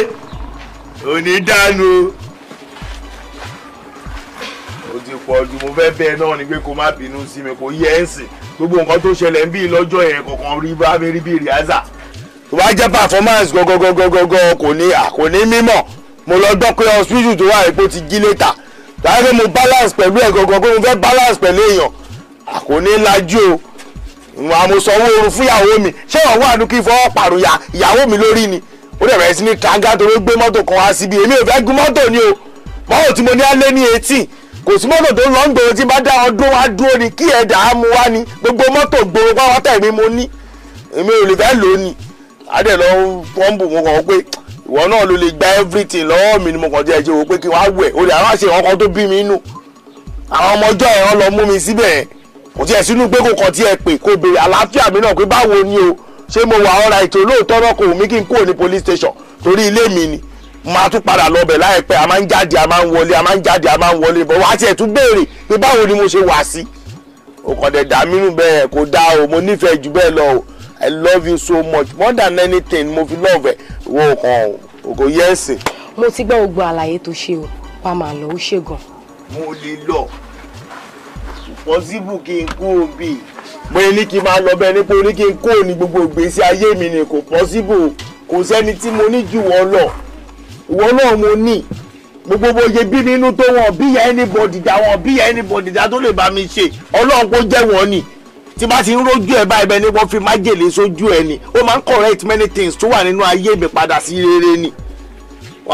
onídàánú ó ti pọ̀ ju mo fẹ́ bẹ́ẹ̀ náà ni pé kó má bínú sí mi kó yẹ ẹ́ sìn gbogbo nǹkan tó ṣẹlẹ̀ ń bí lọ́jọ́ yẹn kọ̀ọ̀kan rí bá mi rí bí rìhásà. tó bá jẹ́ performance gọ́gọ́gọ́gọ́gọ́ kò ní kò ní mímọ̀ mo lọ gbọ́ pé hospital tó wà epo ti jí létà láti mo balance pẹ̀lú ẹ̀ gọ́gọ́ pé mo fẹ́ balance pẹ̀lú èèyàn kò ní lajú o àwọn mo sanwó oorun fún ìyàwó mi ṣé wọn wà ní kí fọwọ́ pààrọ̀ ìyàwó mi lórí ni ó dẹ̀ bẹ̀rẹ̀ sí ní tàǹgà tó ló gbé mọ́tò kan wá síbi èmi ò fẹ́ gun mọ́tò ni o mọ́tò tí mo ní á ní etí kò sí mọ́tò tó ń lọ ń gbòòrò tí bá dá wọn dúró dúró ni kí ẹ̀dá á mu wá ni gbogbo mọ́tò gbòòrò pátá èmi mo ní èmi ò lè fẹ́ lò ó ni á lọ pọ́ǹpù mo kàn pé ìwọ náà ló lè gba everything lọ́wọ́ mi ni mo kàn jẹ́ ẹ̀jẹ̀ wò pé kí wọ́n á wẹ̀ ó àwọn àṣẹ ìwọ̀n kan tó bí mi nù àwọn ọmọ ọjọ́ ẹ̀ wọ́n lọ mú mi síbẹ̀ yẹn kò tiẹ̀ sínú pé kò kàn tiẹ̀ pè kò béèrè àlàáfíà mi náà pé báwo ni o ṣé mo wà ọ̀rá ètò olóòótọ́ náà kò wù mí kí n kúrò ní police station torí ilé mi ni máa tún padà lọ bẹ̀ láìpẹ́ a máa ń jáde a máa ń wọlé a máa ń jáde a máa ń wọlé bọ̀ wá tiẹ̀ tún béèrè pé báwo ni mo ṣe wà sí. o kàn dẹ̀ dá mínú bẹ́ẹ̀ kò dáa o mo nífẹ̀ẹ́ jù bẹ́ẹ̀ lọ o I love you so much more than anything mo fi love ẹ̀ wo kàn o kò yẹ ẹ̀sìn. mo ti gbọ́ gbogbo àlàyé tó ṣe o pa màá lọ ó ṣègùn. mo lè lọ possible kí n kú òbí mo ní kí n máa lọ bẹ́ẹ̀ nípa orí kí n kú òní gbogbo ìgbésí ayé mi ni kò possible kò sẹ́ni tí mo ní jù wọ́ lọ ìwọ náà mo ní mo gbogbo oye bí nínú tó wọn bíyà anybody dá wọn bíyà anybody dá tó lè bá mi ṣe ọlọ́run kó jẹ́ wọn ni tí bá ti ń rójú ẹ báyìí bẹ́ẹ̀ ni wọ́n fi májèlé sójú ẹ ni ó máa ń correct many things tó wà nínú ayé mi padà sí rere ni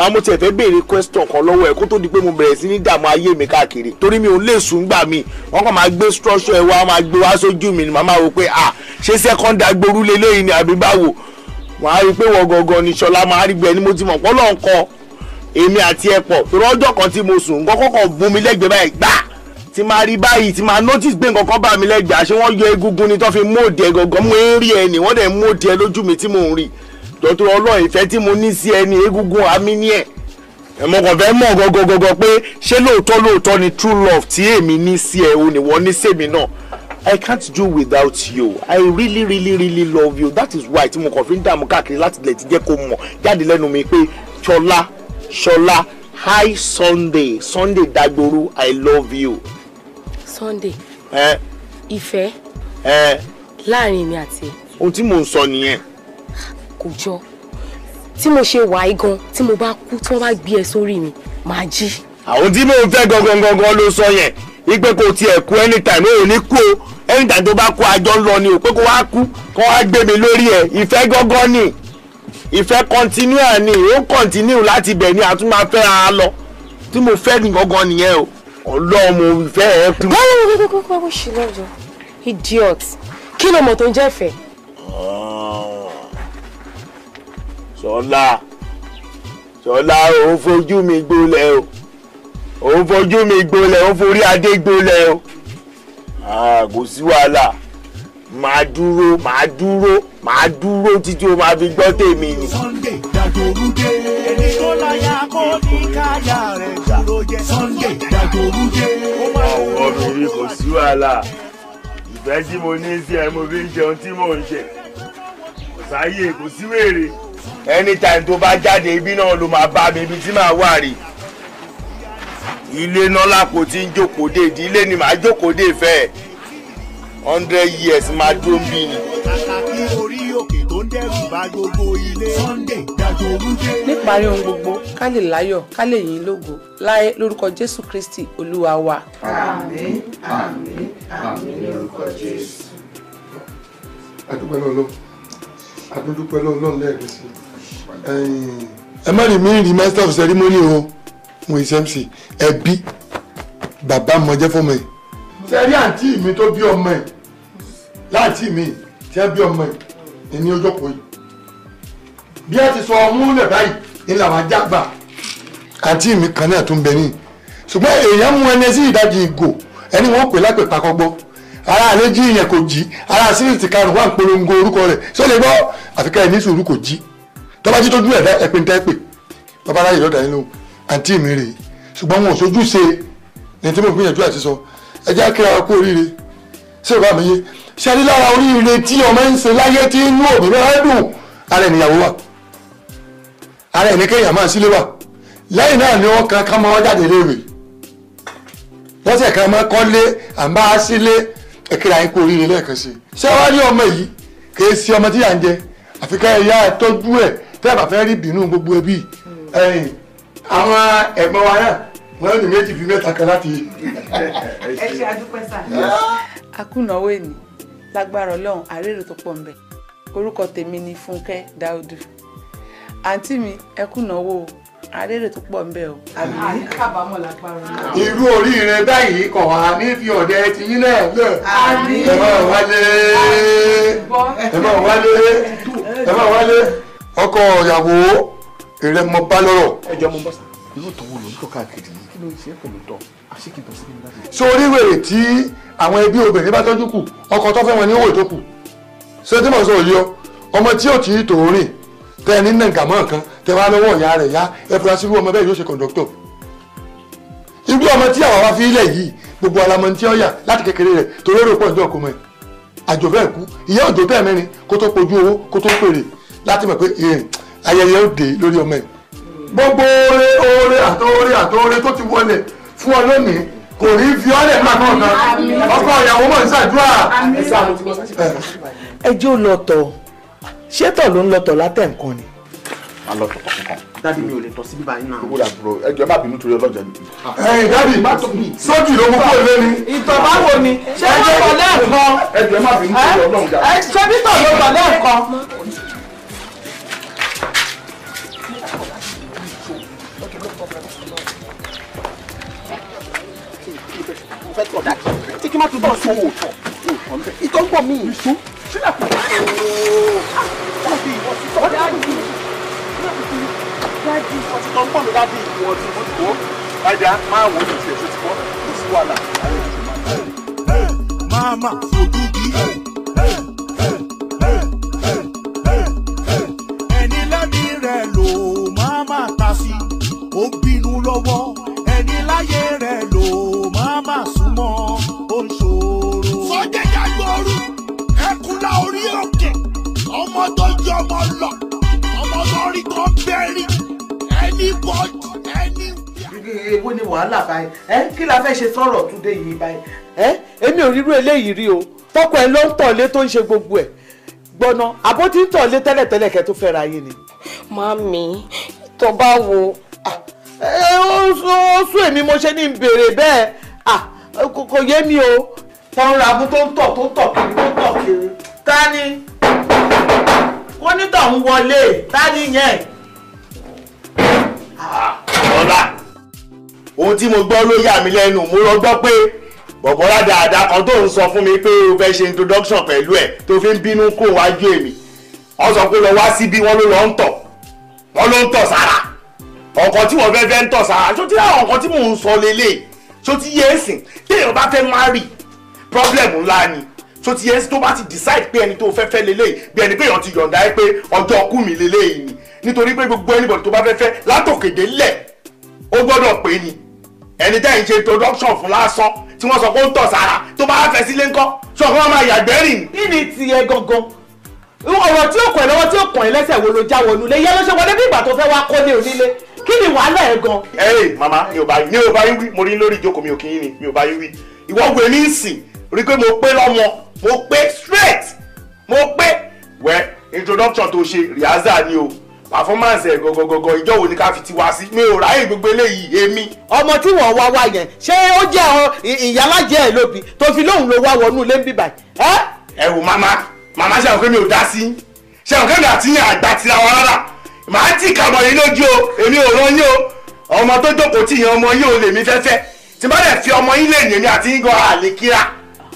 àwọn mo tiẹ̀ fẹ́ béèrè question kan lọ́wọ́ ẹ̀ kó tó di pé mo bẹ̀rẹ̀ sí ní dààmú ayé mi káàkiri torí mi ò lè sùn gbà mí wọ́n kàn máa gbé structure ẹ̀ wá máa gbé wá sójú mi ni màmá wo pé à ṣé sẹ́kọ́ndà gboru lélẹ́yìn ni àbí báwo wàá rí i pé wọ́n gangan ni ṣọlá máa rí gbẹ ni mo ti mọ̀ pọ́lọ́ nǹkan èmi àti ẹ̀pọ̀ torí ọjọ́ kan tí mo sùn nǹkan kọ̀ọ̀kan bùn mi lẹ́gbẹ̀ẹ́ báyìí gbà ti máa rí báyìí ti máa notice pé nǹkan kan bá mi lẹ́gbẹ̀ẹ́ àṣé wọ́n yọ egungun ni tó fi móòdì ẹ̀ gangan mo ń ẹ nì wọ́n dẹ̀ móòdì ẹ lójú mi tí mò ń rí i dọ́tò ọlọ́run ìfẹ́ tí mo ní sí ẹni egungun àmì ní ẹ̀ mo fẹ́ mọ̀ gọ́gọ́gọ́gọ́ pé ṣé lóòótọ́ lóòótọ́ ni true love tí èmi ní sí ẹ o níwọ ní sèmi náà I can't do without you I really really really love you that is why tí mo kàn fi ń dààmú káàkiri láti lè ti jẹ́ kó mọ̀ jáde lẹ́nu mi pé ṣọlá ṣọlá hi Sunday Sunday Dagboru I love you. Sunday. Eh? láàrin mi àti. ohun tí mò ń sọ nìyẹn kò jọ tí mo ṣe wà í gan tí mo bá kú tí wọ́n bá gbé ẹ sórí mi màá jí. àwọn tí mò fẹ́ gangan gangan ló sọ yẹn wípé kò tiẹ̀ kú anytime ó ní kú o anytime tó bá kú àjọ lọ ni ò pé kó wá kú kó wá gbé mi lórí ẹ ìfẹ́ gangan ni ìfẹ́ continue ni ó continue láti bẹ̀ ni àtún máa fẹ́ lọ tí mo fẹ́ ní gangan nìyẹn o ọlọ́mọ ìfẹ́ ẹ. báwo ni kókó kókó ṣì lọ́jọ́ idiot kí ló mọ̀ tó ń jẹ́ ìfẹ́ sọlá sọlá òun fojú mi gbolẹ̀ o òun fojú mi gbolẹ̀ òun forí adé gbolẹ̀ o kò sí wàhálà màá dúró màá dúró màá dúró títí o máa fi gbọ́ tèmi ni. Sunday Dagboru dé. èmi tó láyà kó ní káyà rẹ̀ dúró jẹ. Sunday Dagboru dé. ọwọ́ mi rí kò sí wàhálà ìfẹ́ tí mo ní sí ẹ mo fi ń jẹun tí mò ń jẹ kò sáyè kò sí wèrè anytime tó bá jáde ibi náà ló máa bá mi ibi tí màá wà rè ilé náà lápò tí ń jókòó dé ìdí ilé ni màá jókòó dé fẹ́ hundred years máa dúró ń bí ni. kàkàkí orí òkè tó ń dẹ́rù bá gbogbo ilé Sunday dàjọ olúdé. níparí ohun gbogbo ká lè láyọ̀ ká lè yìn lógo láé lórúkọ Jésù Kristi Olúwa wa. àmín àmín àmín lórúkọ Jésù. adúpẹ́ lọ́lọ́ adúdúpẹ́ lọ́lọ́ lẹ́ẹ̀kan sí i ẹ má rí mi rí master of ceremony o mo ì sẹ́mùsì ẹbí bàbá mọ jẹ́ fọmọ ẹ̀. ṣe rí àǹtí mi tó bí ọmọ ẹ̀ láǹtí mi tí ẹ bí ọmọ ẹ̀ ní ọjọ́ pọ̀ yìí bí a ti sọ ọmú lẹ̀ báyìí ni làwọn ajá gbà àǹtí mi kan náà tún bẹ ní ṣùgbọ́n èèyàn mú ẹni sí ìdajì ìgò ẹni wọ́n pè lápè pakọ́gbọ́ ara àlejò ìyẹn kò jí ara sílẹ̀ tìkarùn-ún wà ń polongo orúkọ rẹ̀ ṣó lè gbọ́ àfikẹ́ ẹ̀ ní sùúrù kò jí tọ́ba tí tójú ẹ̀dá ẹ̀pẹ́ ń tẹ́pẹ́ bàbá aráyè lọ́dà nínú àǹtí mi rèé ṣùgbọ́n wọn ò sojú ṣe ní tí mo gbìyànjú àti sọ ẹ jẹ́ kí ara kú oríire ṣé bàbá mi yé ṣe ní lára oríire tí ọmọ ń ṣe láyé tí inú òbí rẹ̀ dùn ara ènìyàwó wà ara ẹnikẹ́yà máa sílé wà lẹ́yìn náà ni wọ́n kan ká máa jáde léèrè wọ́n sì kan máa kọ́lé àbá sílé ẹ̀kẹ́rẹ́ àyíkú oríire lẹ́ẹ̀kan sí i ṣé wàá rí ọmọ yìí kì í ọmọ tí yà ń jẹ àfikẹ́ ẹ̀yà tọ́jú ẹ̀ tẹ́ bá fẹ́ rí bínú gbogbo ẹbí ẹ̀yìn àwọn ẹ̀gbọ́n wa náà wọ́n ní méjì fi mẹ́ta kan láti. ẹ ṣe àdúpẹ́ sà. akúnáwó èmi lágbára ọlọ́run àrèrè tó pọ̀ ńbẹ orúkọ tèmi ni fúnkẹ́ dáúdù àǹtí mi ẹ kúnáwó àrèrè tó pọ̀ ńbẹ o. àmì kábàámọ̀ lágbára ọlọ́run. irú oríire báyìí kọ̀ wá ní fi ọ̀dẹ ti yín náà lọ. àmì ẹ máa wálé ẹ máa wálé ẹ máa wálé ọkọ ìyàwó èrè mọ bá lọ́rọ̀. ẹjọ mo bọ sá. irú tó wo ló ń káàkiri yìí kí ló ń ṣe é pẹ̀lú tọ́ àṣekìtọ̀ sí nígbà tí. sórí wèrè tí àwọn ẹbí obìnrin bá tọ́jú kù ọkọ tó fẹ́ wọn ní owó ìtókù ṣé tí mo sọ yìí ọ ọmọ tí ò tí ì tòó rìn tẹ ní nàgàmọ́ nǹkan tẹ wá lọ́wọ́ ìyá rẹ̀ yá ẹ fura sí irú ọmọ bẹ́ẹ̀ yóò ṣe kọ̀ǹdọ́tọ̀ irú ọmọ tí àwa wá fi ilẹ̀ yìí gbogbo alamọ tí ó yà láti kékeré rẹ̀ torí ó rò pọ̀ ìjọ kò mọ̀ ẹ̀ àjò bẹ́ẹ̀ kú ìyá òjò bẹ́ẹ̀ mẹ́rin kó tó láti mọ̀ pé eh, ayẹyẹ ó dé lórí ọmọ yìí gbogbo oore oore àtọ́ore àtọ́ore tó ti wọlé fún ọ lónìí kò ní fi ọlẹ̀ kankan kan ọkọ ìyàwó mọ̀ nísàdúrà. ẹjẹ́ ò lọ tọ̀ ṣé tọ̀ ló ń lọ tọ̀ látẹ̀ nǹkan ni. a lọ tọ̀ kankan. dádì mi ò lè tọ́ sí bíbá yín náà. owó làbúrò ẹjọ́ má bínú torí ọlọ́jà ni. ẹyin dádì sójú ló mú kó lé ni. ìtọ̀ báwo ni ṣé wọ́n tọ̀ lẹ́ẹ̀kan. ẹjọ́ má bínú torí ọlọ́jà. ṣé bí tọ̀ ló tọ̀ lẹ́ẹ̀kan. fẹ́ tọ̀ dá kí tí kí má tún bọ̀ sí owó tọ̀ ìtọ́ ń bọ̀ mí. ìṣó sílẹ̀ kù. dáàbì ìwọ ti tọ́ dáàbì dáàbì ìwọ ti tọ́ ń bọ̀ mí dáàbì ìwọ ti mo ti wọ́. ajá máa wò ó ní ìṣẹ̀ṣẹ̀ tí wọ́n kò sí wàhálà. màmá fojú bury anybody anywhere. èwo ni wàhálà báyìí ẹ kí la fẹ́ ṣe sọ̀rọ̀ túnde yìí báyìí. ẹ èmi ò rírú eléyìí rí o tọkọ ẹ ló ń tọ̀lé tó ń ṣe gbogbo ẹ̀ gbọ́nà àbó tí ń tọ̀lé tẹ́lẹ̀tẹ́lẹ̀ kẹ́ tó fẹ́ra yín ni. màmí tó bá wo. ó sún èmi mo ṣe ní béèrè bẹ́ẹ̀ kò yé mi o. tọ́run rabú tó ń tọ̀ tó ń tọ̀ kiri tó ń tọ̀ kiri. ta ni kó nítọ̀ ń wọlé ta ni yẹn ọ̀la ohun tí mo gbọ́ ló yà mí lẹ́nu mo lọ gbọ́ pé bọ̀bọ́lá dáadáa kan tó ń sọ fún mi pé o fẹ́ ṣe introduction pẹ̀lú ẹ̀ tó fi ń bínú kó wájú èmi wọ́n sọ pé lọ wá síbí wọ́n ló lọ ń tọ̀ wọ́n ló ń tọ̀ sára ọ̀kan tí wọ́n fẹ́ fẹ́ ń tọ̀ sára ṣó ti láwọn ọ̀kan tí mò ń sọ lélẹ̀ ṣó ti yé èsìn téèyàn bá fẹ́ má rì problem ńlá ni so ti yẹn tó bá ti decide pé ẹni tó fẹ́ fẹ́ leléyìí bí ẹni pé èèyàn ti yọ̀ǹda ẹ pé ọjọ́ ọkú mi leléyìí ni nítorí pé gbogbo anybody tó bá fẹ́ fẹ́ látòkèdè lẹ̀ ó gbọ́dọ̀ pé ni ẹni tẹ́ ń ṣe introduction fún lásán tí wọ́n sọ pé ó ń tọ̀ sára tó bá fẹ́ sílé ńkọ́ sọ fún wọn máa yàgbẹ́ rìn. kí ni tiẹ̀ gangan ọ̀rọ̀ tí ó kàn ẹ́ lọ́wọ́ tí ó kàn wo ló já wọnú lé yẹn ló ṣe wọlé bí ìgbà tó fẹ́ wá kọ́lé onílé kí ni wàhálà ẹ̀ gan. ẹ ẹ màmá mi ò bá yín wí mo rí lórí ìjókòó mi ò kí yín ni mi ò bá yín wí ìwọ́gbẹ̀mí ń sìn rí i pé mo pé lọ́mọ mo pé straight mo pé wẹ introduction tó ṣe rehearsal ni o performance ẹ gọgọgọgọ ìjọ wo ni ká fi ti wá sí mi ò ráyè gbogbo eléyìí èmi. ọmọ tí wọn wá wá yẹn ṣé ó jẹ ìyálàjẹ ẹ lóbi tó fi lóun ló wá wọnú ilé ń bíbà ẹ. ẹ wò màmá màmá ṣe àwọn pé mi ò dá sí ṣe àwọn kẹ́mi àti yẹn àgbà tira wọn rárá màá tì kàmọ̀ yín lójú o èmi ò rán yín o ọmọ tó jókòó tì yẹn ọmọ yín ò lè mi fẹ́fẹ́ tí bá dẹ̀ fi ọmọ yín lè yẹn mi àti yín gan àlè kíra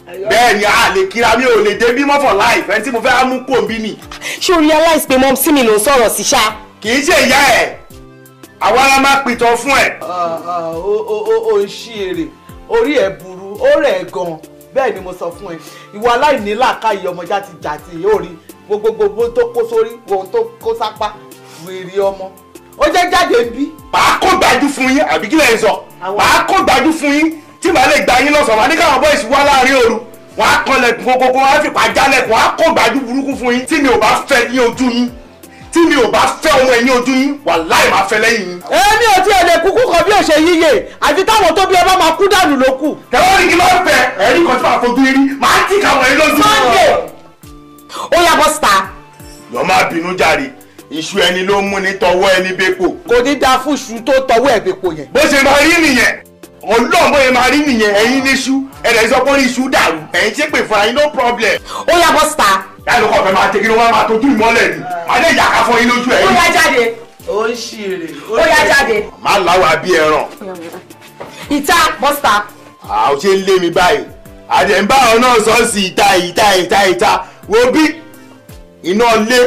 bẹ́ẹ̀ ni a lè kíra mi ò lè dé bímọ for life ẹni tí mo fẹ́ mú kó bí ni. ṣé o realize pé mọ́mísí mi ló ń sọ̀rọ̀ sí ṣá. kì í ṣe ìyá ẹ̀ àwa la máa pìtàn fún ẹ. o ṣí èrè orí ẹ̀ burú ó rẹ̀ gan-an bẹ́ẹ̀ ni mo sọ fún ẹ ìwà aláìní làákàyè ọmọ jáde jàti òòrí gbogbogbò tó kó sórí ohun tó kó sápá wèrè ọmọ ó jẹ́ jáde ń bí. màá kó gbájú fún yín àbí kí lẹ́yìn sọ màá kó gbájú fún yín tí màá lè gba yín lọ́sàn-án màá ní káwọn boys wá láàrin òru wọ́n á kanlẹ̀kùn kókókó wọ́n á fipá jálẹ̀kùn wọ́n á kó gbàdú burúkú fún yín tí mi ò bá fẹ́ ní ojú yín tí mi ò bá fẹ́ ọmọ ẹ̀yìn ojú yín wàláì máa fẹ́ lẹ́yìn yín. èmi ò tiẹ̀ lè kúkú kan bí òṣè yíyè àti táwọn tó bí ọba máa kú dànù ló kù. tẹ̀wọ́n kí iṣu ẹni ló mú ní tọwọ́ ẹni bẹ́pò. kò ní dáa fún iṣu tó tọwọ́ ẹ̀ bẹ́pò yẹn. bó ṣe máa rí nìyẹn ọlọ́run bóyá máa rí nìyẹn ẹ̀yin níṣu ẹ̀rẹ̀ sọ pé orí iṣu dàrú ẹ̀yin ṣe pè fún yín no problem. ó yá bọ́ síta. láìlú kọ̀ọ̀fẹ́ máa tẹ̀kí ni wọ́n máa tójú ìmọ́lẹ̀ ni adé ìyàká fún yín lójú ẹ̀yìn. ó yá jáde. ó ń ṣèrè. ó yá jáde. má láwa bí ẹran. ìta bọ́ síta. a ò ṣe ń lé mi báyìí àdè ń bá ọ náà sọ sí ìta ìta ìta ìta wo bí iná lé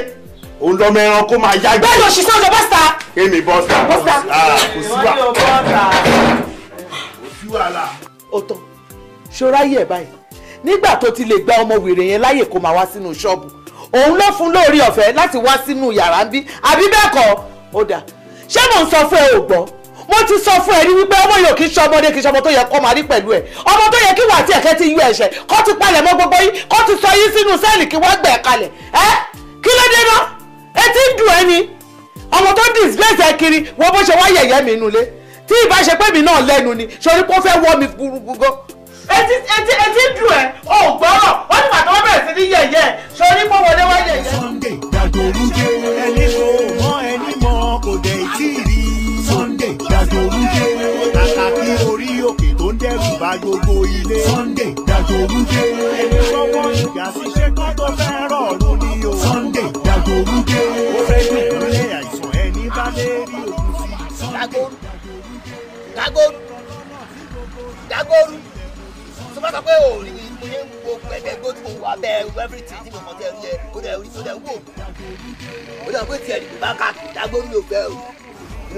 òun lọmọ ẹran kó máa yá. bẹ́ẹ̀ ni òṣìṣẹ́ ọjọ́ bọ́sítà. kémi bọ́sítà. bọ́sítà. Ah, kò sí wa ju àlà. ó tán ṣọ́ra yẹ̀ báyìí nígbà tó ti lè gba ọmọ wèrè yẹn láàyè kó máa wá sínú ṣọ́ọ̀bù òun ló fún lórí ọ̀fẹ́ láti wá sínú yàrá ń bí àbí bẹ́ẹ̀ kọ́ ó dà ṣé mò ń sọ fún ẹ ò gbọ́ mo ti sọ fún ẹ rí wípé ọmọ yòó kì í ṣe ọmọdé kì í ṣe ọmọ tó yẹ kó máa rí pẹ̀lú ẹ ọmọ tó yẹ kí wà á tiẹ̀ kẹ́ ti yú ẹ̀ṣẹ̀ kó ti palẹ̀ mọ́ gbogbo yín kó ti sọ yín sínú sẹ́ẹ̀lì kí wọ́n gbẹ̀ kalẹ̀ ẹ kí ló dé náà etí ń dùn ẹni ọmọ tó disgrace ẹ kiri wọ́n bó ṣe wá yẹ̀yẹ́ mi nulẹ̀ tí ìbá ṣe pé mi náà lẹ́nu ni sori kó fẹ́ wọ́ mi gbúgbúgbọ́. etí etí etí dùn ẹ ò gbọ́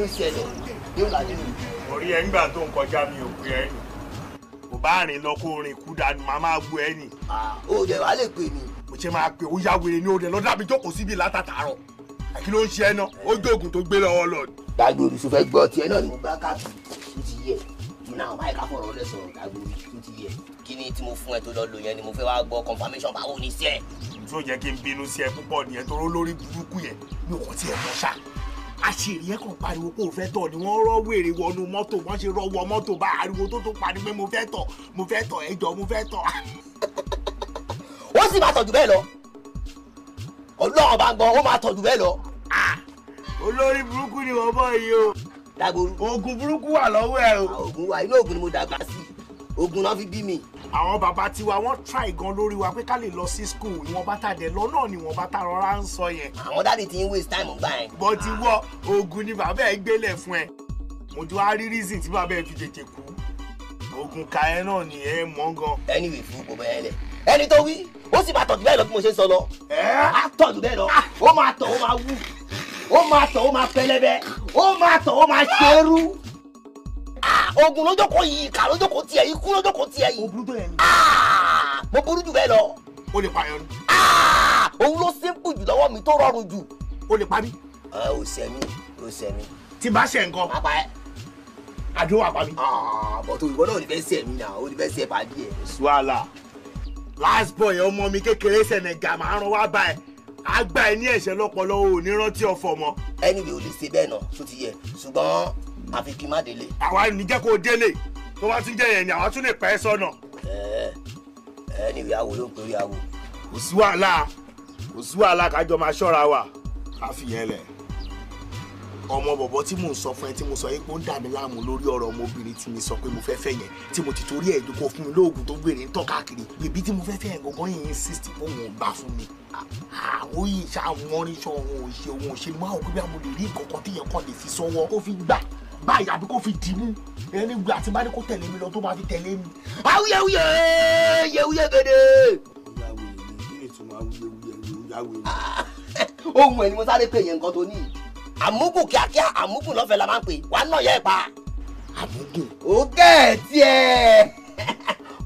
ló ṣẹlẹ̀ yóò lájú mi. orí ẹ nígbà tó ń kọjá mi ò pé ẹ kò bá rìn lọ kó rìn kú dànù màá máa gbọ́ ẹ nì. jẹ wàá lè pè mí. mo ṣe máa pè ó yá wèrè ní òde lọ́dọ̀ àbí jókòó síbi látàtàárọ̀ kí ló ń ṣe ẹ náà ó jóògùn tó gbé lọ́wọ́ lọ. Dagboru sọ fẹ́ gbọ́ tiẹ̀ náà ni mo bá káàkiri tó ti yẹ ìná àwọn báyìí ká fọ̀rọ̀ lẹ sọ̀rọ̀ Dagboru ti yẹ kí ni tí mo fún ẹ tó lọ lò yẹn ni mo fẹ́ wá gbọ́ confirmation báwo ni sí ẹ. tí ó jẹ́ kí n bínú sí ẹ púpọ̀ nìyẹn tó rọ́ lórí burúkú yẹn mi ò kọ́ tiẹ̀ mọ́ ṣáà àṣírí ẹ̀ kàn pariwo pé òun fẹ́ tọ̀ ni wọ́n rọ́ wèrè wọnú mọ́tò wọ́n ṣe rọ́ wọ mọ́tò bá ariwo tó tó pariwo pé mo fẹ́ tọ̀ mo fẹ́ tọ̀ ẹ mo fẹ́ tọ̀. ó sì máa tọ̀ bẹ́ẹ̀ lọ ọlọ́run bá gbọ́ ó máa tọ̀ bẹ́ẹ̀ lọ. olórí burúkú ni wọ́n bọ̀ yìí o. dàgbò oògùn burúkú wà lọ́wọ́ ẹ o. oògùn wa inú oògùn ni mo dàgbà sí ogun náà fi bí mi. àwọn bàbá tiwa wọ́n try gan lórí wa pé ká lè lọ sí school ìwọ̀n bàtà dẹ̀ lọ náà ni wọ́n bàtà rọra ń sọ yẹn. àwọn dáàdi ti ń waste time ọgbà yẹn. bọ́ ti wọ ogun ni bàbá ẹ gbélé fún ẹ mo ti wá rí reason tí bàbá ẹ fi tètè kú ogun ka ẹ náà ni ẹ mọ gan. anyway fún gbogbo ẹ lẹ ẹni tó wí ó sì máa tọ̀jú bẹ́ẹ̀ lọ bí mo ṣe ń sọ lọ á tọ̀jú bẹ́ẹ̀ lọ ó máa tọ̀ ó máa wù ó máa tọ̀ ó máa pẹlẹbẹ ó máa tọ̀ ó máa ṣerú. Ah, ogun lójókòó yìí ìkà lójókòó tiẹ̀ ikú lójókòó tiẹ̀ yìí. mo burú tó yẹn ni. Ah, mo burú jù bẹ́ẹ̀ lọ. o lè pààyàn ni. Ah, òun ló simple jù lọ́wọ́ mi tó rọrùn jù. o lè pa mí. ẹ ò sẹ́mi ò sẹ́mi. tí bá ṣe nǹkan. bàbá ẹ àdúrà wà pa mí. bọ̀tò ìwọ náà ò ní fẹ́ sẹ́ mi náà ò ní fẹ́ sẹ́ pàdé ẹ̀. suwala last boy ọmọ mi kékeré sẹ̀nẹ̀gà máa ń wá bá ẹ àgbà ẹ ní ẹ̀ṣẹ̀ lọ́pọ̀lọ́ ò ní rántí ọ̀fọ̀ mọ́. ẹni ò lè ṣe bẹ́ẹ̀ náà tó ti yẹ ṣùgbọ́n àfi kí n má délé. àwa ní jẹ́ kó délé tó bá tún jẹ́ yẹn ni àwa tún lè pẹ́ sọ́nà. ẹ ẹ ní ìyàwó ló ń pè ìyàwó. kò sí wàhálà kò sí wàhálà kájọ máa ṣọ́ra wa ká fi yẹn lẹ̀. ọmọ bọ̀bọ̀ tí mò ń sọ fún ẹ tí mo sọ yín pé ó ń dà mí láàmú lórí ọ̀rọ̀ ọmọbìnrin tí mi sọ pé mo fẹ́ fẹ́ yẹn tí mo ti torí ẹ̀ dúkọ fún mi lóògùn tó gbèrè ń tọ̀ káàkiri bèbí tí mo fẹ́ fẹ́ yẹn gangan yìí insist pé òun ò gbà fún mi àwọn yìí ṣàwọn orin ṣọ òun ò ṣe òun ò ṣe máa òkú bí a mo lè rí nǹkan kan téèyàn kàn lè fi sọ́wọ́ ó fi gbà báyìí àbí kò fi dì ẹni wù àti bá ní tẹ̀lé mi lọ tó máa fi tẹ̀lé mi. awuyewuye yewuye gèdè. ohun ẹ̀ ni mo sáré pé yẹn nǹkan tó ní àmúgùn kíákíá àmúgùn lọ́fẹ̀ẹ́ la máa ń pè wàá yẹ pa. àmúgùn. ó kẹ́ ẹ̀ tiẹ̀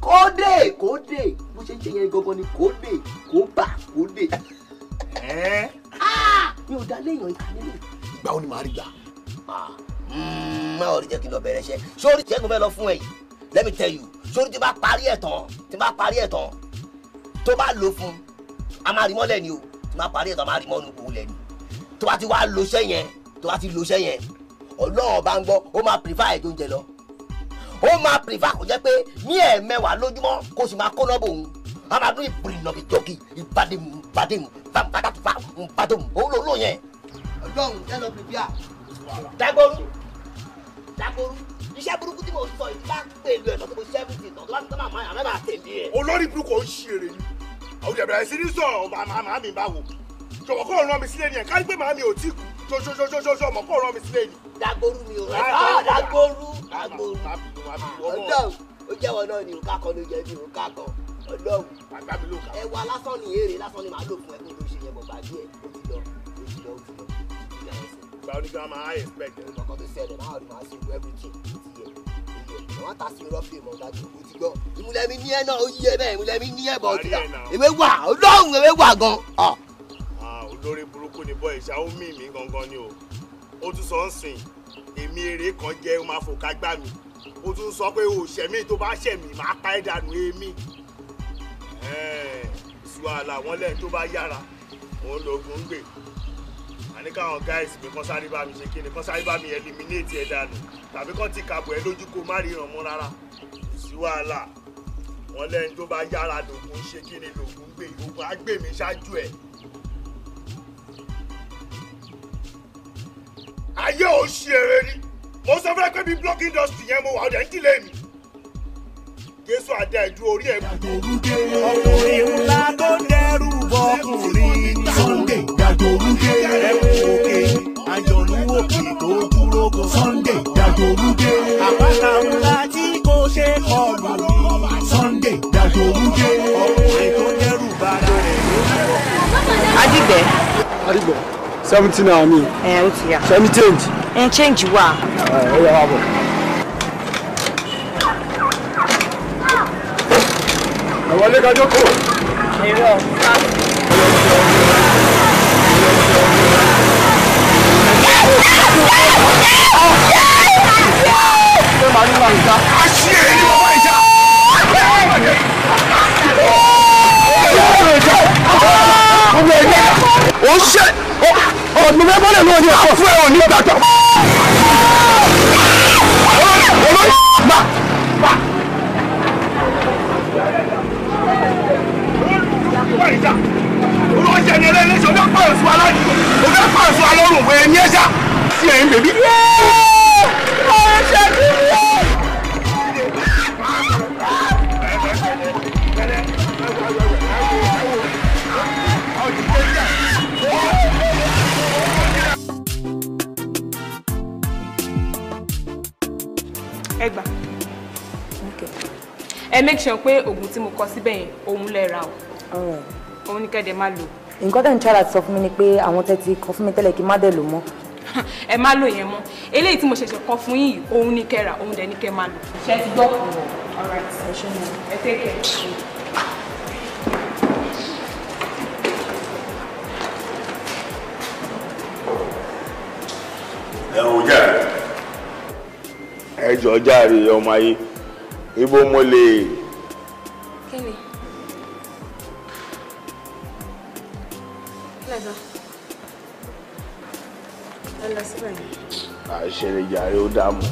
kódé kódé bó ṣe ń ṣe yẹn gangan ni kódé kóbà kódé. Ah! mi ò dá léèyàn ìkànnì. ìgbà wo ni màá rí gbà. Ah! má ọ̀rẹ́ jẹ́ kí n lọ bẹ̀rẹ̀ iṣẹ́ sórí tí ẹ̀gbọ́n fẹ́ lọ fún ẹ yìí let me tell you sórí tí bá parí ẹ̀ tán tí bá parí ẹ̀ tán tó bá lò fún a máa rí mọ́lẹ̀ ni o tí bá parí ẹ̀ tán a máa rí mọ́nu kò lẹ̀ ni tó bá ti wá lo iṣẹ́ yẹn tó bá ti lo iṣẹ́ yẹn ọlọ́run bá ń gbọ́ ó máa prefer ẹ̀ tó ń jẹ lọ ó máa prefer kò jẹ́ pé ní ẹ̀ẹ̀mẹwàá lójúmọ́ kó sì máa kó nọ́bù òun a máa dún ìpìlìnà bí jọ́kì ìbàdí ìbàdí ìbàdí dagoru iṣẹ́ burúkú tí mo sọ yìí bá pèlú ẹ̀ lọ́sọ̀kọ̀ sẹ́fìtì náà láti tán màmá yàrá náà tèmi ẹ̀. olórí burúkú ò ń ṣe èrè ni àwọn ìyàbẹ̀rẹ̀ àìsí ní sọ̀rọ̀ ọba màmá mi bá wò jọ̀wọ́ kó rán mi sílé ni ẹ̀ ká gbé màmá mi ò tí kú ṣoṣoṣoṣoṣo ọmọ kó rán mi sílé ni. dagoru mi ò rẹ dagoru dagoru ọlọ́run ó jẹ́wọ́ náà ni òkà kan ló jẹ́ bí òkà kan ọlọ́run ẹwà lásán ni èrè lásán ni màá lò fún ẹ kó tó ṣe yẹn bọ̀ gbàgbé ẹ ìgbà onígbàmà i expect. ọkọ tó ṣẹlẹ̀ máa rí màá ṣe ìlú everything ti yẹ wọn ta sí mi lọ́fíì mọ̀ dájú ti gbọ́ ìmúlẹ̀ ní ẹ̀ náà ó yí ẹ bẹ́ẹ̀ ìmúlẹ̀ ní ẹ̀ bọ̀ ọ̀tún dà èmi wà ọlọ́run èmi wà gan. olórí burúkú ni bọ́ ìṣá ó mì mí gangan ni o ó tún sọ ń sìn èmi eré kan jẹ́ ó máa fòkà gbà mí ó tún sọ pé o ṣẹ̀mí tó bá ṣẹ̀mí máa pa ẹ̀ dànù èmi ìṣúwàlà wọn lẹ́yìn tó bá yára òun lòògùn ń gbè ní káwọn guys pé kán sáré bá mi ṣe kí ni kán sáré bá mi eliminate ẹ̀ dànù tàbí kán ti kàbọ̀ ẹ lójú kó má ríran mọ́ rárá kò sí wàhálà wọn lẹ́ni tó bá yára lògùn ṣe kí ni lògùn gbé ògùn agbèmí ṣáájú ẹ̀. ayé ò ṣe eré ni mo sọ fẹ́ pé bí block industry yẹn mo wà ọ̀dẹ̀ ń dílé mi jésù adé ẹjú orí ẹ kù. ọkùnrin ńlá tó dẹrù bọkùnrin sunday dàgbòrúdé ẹkùn òkè àjọlú òkè tó dúró ko sunday dàgbòrúdé àpáta ńlá tí kò ṣe kọlù ní sunday dàgbòrúdé ọkùnrin tó dẹrù bàdà rẹ ló ń bọ. adigbẹ. adigbẹ seventeen naira ni. ẹ o ti yà. ṣe ni change. ẹ change wa. ẹ ẹ yà wá bọ̀. àwọn ilé kájọ kò. èrò ọ̀sá. ṣé màá ní màá ń ta. a ṣí èrè ní bàbá ìjà. ó ṣe ọ̀dùnmí bọ́lẹ̀ ló ní àfọ̀ ẹ̀ ò ní gbàgbọ́. olóyè gbà. ẹ̀ ní ẹ̀ṣá sí ẹ̀yìn bèbí. ọ̀rẹ́ ṣẹ́gun yóò. ẹ gbà ẹ make sure pé oògùn tí mo kọ síbẹ̀ yẹn òun lẹ o òun ni kẹ́dẹ̀ máa lò nǹkan tẹ̀ ń ṣe láti sọ fún mi ni pé àwọn tẹ́ ti kọ fún mi tẹ́lẹ̀ kí má dẹ̀ lò mọ́. ẹ má lò yẹn mọ́ eléyìí tí mo ṣẹ̀ṣẹ̀ kọ fún yìí òun ni kẹ́ra òun dẹ̀ ni kẹ́ máa lò. ṣe ti gbọ́ kù alright ẹ ṣe mọ ẹ take care. ẹ ò jáde ẹ jọ jáde ọmọ ayé ibo mo lè. kí ni. ẹ lọ síbẹ̀. àṣẹ ìjà rẹ ó dààmú.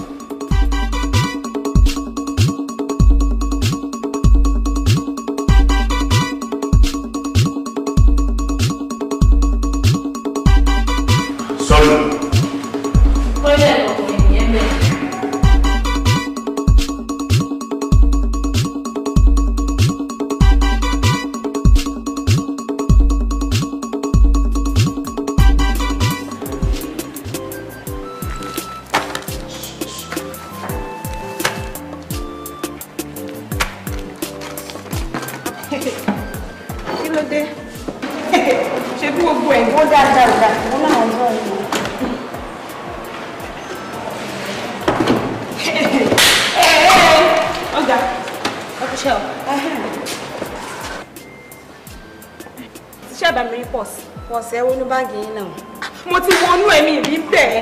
sínú báàgì yín náà. mo ti wọnú ẹ̀mí ìbí bẹ́ẹ̀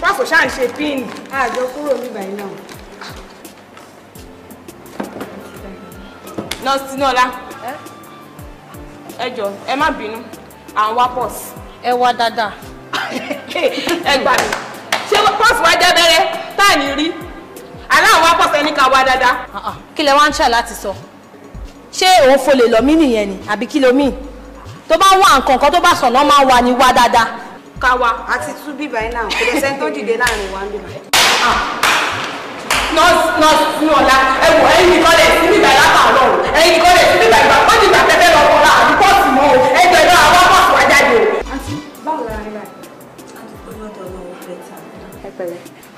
pàṣẹ ṣáà ń ṣe píìnì. àjọ kúrò nígbà yín náà. nọ́ọ̀sì Tinúọlá ẹ jọ ẹ má bínú à ń wá pọ́ọ̀sì. ẹ wá dáadáa. ẹ gbà mí ṣé pọ́ọ̀sì wá jẹ́ bẹ́rẹ́ tá à ní rí aláwọ̀ wá pọ́ọ̀sì ẹni ká wá dáadáa. Ah, ah. kí lẹ wá ń ṣà láti sọ ṣé òun fo lè lọ mí nìyẹn ni àbí kí ló tó bá wà nǹkan kan tó bá sọ̀nà máa wà ní wá dáadáa. ká wa àti tú bíbá yín náà kò dẹ̀sẹ̀ tó dìde láàrin wa bíbá. Ah, nọ́ọ̀sì nọ́ọ̀sì ní ọ̀la ẹ wọ ẹyin nìkan lè sí bíbá ìlànà ọlọ́run ẹyin nìkan lè sí bíbá ìgbà pé bíbá tẹ́tẹ́ lọ kọ́ra àbí pọ́ọ̀sì mọ́ o ẹgbẹ́ náà àwọn apáṣọ ajáde o. àǹtí báwo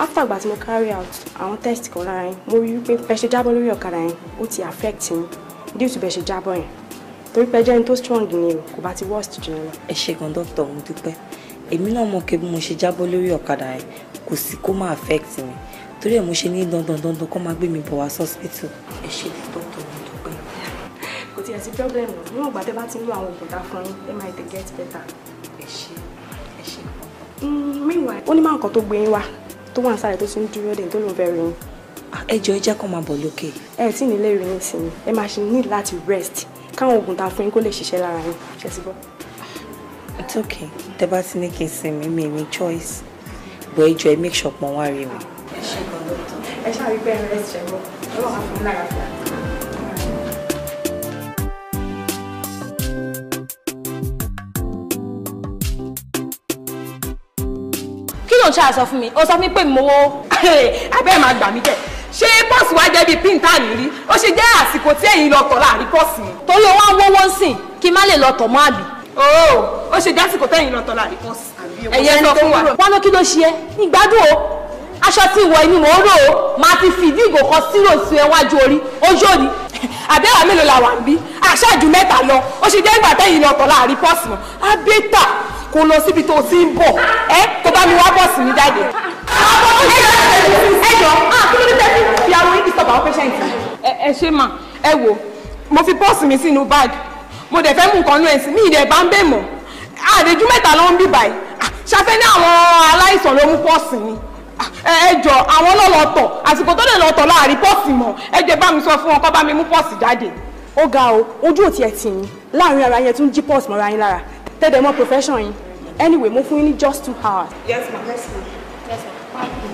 after ìgbà tí mo carry out àwọn test kan lára yín mo rí i pé bẹ ṣe jábọ́ lórí ọ̀kadà yẹn ó ti affect yín due to bẹ ṣe jábọ́ yẹn torí pé jẹ́ni tó strong ni o kò bá ti worst jù lọ. ẹ ṣe gan dókítà mo dúpẹ́ èmi náà mọ̀ pé bí mo ṣe jábọ́ lórí ọ̀kadà yẹn kò sí kó má affect mi torí ẹ̀ mo ṣe ní dandan dandan kó má gbé mi bọ̀ wá hospital ẹ ṣe dókítà mo dúpẹ́. kò tiẹ̀ sí problem níwọ̀n ìgbà tẹ́ bá ti ń lo àwọn oògùn tá a fún yín ẹ máa tẹ̀ get better. ẹ ṣe ẹ ṣe. Mm, meanwhile ó ní máa nǹkan tó gbé yín wá tó wà nísàlẹ̀ tó ti ń dúró dé tó lóun fẹ́ rí yín. ẹ jọ ẹ jẹ́ kó máa bọ̀ lókè. ẹ tí ì rest káwọn oògùn tá a fún yín kó lè ṣiṣẹ́ lára yín ṣe sí it's okay tẹ bá ti ní kí n sinmi mi mi choice bọ̀ ẹjọ́ ẹ make sure pọ̀ wá rí mi. ẹ ṣe gan dọ́tọ̀ ẹ ṣáà rí bẹ́ẹ̀ rẹ̀ ṣẹ̀ bọ́ ọlọ́run á fún mi lára fún mi. kí ló ń ṣe àṣọ fún mi ó sọ fún mi pé mo wo abẹ́ máa gbà mí jẹ́ ṣé pọ́ọ̀sì wa jẹ́ bíi píntà nìrí ó ṣe jẹ́ àsìkò tí ẹ̀yin lọ tọ̀ láàrin pọ́ọ̀sì mi. torí owó wọ́wọ́ ń sìn kí má lè lọ tọ̀ mọ́ àbí. o ó ṣe jásìkò tẹ̀yin lọ tọ̀ láàrin pọ́ọ̀sì. ẹ̀yẹ lọ fún wa. wọn ló kí ló ṣe é ìgbádùn o aṣọ tí ìwọ ẹni mò ń rò ó máa ti fìdí ìgò kan sírò sí ẹwájú orí ojú òní àbẹ́wà mélòó la wà ń bí àṣàjù mẹ́ta lọ ó ṣe jẹ́ ìgbà tẹ́yìn lọ tọ̀ láàrin pọ́ọ̀sì mọ́ abẹ́tà kò lọ síbi tó ti ń bọ̀ ẹ́ tó bá mi wá bọ́ọ̀sì mi jáde. ẹjọ́ àkúrò ní tẹ́sí fi arun yìí disturb àwọn patient. ẹ ṣe mà ẹ wò mo fi pọ́ọ̀sì mi sínú bag mo dẹ̀ fẹ́ mú nǹkan nú ẹ̀sìn mi ìdẹ̀ bá ń bẹ̀ mọ́ ah, àdéjú mẹ́ta ló ń bì báyìí ah, ṣàfẹ́ ní àwọn aláìsàn ló mú pọ́ọ̀sì mi ah, ẹjọ àwọn ọlọ́lọ́tọ̀ àsìkò tó lè lọ́tọ̀ láàrin pọ́ọ̀sì mọ́ ẹjẹ bá mi sọ fún wọn kó bá mi mú pọ́ọ̀sì jáde. ó ga o ojú ò tiẹ̀ tì yín láàrin ara yẹn tún jí pọ́ọ̀sì mọ́ra yín lára tẹ́tẹ̀ mọ́ profession yín anyway mo fún yín ní just two hours. yes ma'am. yes ma'am. yes ma.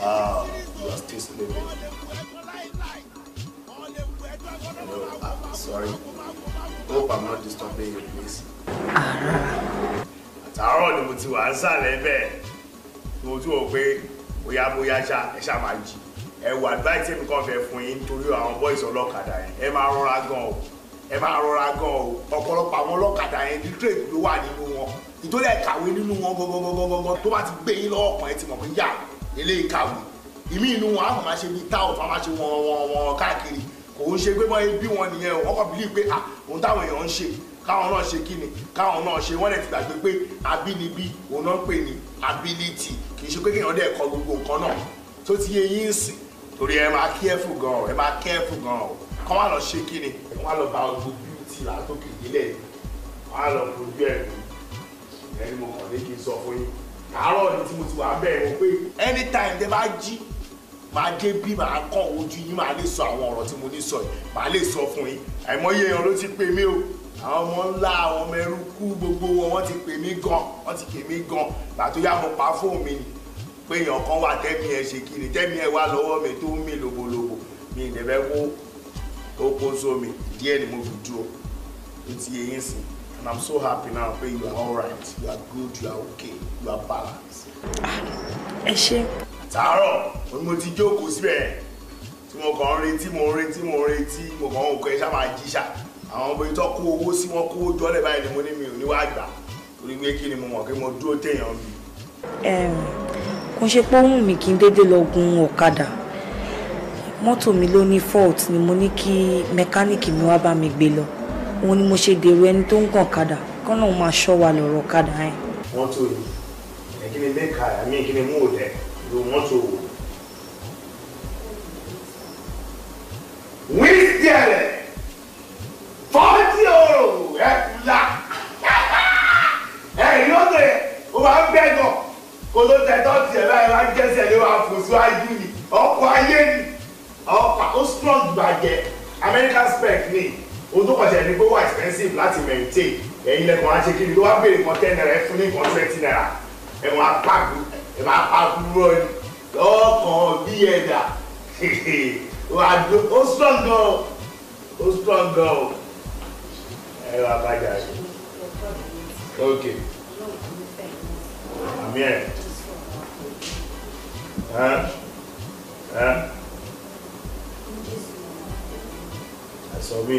Ah, you are still sleeping. No, I'm sorry. Hope I'm not disturbing you, please. Ah. Àtàárọ̀ ni mo ti wà ń sàlẹ̀ bẹ́ẹ̀. Mo tún wò pé bóyá bóyá ṣá ẹ ṣá máa jì. Ẹ wò advice mi kan fẹ́ fún yín nítorí àwọn boys ọlọ́kadà yẹn. Ẹ máa rọra gan o. Ẹ máa rọra gan o. Ọ̀pọ̀lọpọ̀ àwọn ọlọ́kadà yẹn ní trade ló wà nínú wọn. Ìtọ́lẹ̀ kàwé nínú wọn gangan tó bá ti gbé yín lọ́wọ́ kan ẹ ti mọ̀ pé yà á eléyìí kàwé ìmí inú wọn àwọn máa ṣe bíi táwọn fún máa ṣe wọn wọn wọn káàkiri kò ń ṣe pé bọ́n wọn nìyẹn wọn kọ́ bílíì pé òun ah, táwọn èèyàn ń ṣe káwọn náà ṣe kí ni káwọn náà ṣe wọ́n lè ti gbàgbé pé abínibí òun náà pè ní ability kì í ṣe pé kéèyàn dẹ̀ kọ gbogbo nǹkan náà tó ti yé yín sìn torí ẹ máa careful gan ẹ máa careful gan o kọ́ wá lọ ṣe kí ni wọ́n á lọ ba gbogbo beauty látòkè nílẹ̀ wọ́n á lọ gbogbo ẹ̀rù ẹ̀rù mọ̀kànlé kì í sọ fún yín àárọ̀ ni tí mo ti wà bẹ́ẹ̀ wọ pé anytime tẹ bá jí màá dé bí màá kàn ojú yín màá lè sọ àwọn ọ̀rọ̀ tí mo ní sọ yìí màá lè sọ fún yín àìmọye èèyàn ló ti pè mí o àwọn ọmọ ńlá àwọn ọmọ ẹrú kú gbogbo wọn wọ́n ti pè mí gan wọ́n ti pè mí gan gbàtó yá mo pa fóònù mi nì pé èèyàn kan wà tẹ́mi ẹ̀ ṣe kiri tẹ́mi ẹ̀ wá lọ́wọ́ mi tó ń mì lobolobo mi ì kó tó kó sómi díẹ̀ ni mo fi dúró ní ti eyín sìn. And I'm so happy now that you are all right. You are good, you are okay, you are balanced. Ẹ Taro, when òun mo ti jókòó síbẹ̀. Tí mo kàn ń retí, mo ń retí, mo ń retí, mo kàn ń kọ ẹ sábà jí ṣá. Àwọn ọmọ ìtọ́ money owó sí wọn kó jọlẹ̀ báyìí ni mo ní mi ò níwá gbà. Torí pé money. Um, mo mọ̀ pé mo dúró téèyàn mi. Kò ṣe pé ó wù mí kí n dédé lọ gun ọ̀kadà. Mọ́tò mi fault ni mo ní kí mẹkáníìkì mi òun ni mo ṣe dèrò ẹni tó ń kàn kadà kọ́nà òun máa ṣọ́ wa lọ́rọ̀ kadà yẹn. mọ́tò yìí kí ni mẹ́ka àmì kí ni mọ́ọ̀dẹ́ ló mọ́tò wò. wíṣíẹ̀lẹ̀ fọ́ọ̀tì ọ̀rọ̀ ẹ̀kúlá ẹ̀yìn ọ̀dọ̀ yẹn o máa ń bẹ̀gọ̀ kó ló tẹ tọ́tì ẹ̀ láì máa ń jẹ́sẹ̀ ló máa fò sí wájú ni ọkọ̀ ayé ni ọkọ̀ ó strong gbàjẹ́ American spec ni ohun tó kàn ṣẹlẹ̀ ni pé ó wà expensive láti maintain ẹ̀yin lẹ́kọ̀ọ́ á ṣe kí ni tó wá béèrè kan ten naira ẹ fún ní kan twenty naira ẹ máa pàgù ẹ máa pàgùrọ̀ ni lọ́kàn bí ẹ̀dà ó strong gan ó strong gan o ẹ wá bàjá rẹ ok àmì ẹ ẹ ẹ sọ mí.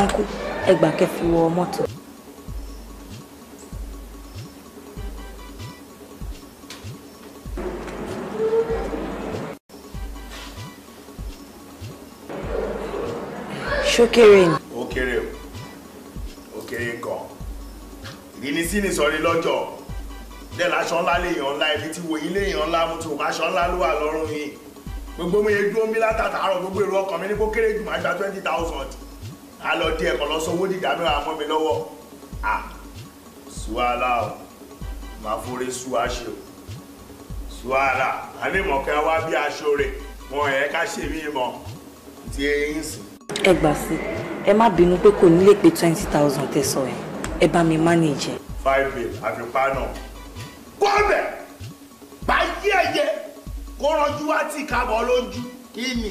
ọ̀nkú ẹgbà kẹfì wọ mọ́tò. ṣókèrè ni. ó kéré o ó kéré gan ìdínísí ni sọrí lọ́jọ́ dẹ́ẹ̀ láṣọ ńlá lèèyàn ńlá ibi tí wòye lèèyàn ńlá mo tún aṣọ ńlá ló wà lọ́rùn yìí gbogbo mi yẹn dúró ń látàtà àárọ̀ gbogbo èrò ọkàn mi ní kó kéré jù máa gba twenty thousand a lọ díẹ̀ kọ́ lọ sanwó dìgbà mẹ́wàá mọ́ mi lọ́wọ́ à suwala o máa forí suwaṣe o suwala ànímọ̀kẹ́ wá bí aṣọ rẹ̀ mọ ẹ̀ ká ṣe mí mọ̀ tí eyín sìn. ẹ gbà sí ẹ má bínú pé kò ní lè pé twenty thousand tẹ̀sán ẹ ẹ bá mi manage. five bill àfipá náà kọ́ ọ̀bẹ ẹ̀yẹ kó rọjú wá tí ìkábọ̀ lójú ìní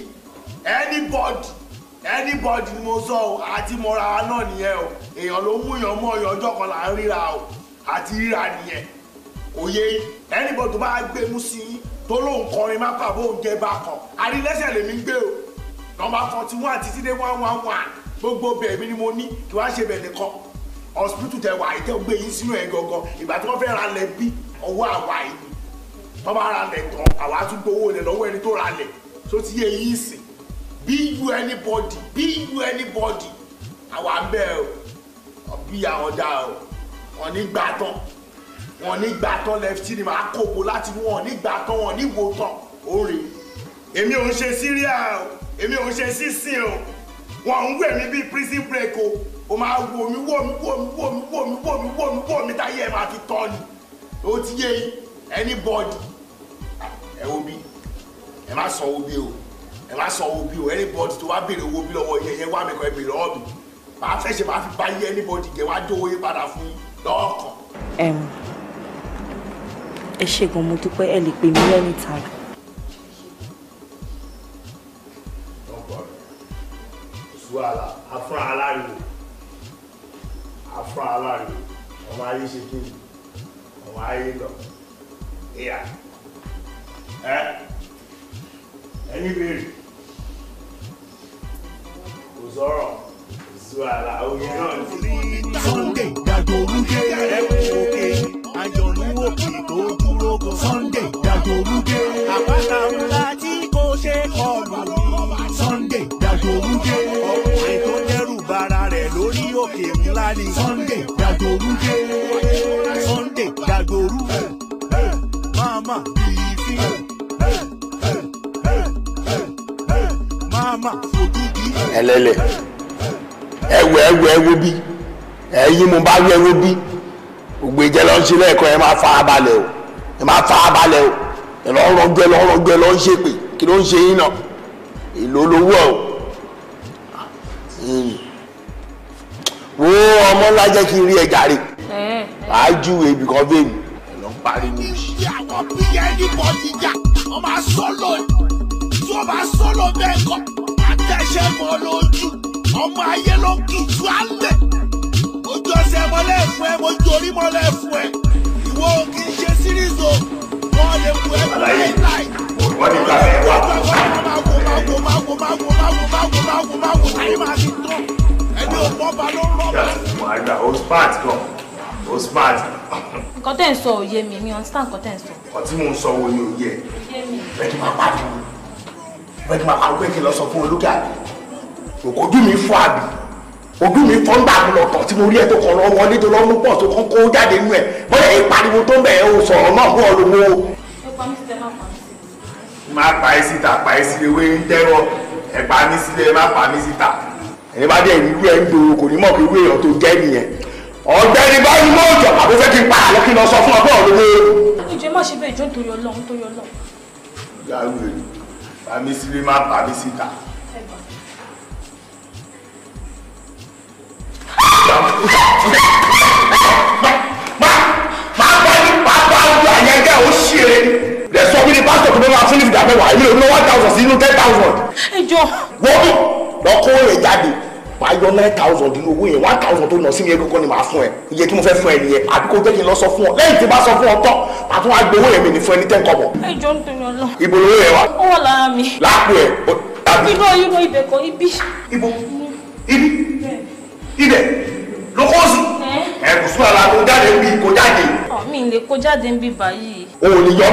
anybody anybody ni mo sọ o àti mọ́ra wa náà nìyẹn o èèyàn ló mú èèyàn mọ́ ọ̀yàn ọjọ́ kan là ń ríra o àti ríra nìyẹn òye anybody tó bá gbé mú sí i tó lóun kọrin má pàbó oúnjẹ bá kan àrílẹ́sẹ̀ lèmi ń gbé o nọmba forty one títí dé one one one gbogbo bẹ́ẹ̀ mi ni mo ní kí wàá ṣe bẹ́ẹ̀ nìkan hospital tẹ wà á tẹ gbé yín sínú ẹ̀ gangan ìgbà tí wọ́n fẹ́ ra lẹ́bí ọwọ́ àwa yìí tọ́ba ara lẹ̀ tán àwa tún gbowó lẹ̀ lọ́wọ́ ẹni tó ra lẹ̀ tó ti yé yín sìn bí you anybody bí you anybody àwa ń bẹ̀ ọ bí àwọn ọjà ọ wọn ní gbà tán wọn ní gbà tán lẹ́fítì ni màá kóbo láti mú wọn ní gbà tán wọn ní wo tán ó rè èmi ò ń ṣe síríà o èmi ò ń ṣe sísìn o wọn ń wẹ̀ mí bíi prison break o o máa wo mi wo mi wo mi wo mi wo mi wo mi wo mi wo mi táyé ẹ máa fi tọ́ ni ó ti yé anybody ẹ wo bí ẹ má san owó bí o ẹ má san owó bí o anybody tó wá béèrè owó bí lọ́wọ́ yẹn yẹn wá mi kọ́ ẹ béèrè ọ́ mi màá fẹ́ ṣe màá fi bá yẹ anybody jẹ wá dówó yẹn padà fún lọ́ọ̀kan. ẹ ṣe mo dúpẹ́ ẹ lè pè mí lẹ́ni tààrà. Yeah ẹ ẹni béèrè kò sọ̀rọ̀ zu Sunday Dagboruge ẹ̀wọ̀n go. Sunday Dagboruge àpáta ńlá Sunday Dagboruge ọkùnrin Sunday Dagboruge Sunday Dagboruge ẹlẹ́lẹ̀ ẹwọ ẹwọ ẹwọ bí ẹyin mo bá wọ ẹwọ bí ògbè jẹ lọ sí lẹ́ẹ̀kan ẹ máa fara balẹ̀ o ẹ máa fara balẹ̀ o ẹ lọ rọgbẹ lọ rọgbẹ lọ ń ṣèpè kí ló ń ṣe yín náà èlò lówó o hmm. wo ọmọ ńlá jẹ́ kí n rí ẹja rè àájú ebì kan bẹ́ẹ̀ mi ẹ lọ parí mi. ìṣe àwọn bíi ẹni kan ti jà wọ́n máa sọ́lọ̀ tí wọ́n máa sọ́lọ̀ bẹ́ẹ̀ kan dẹ̀ṣẹ̀ mọ́ lójú ọmọ ayé ló kì í tú àlẹ̀ ojú ọsẹ mọ́lẹ̀ fún ẹ mojú orí mọ́lẹ̀ fún ẹ ìwọ kì í ṣe series o wọ́n lè fún ẹ láìláì wọ́n nǹkan tẹ́ ń sọ ò yé mi mi ò ń sá nǹkan tẹ́ ń sọ. ọtí mò ń sọ wo ni ò yẹ ẹ kí n máa pàdé bẹ́ẹ̀ ni màá fọ pé kí n lọ sọ fún olókè àbí òkòjú mi fọ́ àbí ojú mi fọ́ ńgbà mi lọ̀tọ̀ tí mo rí ẹ tó kọ̀ lọ wọlé tó lọ mú pọ̀ tó kọ́ kó jáde nínú ẹ̀ bọ́lá yìí pariwo tó ń bẹ̀ ẹ́ o sọ̀rọ̀ náà bọ́ ló wo. máa pa ẹ́ síta pa ẹ́ sílé wé ń tẹ́rọ ẹ̀ pa mí sílé má pa mí síta. ẹ̀yin bá dẹ̀ irú ẹ̀ ń gbòòrò kò ní mọ̀ pé irú èèyàn tó jẹ́ nìyẹn. ọ̀gbẹ́ni bá ní mọ́ọ̀jọ̀ bá mi sílé má bá mi síta. lẹ́sọ̀ wí ni pásítọ̀ tó bẹ́ẹ̀ máa fún ní fìdá mẹ́wàá èmi ò ní one thousand sí inú ten thousand. ẹ jọ. wọ́n mú lọ́kọ́ rẹ̀ jáde wàá yọ nine thousand nínú owó yẹn one thousand tó nà sí mi yẹn gbogbo ni màá fún ẹ iye tí mo fẹ́ fún ẹ nìyẹn àbí kò jẹ́ kí n lọ sọ fún ọ lẹ́yìn tí bá sọ fún ọ tán màá tún wá gbé owó yẹn mi ní fún ẹ ní ten kọ́bọ̀. ẹ jọ ń torí ọlọ. ibo lówó yẹn wà. ó wà lára mi. láàpù ẹ o tàbí. irú irú ibẹ̀ kan ibi. ibo ibi ibẹ̀ ló kọ́ sí. ẹ kò sún ara kó jáde ń bí kó jáde. mi lè kó jáde bí báyìí. o ò yọ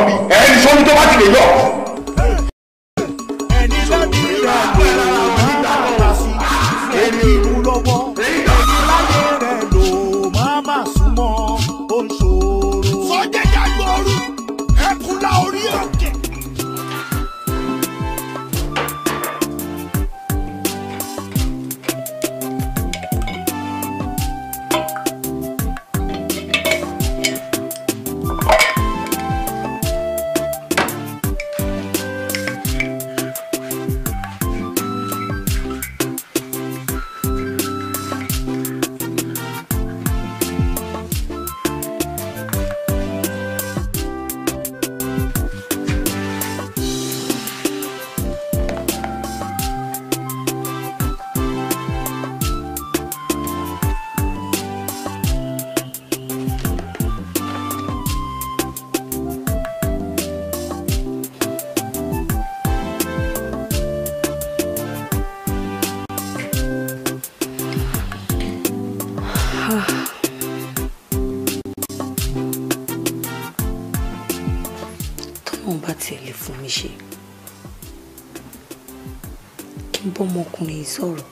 ọkùnrin yìí sọ̀rọ̀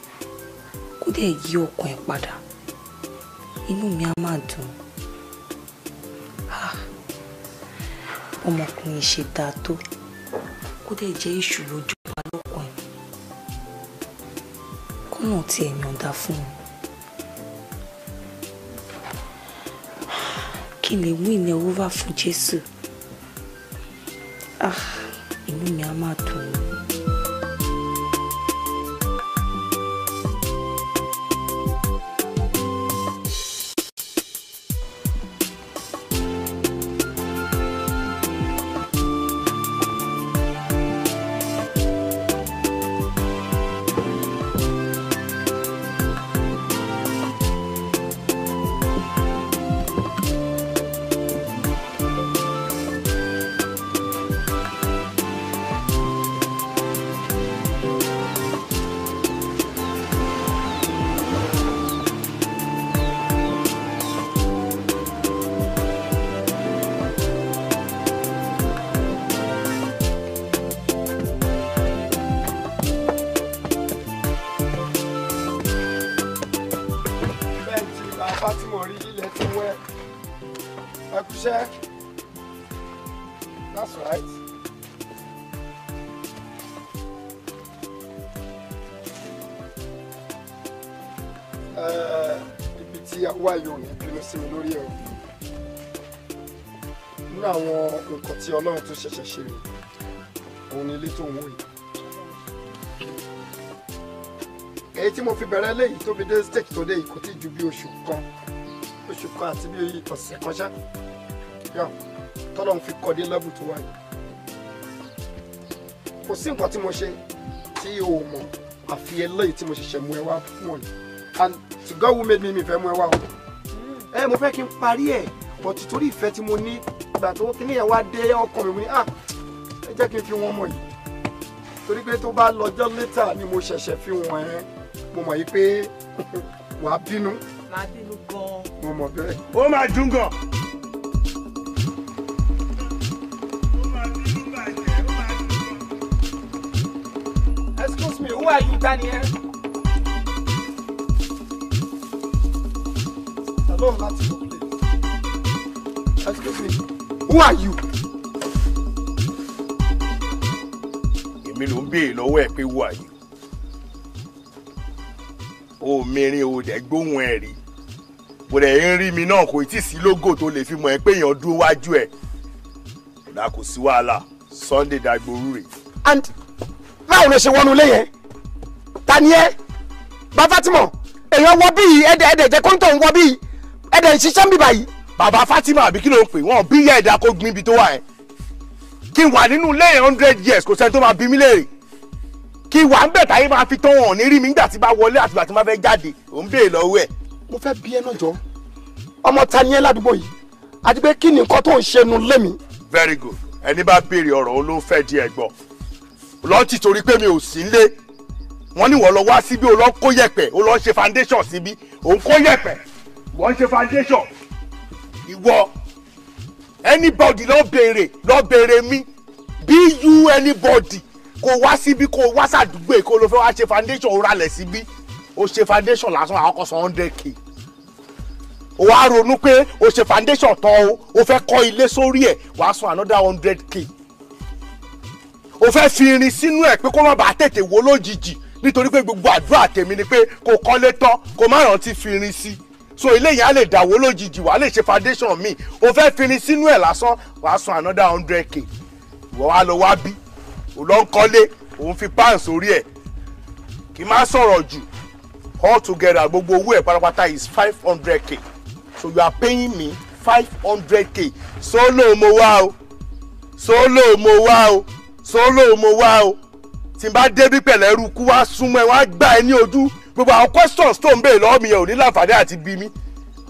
kó dẹ̀ yí ọkàn ẹ̀ padà inú mi á máa dùn ah, ọmọkùnrin ṣe dáa tó kó dẹ̀ jẹ́ èṣù lójú wa lọ́kàn ẹ̀ kọ́nà tí ẹ̀ yọ̀ǹda fún mi kí n lè wí ní ọwọ́ bá fún Jésù ah, inú mi á máa dùn ún. ṣẹ̀ṣẹ̀ ṣe rè òun ni ilé tó ń wò yìí. èyí tí mo fi bẹ̀rẹ̀ léyìí tó fi dé stage tó dé yìí kò tí ì ju bí oṣù kan oṣù kan àti bí ọ̀sẹ̀ kan ṣá yà tọ́lọ́ fi kọ́ dé level tó wà yìí. kò sí nǹkan tí mo ṣe tí o mọ̀ àfi eléyìí tí mo ṣẹ̀ṣẹ̀ mú and to God who made me mi fẹ́ mú ẹ wá o. Mm. ẹ mo fẹ́ kí n parí ẹ̀ bọ̀tì torí ìgbà tó kíní yẹn wá dé ọkàn mi à ẹ jẹ́ kí n fi wọn mọ̀ yìí torí pé tó bá lọ́jọ́ létà ni mo ṣẹ̀ṣẹ̀ fi wọ́n ẹ́ mo mọ̀ yìí pé wàá bínú. màá bínú gan mo mọ̀ bẹ́ẹ̀. ó máa dùn gan. excuse me who are you Daniel. hello láti lọ play excuse me who are you. èmi ló ń béèrè lọ́wọ́ ẹ pé who are you. o mìíràn o dẹ̀ gbóhùn ẹ̀ rí bó dẹ̀ ń rí mi náà kò tí ì sí lógo tó lè fi mọ̀ ẹ́ pé èèyàn dúró wájú ẹ̀ kódà kò sí wàhálà Sunday Dagboru rè. and báwo ló ṣe wọnú ilé yẹn ta ni ẹ bá Fatima èèyàn wọ bíi ẹdẹ ẹdẹ jẹ kóńtò ń wọ bíi ẹdẹ ń ṣiṣẹ́ ń bíbá yìí bàbá Fatima àbí kí ló ń pè wọ́n bí yẹ ẹ̀dá kó gbin ibi tó wà yẹn kí wà nínú ilé hundred years kò sẹ́ni tó máa bí mí léèrè kí wà ń bẹ̀ táyé máa fi tán wọn ní rí mi nígbà tí bá wọlé àtìgbà tí máa fẹ́ jáde òun béèrè lọ́wọ́ ẹ̀. mo fẹ́ bí ẹ náà jọ ọmọ ta ni ẹ ládùúgbò yìí àti pé kí ni nǹkan tó ń ṣe nu lé mi. very good ẹni bá béèrè ọ̀rọ̀ òun ló fẹ́ di ẹ̀ gbọ́ lọ́ọ̀tì torí pé mi ò sí nílé wọ́n ní wọ́n lọ wá síbí ó lọ kó yẹ̀pẹ̀ ó lọ ṣe foundation síbí òun kó yẹ̀pẹ̀ wọ́n ṣe foundation ìwọ anybody lọ béèrè lọ béèrè mi bí you anybody kò wá síbi kò wá sàdúgbò èkó ló fẹ́ wá ṣe foundation ó ralẹ̀ síbí ó ṣe foundation lásán àwọn kan san hundred k ó wá ronú pé ó ṣe foundation tán o ó fẹ́ kọ́ ilé sórí ẹ̀ wàá san another hundred k ó fẹ́ fi irin sínú ẹ̀ pé kó má bàa tètè wó lójijì nítorí pé gbogbo àdúrà tèmi ni pé kò kọ́lé tán kò má rántí fi irin sí i so ilé yẹn á lè dàwó lójijì wàá lè ṣe foundation mi o fẹ́ fini sínú ẹ̀ lásán wàá san another hundred k ìwọ wa lọ wá bí o lọ ń kọ́lé òun fi pants orí ẹ̀ kì í má sọ̀rọ̀ jù all together gbogbo owó ẹ̀ pátápátá is five hundred k so you are paying me five hundred k solo mo wá o solo mo wá o solo mo wá o tí n bá débi pẹ̀lẹ́rú kú wá súnmọ́ ẹ wá gbà ẹ ní ojú gbogbo àwọn questions tó ń béèrè lọ́wọ́ mi yẹn ò ní láǹfààní àti bí mi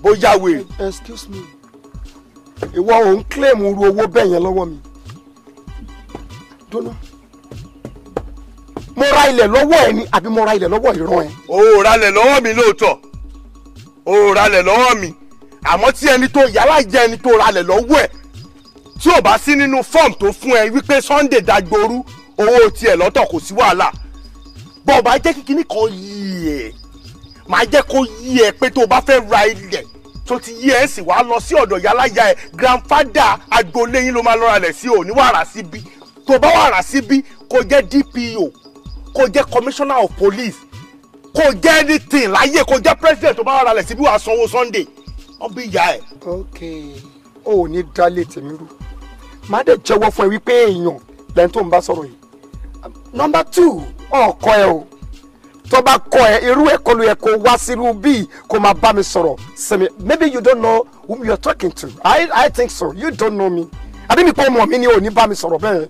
bó yá wèrè. Eh, excuse me ìwọ ò ń claim ru owó bẹ́ẹ̀ yẹn lọ́wọ́ mi dúnà mo ra ilẹ̀ lọ́wọ́ ẹ ni àbí mo ra ilẹ̀ lọ́wọ́ ìran ẹ. o ò ralẹ̀ lọ́wọ́ mi lóòótọ́ o ò ralẹ̀ lọ́wọ́ mi àmọ́ tí ẹni tó yàrá jẹ́ ẹni tó ralẹ̀ lọ́wọ́ ẹ̀ tí ò bá sí nínú fọ́ọ̀mù tó fún ẹ wípé Sunday Dagboru owó tiẹ̀ lọ́tọ̀ kò sí wàhálà bọ́ọ̀ bá jẹ́ kíkiní kan yí ẹ̀ máa jẹ́ kó yí ẹ pé tó o bá fẹ́ ra ilẹ̀ tó ti yí ẹ sì wá lọ sí ọ̀dọ̀ yálàyà ẹ grandfather agboléyìn ló máa lọ́ra lẹ̀ sí òní wàrà síbí tó bá wàrà síbí kó jẹ́ DPO kó jẹ́ commissioner of police kó jẹ́ anything láyé kó jẹ́ president tó bá wàrà lẹ̀ síbí wàá sanwó sunday wọ́n bí ìyá ẹ̀. ok o ò ní dalẹ̀ tèmi rú má dẹ̀ jẹ́wọ́ fún ẹ wípé èèyàn lẹ́yìn tó ń bá sọ̀rọ̀ yìí number two ọkọ ẹ o tó bá kọ ẹ irú ẹ̀kọ́ ló yẹ kó wá sírú bíi kó máa bá mi sọ̀rọ̀ sẹmi maybe you don't know whom you are talking to i i think so you don't know me àbíbi pé ọmọ mi ni ò ní bá mi sọ̀rọ̀ bẹ́ẹ̀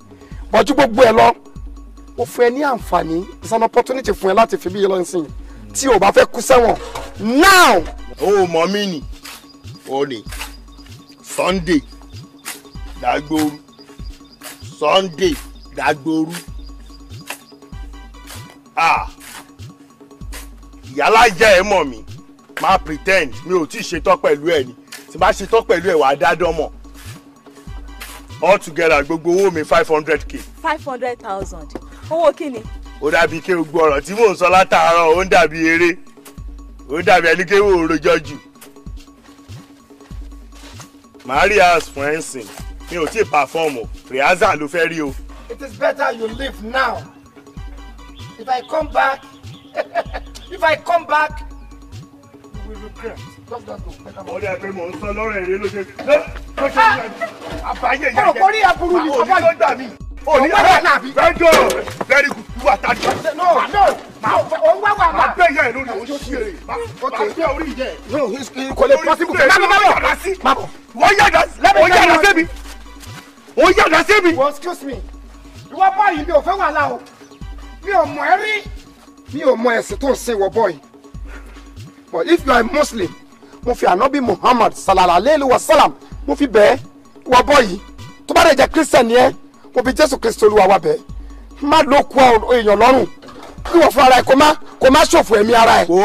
bọ́jú gbogbo ẹ lọ mo fún ẹ ní àǹfààní it's an opportunity fún ẹ láti fi bí yẹn lọ sí tí o bá fẹ́ kú sẹ́wọ̀n now. o mọ mi ni o ní Sunday dagboru Sunday dagboru ìyálà jẹ́ ẹ mọ̀ mi máa pretend mi ò tí ì ṣetán pẹ̀lú ẹ ni tí bá ṣetán pẹ̀lú ẹ wàá dá dán mọ̀ all together gbogbo owó mi five hundred k. five hundred thousand owó kí ni. ó dàbí kí gbogbo ọ̀rọ̀ tí mò ń sọ látàárọ̀ ó ń dàbí eré ó dàbí ẹni kí wò rojọ́ jù. marias fún ẹ̀sìn mi ò tí ì pàfọ́ọ̀mù rìhásà ló fẹ́ rí o. it is better you leave now. If I come back, if I come back, you will regret. Just don't go. Ọ̀rẹ́ ẹgbẹ́ mò ń sọ lọ́rọ̀ èrè ló ṣe. Àbáyé yẹn. Ọ̀rọ̀ orí aburú ni bàbá Òní ló gbà mí. Òní ló gbà náà bí. Bẹ́ẹ̀dọ̀ very good you are tadi. No no o wá wà wà. Àbẹ́ yẹn lórí òun sí èrè. Àbẹ́ orí yẹn. No kò lè possible. Báwo báwo báwo. Wọ́n yàrá wọ́n yàrá sí Wọ́n yàrá sí mi. Excuse me. Ìwọ báyìí mi ò fẹ́ wàhálà o mi ò mọ̀ ẹ́ rí mi ò mọ ẹ̀sìn tó ń ṣe wọ bọ́ọ̀yì but if you are a muslim mo fi ànábì muhammad Salallahu alayhi wa sallam mo fi bẹ́ẹ̀ wọ bọ́ọ̀yì tó bá dẹ̀ jẹ́ christian ni ẹ́ mo fi jésù kristu olúwa wa bẹ́ẹ̀ má ló kú èèyàn lọ́rùn kí wọ́n fún ara ẹ̀ kó má kó má ṣòfò ẹ̀mí ara ẹ̀. o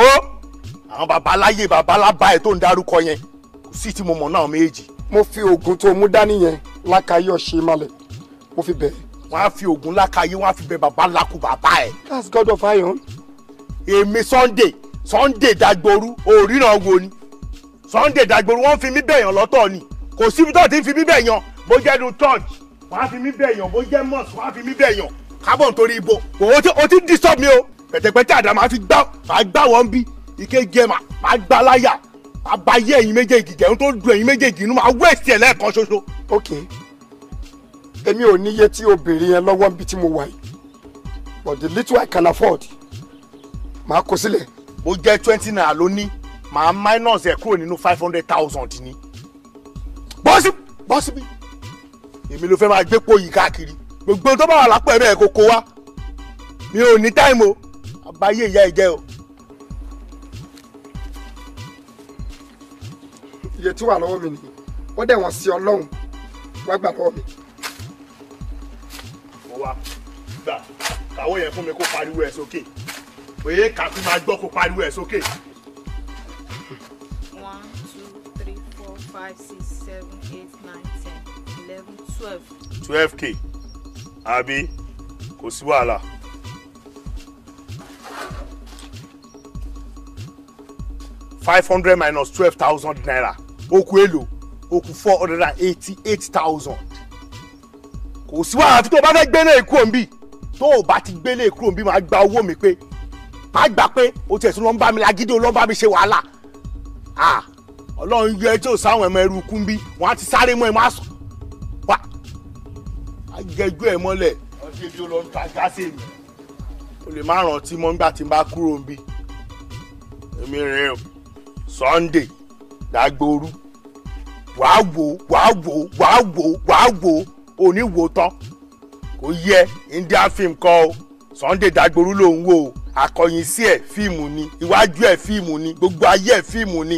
àwọn babaláyé babalábá ẹ tó ń darúkọ yẹn kò sí tí mo mọ̀ náà méjì. mo fi oògùn tó mú dání yẹn lákàáyọ̀ ṣe malẹ̀ mo fi bẹ́ẹ̀ wọ́n á fi oògùn lákàyé wọ́n á fi bẹ bàbá lakú bàbá ẹ̀. that's god of iron. èmi sunday sunday dagboru òríran wo ni sunday dagboru wọ́n fi mí bẹ̀yàn lọ́tọ̀ ni kò síbi tó ti fi mí bẹ̀yàn bó jẹ́ nu church wọ́n á fi mí bẹ̀yàn bó jẹ́ mosque wọ́n á fi mí bẹ̀yàn kábọ̀ nítorí ibo kò o ti o ti disturb mi o pẹ̀tẹ̀pẹ̀tẹ̀ àdá fi gbá máa gbá wọn bí ìkejì ẹ̀ máa gbá láyà àbáyé ẹ̀yin méjèèjì jẹun tó du ẹ̀yin méjèèjì inú máa wẹ̀sì ẹ̀ lẹ́ẹ̀kan ṣoṣo. okay èmi ò níye tí obìnrin yẹn lọ́wọ́ níbi tí mo wà yìí but the little I can afford màá kó sílẹ̀. bó jẹ́ twenty naira ló ní màá minus ẹ̀ kúrò nínú five hundred thousand ni. bọ́sì bọ́sì bí èmi ló fẹ́ máa gbé pò yìí káàkiri gbogbo tó bá wà lápò ẹ̀rọ ẹ̀ kò kó wa mi ò ní táìmù o àbáyé ìyá ẹ̀ jẹ́ o. iye tí wà lọ́wọ́ mi nìyí ó dẹ̀ wọ́n sí ọlọ́run wá gbà lọ́wọ́ mi wa gbà kàwé yẹn fún mi kó pariwo ẹ̀ sókè òye kàfi máa gbọ́ kó pariwo ẹ̀ sókè. one two three four five six seven eight nine ten eleven twelve. twelve k Abi, kò sí wàhálà. five hundred minus twelve thousand naira ó kù èlò four hundred and eighty eight thousand kò sí wàhálà tí tó bá fẹ́ gbélé e kúrò ń bì tó o bá ti gbélé e kúrò ń máa gba owó mi pé máa gbà pé o tiẹ̀ tún lọ́n bá mi lagídí o lọ́n bá mi ṣe wàhálà ọlọ́run yọ ẹjọ́ sáwọn ẹ̀mọ ẹrú kú ń bí á ti sáré mọ́ ẹ má sùn wá á gẹjú ẹ mọ́lẹ̀ ọjọ́ ibi ó lọ ń ta mi o lè má rántí mọ́ nígbà tí n bá kúrò ń èmi rìn o Sunday dàgbòrú wàá wò wàá wò wàá wò wàá wò òní wò tán kò yẹ Indian film kọ́ o Sunday Dagboru ló ń wò o akọyin sí ẹ̀ fíìmù ni iwájú ẹ̀ fíìmù ni gbogbo ayé ẹ̀ fíìmù ni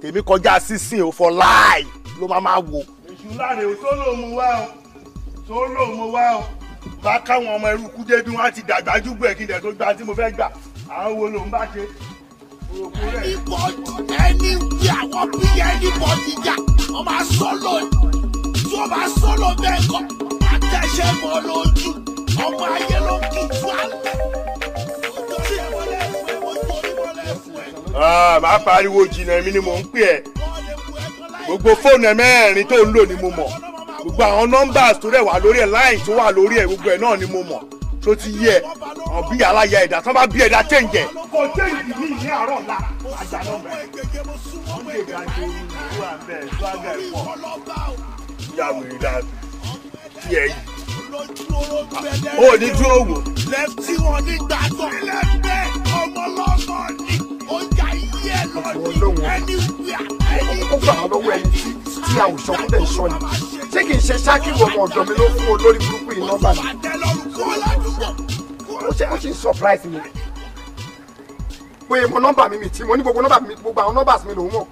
tèmi kọjá sísìn ò fọ láì ló máa máa wò. èṣù láre o tó lòun wá o tó lòun wá o bá káwọn ọmọ eruku dédú wọn ti dàgbà júgbọ ẹ kí n dẹ tó gba tí mo fẹ́ gbà àwọn wo lòun bá ṣe. ẹni bọ́ọ̀dù ẹni bí àwọn bí ẹni bọ́ọ̀dù jà wọ́n máa sọ lónìí tó bá sọ̀rọ̀ bẹ́ẹ̀ kọ́ àtẹ̀ṣẹ́ mọ́ lójú ọmọ ayé ló kù fún alẹ́. Ah, màá pariwo jìnnà èmi ni mò ń pè ẹ́ gbogbo fóònù ẹ mẹ́rin tó ń lò ni mo mọ̀ gbogbo àwọn nọ́mbà tó rẹ̀ wà lórí ẹ̀ láì tó wà lórí ẹ̀ gbogbo ẹ̀ náà ni mo mọ̀ tó ti yẹ ọ̀ bí aláya ẹ̀dá tó bá bí ẹ̀dá tẹ̀ǹjẹ̀. kò tẹ̀ǹjì ní àárọ̀ ọ̀la àjà náà mẹ́rin. wọ́n lè gbàgbé ìlú àbẹ̀ ṣọ́gà ẹ̀fọ́ ya wèrè dànù tí ẹ yìí. ó ní dúró wò. lẹ́tí wọn ní gbàgbọ́. ilé bẹ́ ọmọ lọ́mọ ni ó ya iye ẹ lọ ní ẹni wíwá ẹni ó gbà wọn lọ́wọ́ ẹni tí àwùjọ kúndẹ̀ ń sọ ni ṣé kì ṣe ṣáàkì wọmọ ọ̀dọ́ mi ló fún olórí burúkú yìí nọ́mbà mi. ó ṣe ó ṣe ń surprise mi pé mo nọ́mbà mi mi tí mo ní gbogbo nọ́mbà mi gbogbo àwọn nọ́mbà mi lòún mọ̀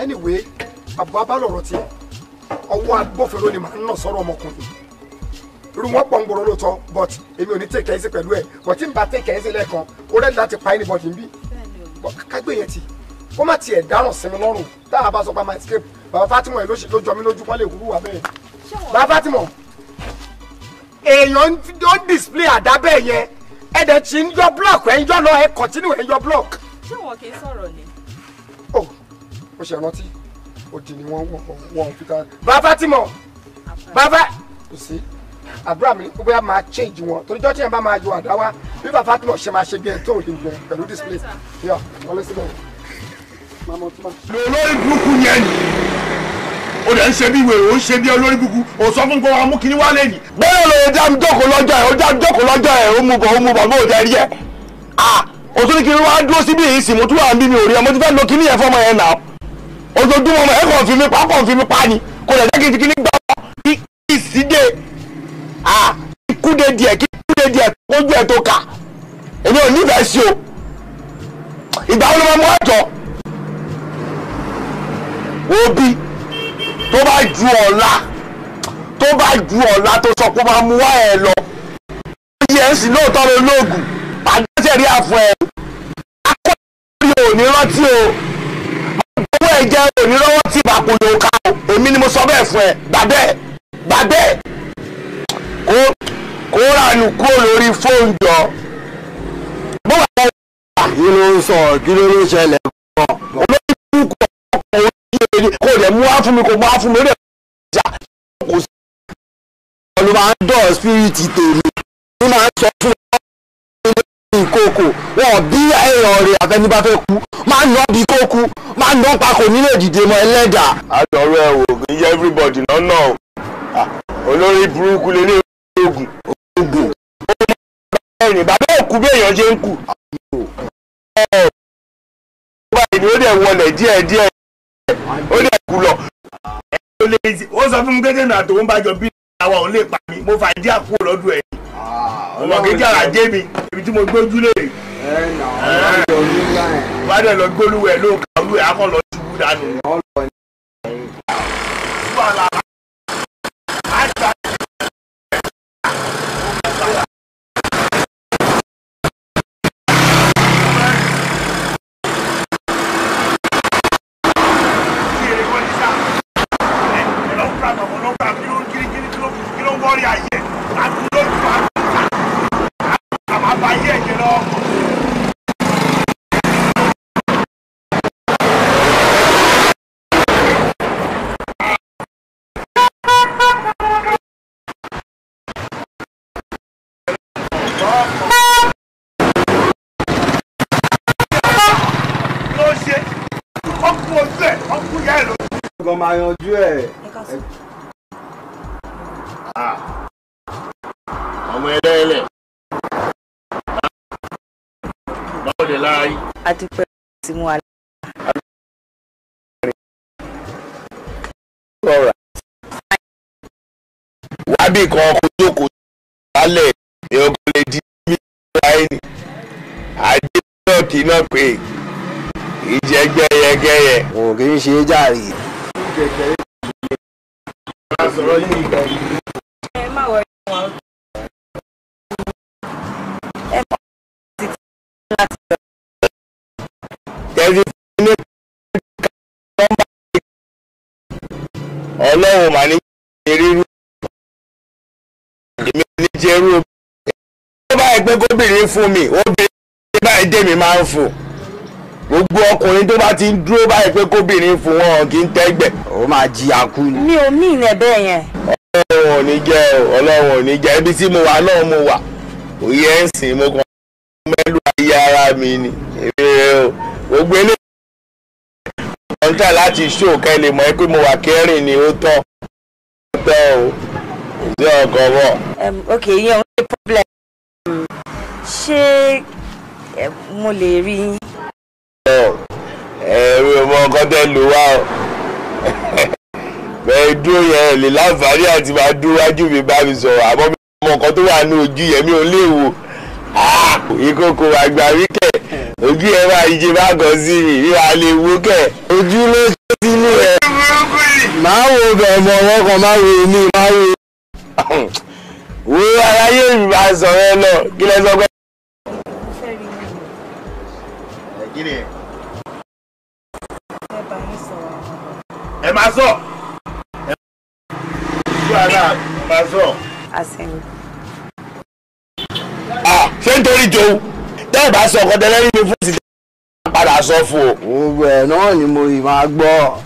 anyway àbúrò abá lọ̀rọ̀ tiẹ̀ ọwọ́ agbófinró ni màá ń nà sọ̀rọ̀ ọmọkùnrin irú wọn pọ̀ ń gbòòrò lóòótọ́ but èmi ò ní tẹ̀ kẹ́hìn sí pẹ̀lú ẹ̀ but tí n bá tẹ̀ kẹ́hìn sí lẹ́ẹ̀kan ó rẹ́ láti pa anybody ń bí kágbé yẹn ti kó má tiẹ̀ dáràn sí mi lọ́rùn tá a bá sọ pa my escape bàbá Fatima yìí ló jọ mí lójú kán lè wúrú wa bẹ́ẹ̀ bàbá Fatima èèyàn ó display àdá bẹ́ẹ̀ yẹn ẹ̀dẹ̀ tí ń yọ block ẹ̀ ń yọ lọ ẹ̀ continue ẹ̀ ń yọ block. ṣé wọn kì í sọ̀rọ̀ ni. ó oh, ó ṣe òdì ni wọ́n wọ́n fi ká. bàbá tí mọ̀ bàbá kò sí àbúrò mi ó bóyá máa change wọn torí jọ́ tí yẹn bá máa yọ àdá wá bí bàbá tí mọ̀ ṣe máa ṣe bí ẹ̀ tó òdì yẹn pẹ̀lú display yọ wọlé síbẹ̀. olórí burúkú yẹn ni o lè ń ṣe bí wèrè o ń ṣe bí olórí burúkú o sọ fún gbogbo àwọn amúkiri wá lẹ́yìn. bẹ́ẹ̀ ló dá mi jókòó lọ́jọ́ ẹ̀ ó dá mi jókòó lọ́jọ́ ẹ̀ ó mú bọ̀ ó mú bọ̀ mo ò dẹ̀ rí ẹ̀ ah òtún ní kí n wá dúró síbí èyí sì mo tún wà ń bí mi ò rí ẹ mo ti fẹ́ lo kíní yẹn fọ́mọ yẹn náà ojoojúmọ́ ọmọ ẹ̀kọ́ fi mi pa ọkọ̀ fi mi pa ni kò lè jẹ́ kí n ti kí ní gbà ọ́ kí ìsídẹ̀ kíkúdé díẹ̀ kíkúdé díẹ̀ kójú ẹ̀ tó kà èmi ò nífẹ̀ẹ́ sí o ìgbà wo ló máa mú àjọ òbí tó bá ju ọ̀la tó bá ju ọ̀la tó sọ pé máa mú wá ẹ̀ lọ oyè ẹ̀ sì lóòótọ́ ló lóògùn àdáṣẹ́rí àfọ̀ ẹ̀ akọ́ ìrìn òní rántí o owó ẹ̀jẹ̀ onírọ́wọ́ tí ìbàkùn ló ka o èmi ni mo sọ bẹ́ẹ̀ fún ẹ gbàdẹ́ gbàdẹ́ kó kó ránù kúrò lórí fóònù jọ bó wà lọ. kí ló ń sọ kí ló ń ṣẹlẹ̀ gan. olórí kúkú ọkọ̀ ojú ẹni kò lè mú wá fún mi kò mú wá fún mi ó lè jà kò sí. ọ̀nà máa ń dọ̀ spirit tèmi ó máa ń sọ fún koko wọn bí èèyàn rẹ̀ àtẹnibá fẹ́ kú máa ku, ma kókú máa ná pakò nílé ìdìde mọ́ ẹlẹ́dà. àjọrò ẹ wò kì í yẹ everybody o olórí burúkú lè ní oògùn. oògùn. ọmọ bàbá òkú bí èèyàn ṣe ń kú. ọba ìní ó pa mi mo ọmọ kejì àrà mi ibi tí mo gbójú lè. wádìí lọ gbólúwẹ̀ ló kàwé akọ lọ ṣubú dànù. gan máa yanjú ẹ. ọmọ ẹlẹ́ẹ̀lẹ̀ báwo lè lára yìí. a ti pẹ́ sí mú alẹ́. wábì kan ọkọ̀ lálẹ́ ìyọ̀gbọ́n lè di mílíọ̀nù láìní àdébọ̀tì náà pé ìjẹgbẹ́yẹgẹ́yẹ. òun kì í ṣe é jàre jẹjẹrẹ ìgbìlẹ̀ ọlọ́run mà ní ìrírí èmi ní jẹ́rú obìnrin. tó bá yẹ gómìnà fún mi obìnrin báyìí dé mi máa ń fò gbogbo ọkùnrin tó bá ti ń dúró báyìí pé kóbìnrin fún wọn kì í tẹ́gbẹ̀ ó máa jí akú ni. mi ò mí ìrìn ẹ̀bẹ̀ yẹn. ọlọ́run ò ní jẹ́ ọlọ́run ò ní jẹ́ ibi tí mo wà náà mo wà òye ń sìn mo kàn mẹ́lú ayé ara mi ni gbogbo eléyìí ń tà láti ṣó kẹ́ lè mọ̀ pé mo wà kẹ́rìn ni ó tán ó tán o ìdí ọkọ̀ bọ̀. ok ìyẹn ò ní problem ṣé mo lè rí yín nǹkan tẹ́ lò wá o bẹ́ẹ̀ dúró yẹn lè láǹfààní àti máa dúró wájú mi bá mi sọ̀rọ̀ àmọ́ mi mọ nǹkan tó wà ní ojú yẹn mi ò lè wò ìkòkò ah, àgbà wíkẹ̀ ojú ẹ máa yíje bá gàn sí mi mi máa lè wó kẹ̀. ojú ló ṣe sínú ẹ máa wo bẹ̀rẹ̀ ọwọ́ kan máa wo èmi máa wo. wo aráyé mi máa sọ̀rọ̀ ẹ lọ kí lẹ sọ pé. máa sọ. wàhálà máa sọ. ṣé nítorí jòun tẹ́ ẹ bá sọ ọkọ tẹ́lẹ̀ rí mi fún ti padà sọ fún o. gbogbo ẹ̀ náà ni mo ì máa gbọ́.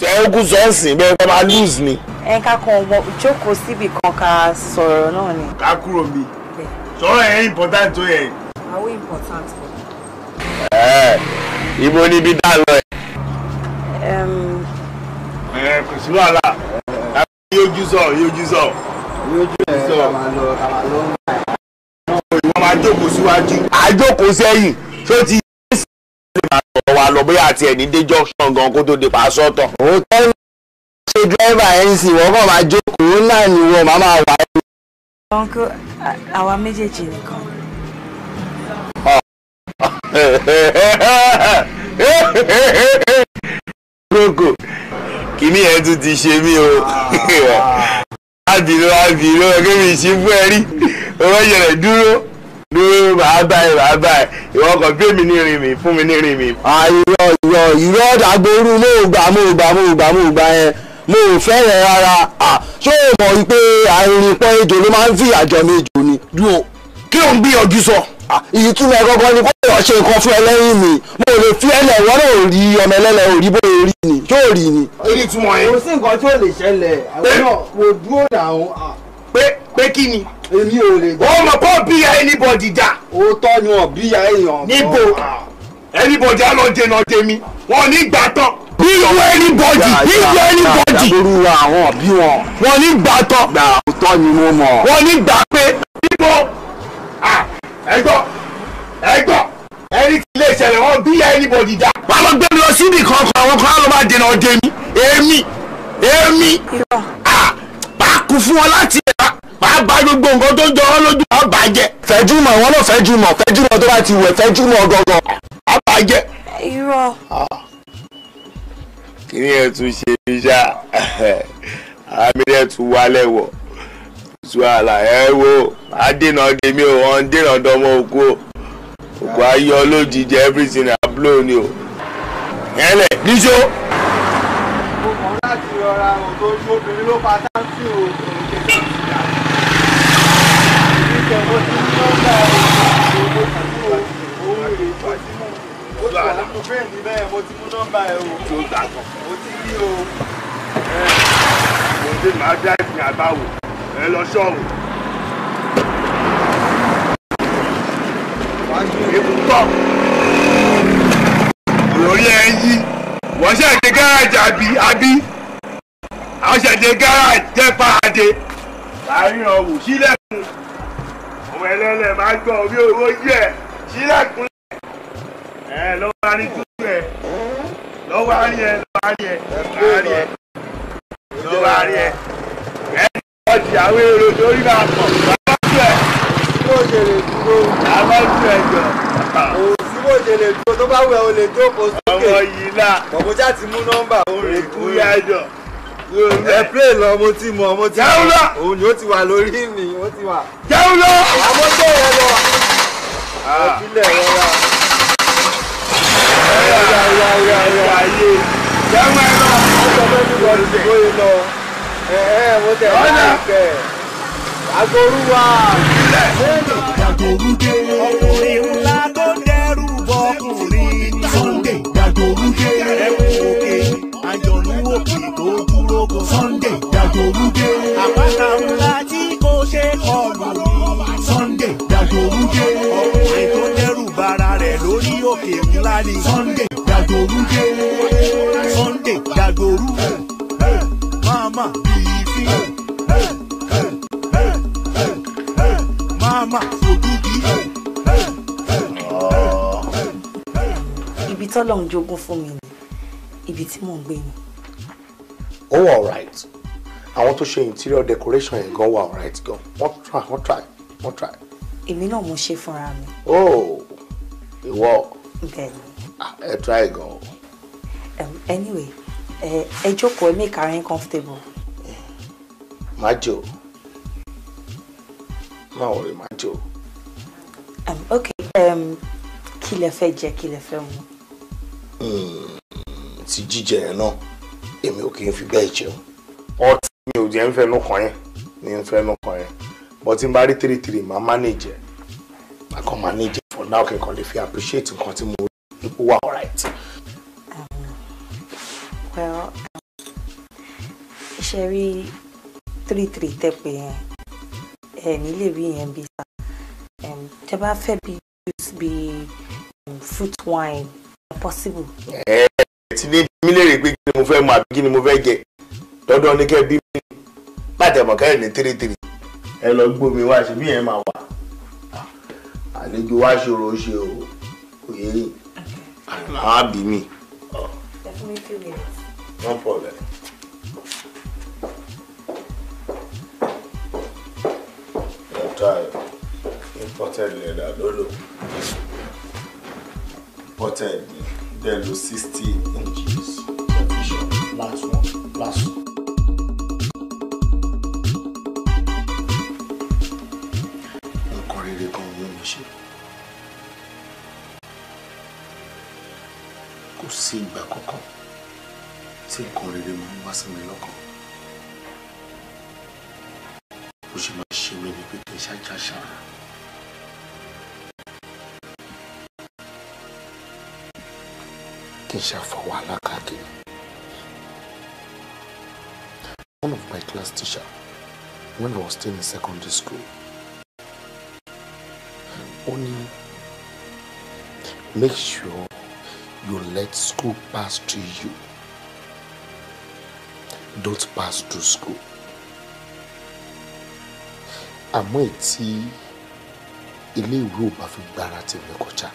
ṣé ogun sọ́ọ̀sì bẹ́ẹ̀ bá máa lose ni. ẹ ká kan wọ ìjókòó síbi kan ká sọ̀rọ̀ náà ni. ká kúrò mi sọ̀rọ̀ ẹ̀ important tó yẹ. important. ẹ ibo ni ibi dá sí wàhálà yójú sọ yójú sọ. yójú ẹ̀ ká máa lọ ká máa lọ ń gbà. ìwọ máa jókòó síwájú. àjókòó sẹ́yìn ṣó ti yé sí ilé ìbàdàn wa lọ bóyá àti ẹ̀ ní dé junction gan kó tó di pàṣọ tán. òótọ́ ni ṣe dírẹ́fà nc wọ́n kàn máa jókòó náà ni wọ́n máa máa wà ẹ́. ọ̀nkú àwa méjèèjì nìkan. gbogbo kìíní yẹn tún ti ṣe mí o ábìlú ábìlú ẹgbẹ́ mi fún ẹ owó yẹrẹ dúró dúró bàá báyìí bàá báyìí ìwọ kan bí èmi ní rìn mí fún mi ní rìn mí. àìrọ ah, ìrọ ìrọ àgbòrú mo gbà mo gbà mo gbà mo gbà yẹn mo ò fẹ́rẹ̀ rárá ah, ṣé o mọ̀ wípé àìrìnpọ̀ ejò ló máa ń fìyà jọ mi jù ni. kí o ń gbìyànjú sọ. Ah, ìtumọ̀ ẹ̀ gangan ni kó ṣe nǹkan fún ẹlẹ́yìn mi mo lè fi ẹlẹ̀ wọn náà rí ọmọ ẹlẹ́lẹ̀ ò rí bó ni yóò rí ni. èyí túmọ̀ yẹn. kò sí nǹkan tí ò lè ṣẹlẹ̀ àwọn náà kò dúró dàrún. pé pé kí ni. èmi ò lè gbà. ó mọ̀ bí ya anybody jà. ó ni ọ̀ bí ya èèyàn. níbo anybody á lọ dènà tèmi wọn ní gbà tán bí owó anybody bí owó anybody. ìyá àbúrò àwọn òbí wọn. wọn ní gbà tán. gbà tán ni mo mọ̀. wọn ní gbà pé ẹ gbọ́ ẹ gbọ́ ẹni tí ilé ìṣẹ̀lẹ̀ wọn bí anybody dá. wà á lọ gbé mi lọ sí ibì kan kan àwọn kan á lọ máa dènà ọdẹ mi èmi èmi máa kú fún wọn láti ẹ̀ka máa bá gbogbo nǹkan tó jọ wọn lójú wọn bàjẹ́. fẹjúmọ wọn náà fẹjúmọ fẹjúmọ tó bá ti wẹ fẹjúmọ gangan á bàjẹ́. irọ́. kí ni ẹ tún ṣe iṣẹ́ àmì rẹ̀ tún wálẹ̀ wọ̀ zuala ẹ wo adènà dèmi o wọn dènà dọmọ òkú o òkú ayọ lójijì everything na blow ni o yẹn lẹ níṣó. mo mọ̀ láti rọra ohun tó ṣe obìnrin ló pa táǹtì o ìṣèjọba ìjà ìṣèjọba tí wọ́n gbà owó tàbí owó èrè ìtọ́jú ó ti wà nínú fẹ́ẹ̀ni bẹ́ẹ̀ mo ti mú nọ́mbà ẹ̀ o mo ti rí o. ẹ̀ ẹ̀ ǹjẹ́ màá dá ìpín àbáwò ẹ lọ ṣọ́ọ̀bù. ìbùkọ́ lórí ẹyí wọ́n ṣẹ̀dẹ̀ gáràjì àbí àbí àṣẹ̀dẹ̀ gáràjì jẹ́ fàáde láàrin ọ̀wù sílẹ̀kùn ọmọ ẹlẹ́lẹ̀ máa gbọ́ orí owó yẹ sílẹ̀kùn ẹ lọ́wọ́ á ní tútù ẹ lọ́wọ́ á ní ẹ lọ́wọ́ á ní ẹ lọ́wọ́ á ní ẹ lọ́wọ́ á ní ẹ ọtí àwọn èrò lórí máa pọ̀ àbájú ẹ̀ síbò jèrè dúró àbájú ẹ̀ jọ. síbò jèrè dúró tó bá wẹ̀ o lè jókòó sókè ọmọ yìí náà bọ̀bọ̀já ti mú nọ́mbà òun rè kúrò ẹ pé lọ mo ti mọ mo ti mọ òun ni ó ti wà lórí mi ó ti wà. jẹun lọ. àmọ́ tó yẹ ah. lọ. ìpínlẹ̀ rọra. ayé jẹun ẹ lọ. ọjọ́ mẹ́rin lọ. ìbóyè lọ ẹ mo tẹ̀ láì tẹ̀ agoru wa. Dàgòrú dé. ọkùnrin ńlá tó dẹrù bọkùnrin. Sunday Dàgòrú dé. ẹkùn òkè àjọ̀nú òkè tó dúró gan. Sunday Dàgòrú dé. àpáta ńlá tí kò ṣe kọlù mi. Sunday Dàgòrú dé. ọkùnrin tó dẹrù bara rẹ̀ lórí òkè ńlá ni. Sunday Dàgòrú dé. Sunday Dàgòrú. Mama. mama ògidì. ibi tọ́lọ́run jogún fún mi ni ibi tí mò ń gbé ni. ó wà alright àwọn tó ṣe interior decoration yẹn gan wà right. gan wọ́n try wọ́n try wọ́n try. èmi náà mo ṣe fúnra mi. oh ìwọ. bẹ́ẹ̀ni. Ah, ẹ try gan. Um, anyway ẹ jókòó ẹ make ara yín comfortable. máa jò má wọrí má jò. ok um, kí lẹ fẹ́ jẹ kí lẹ fẹ́ mu. Hmm, ti jíjẹ yẹn náà èmi ò kì í fi bẹ́ẹ̀ jẹun ọtí mi ò jẹ́ ń fẹnu kàn yẹn ní ń fẹnu kàn yẹn but tí n bá rí three three máa manage máa kàn manage for now kí n kàn lè fi appreciate nǹkan tí mo rí ipò wà alright. Um, well um, ṣe rí three three tẹ́ pé yẹn ẹ nílé rí yẹn bí sá tẹ bá fẹ́ bí juice bí fruit wine possible. ẹ ẹ ti ní mi lè rí pé kí ni mo fẹ́ mu àbí kí ni mo fẹ́ jẹ lọ́dọ̀ ní kẹ́ bí mi pàtẹ́mọ̀ kẹ́rin ní tírítírì ẹ lọ gbómi wá ṣe bí yẹn máa wà àlejò wá ṣòro ṣe o kò yé yìí àwọn àbí mi. no problem. style imported leather ló lò imported ni dẹ̀ ló sixty inches last one last one. nǹkan rere kan ló ń ṣe. kò sí ìgbà kankan tí nǹkan rere máa ń wá sí mi lọ́kàn. bó ṣe máa ṣe mí ni pé kí n One of my class teacher when I was still in secondary school Only make sure you let school pass to you don't pass to school àmọ́ èyí tí iléèwé ò bá fi gbára tèmi kọjá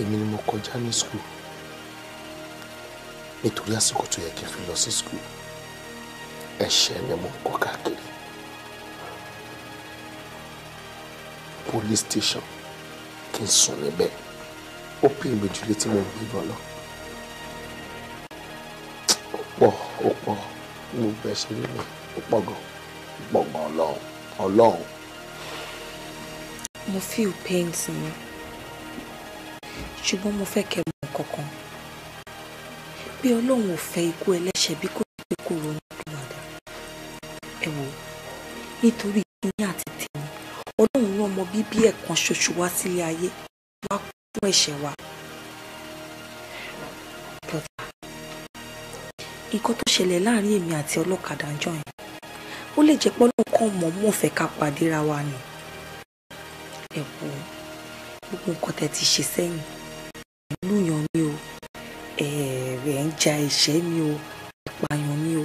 èmi ni mo kọjá ní skul nítorí àsìkò tó yẹ kí n fi lọ sí skul ẹ̀ṣẹ̀ ni mo ń kọ́ káàkiri police station kí n sùn níbẹ̀ ó pè mí jùlé tí mo ń gbé gan lọ ó pọ̀ ó pọ̀ mo bẹ̀ ṣe nílẹ̀ ó pọ̀ gan gbọ̀ngàn lọ́hùn ọlọ́run. mo feel pain sí mi ṣùgbọ́n mo fẹ́ kẹ́ mọ̀ kankan bí ọlọ́run ò fẹ́ ikú ẹlẹ́ṣẹ̀ bí kò pé kó ronú pìwàdà ẹ wò nítorí ìyá àti tèmi ọlọ́run rán ọmọ bíbí ẹ̀ kan ṣoṣo wá sílé ayé wá fún ẹ̀ṣẹ̀ wa. nǹkan tó ṣẹlẹ̀ láàrin èmi àti ọlọ́kadà ń jọ yẹn ó lè jẹ́ pọ́nà kan mọ̀ mọ́ fẹ́ ká pàdéra wa nù ẹ wo gbogbo nǹkan tẹ́ ti ṣe sẹ́yìn ìlú yan mi o ẹ̀ẹ̀rẹ̀ ń ja ẹ̀ṣẹ̀ mi o ìpààyàn mi o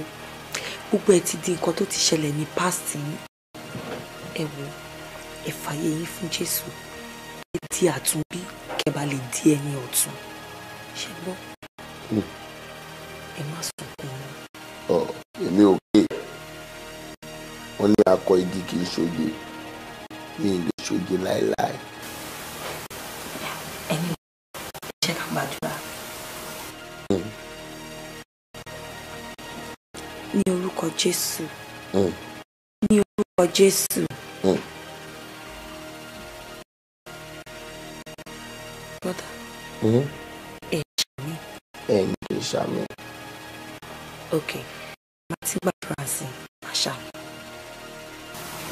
gbogbo ẹ ti di nǹkan tó ti ṣẹlẹ̀ ní past yìí ẹ wo ẹ fàyè yín fún Jésù ẹ di àtúnbí kẹ́ bá lè di ẹni ọ̀tún ṣe gbọ́ hmm. ẹ má sunkún mọ́. ọ èmi ò gbé wọ́n ní akọ igi kì í ṣoge ní ìlú ṣoge láéláé. ẹni iṣẹ́ ká gbàdúrà. Hmm. ní orúkọ Jésù. Hmm. ní orúkọ Jésù. bọ́dà. ẹ̀ ṣàmì. ẹ̀ ń kì í ṣàmì. ok màá ti gbàdúrà sí i màá ṣàmì.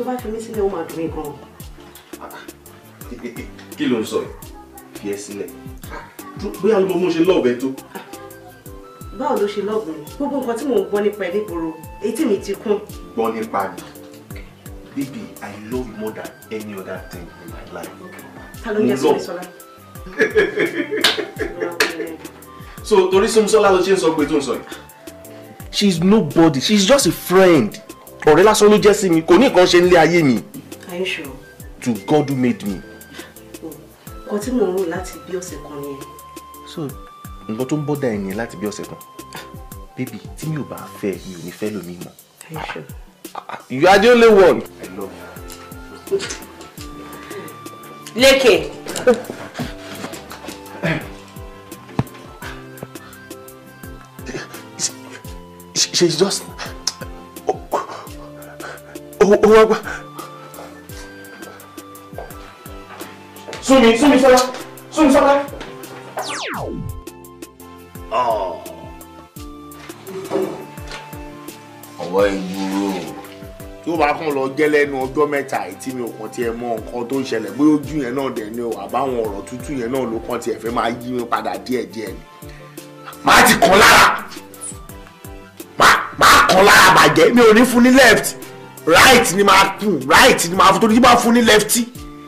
tó bá fi mí sílẹ̀ ó máa dùn mí gan. kí ló ń sọ yìí fi ẹ sílẹ̀ bóyá ló mú ṣe lọ́ọ̀bẹ tó. báwo ló ṣe lọ́ọ̀bù mi gbogbo nǹkan tí mò ń gbọ́ nípa ẹ nígboro etí mi ti kún. gbọ́ nípa mi baby i love you more than any other thing in my life. ta ló ń jẹ́ sọ́mi sọ́lá. so torí sọ́mi sọ́lá ló ṣe ń sọ pé tó ń sọ yìí. she is nobody she is just a friend ọ̀rẹ́ lásán ló jẹ́ sí mi kò ní nǹkan ṣe nílé ayé mi. Are you sure? To God who made me. nǹkan tí mò ń rò láti bí ọ̀sẹ̀ kan nìyẹn. So nǹkan tó ń bọ́dà ẹ̀ nìyẹn láti bí ọ̀sẹ̀ kan bébì tí mi ò bá fẹ́ mi ò ní fẹ́ lómi mọ́. Are you sure? Ah, ah, you are the only one. I love you. Lékè. She's just ó wá gbà. Sumi Súnmi Sọ́lá Súnmi Sọ́lá. Ọwọ́ ìgboro tí ó bá kàn lọ jẹ́ lẹ́nu ọjọ́ mẹ́ta tí mi ò kàn tiẹ̀ mọ nǹkan tó ń ṣẹlẹ̀ bóyá ojú yẹn náà dẹ̀ ni o àbáwọn ọ̀rọ̀ tútù yẹn náà ló kàn tiẹ̀ fẹ́ máa yí mi padà díẹ̀díẹ̀ ni. Màá ti kàn lára màá kàn lára bàjẹ́ mi left right ni máa kù right ni máa fún torí tí bá fún ní lefty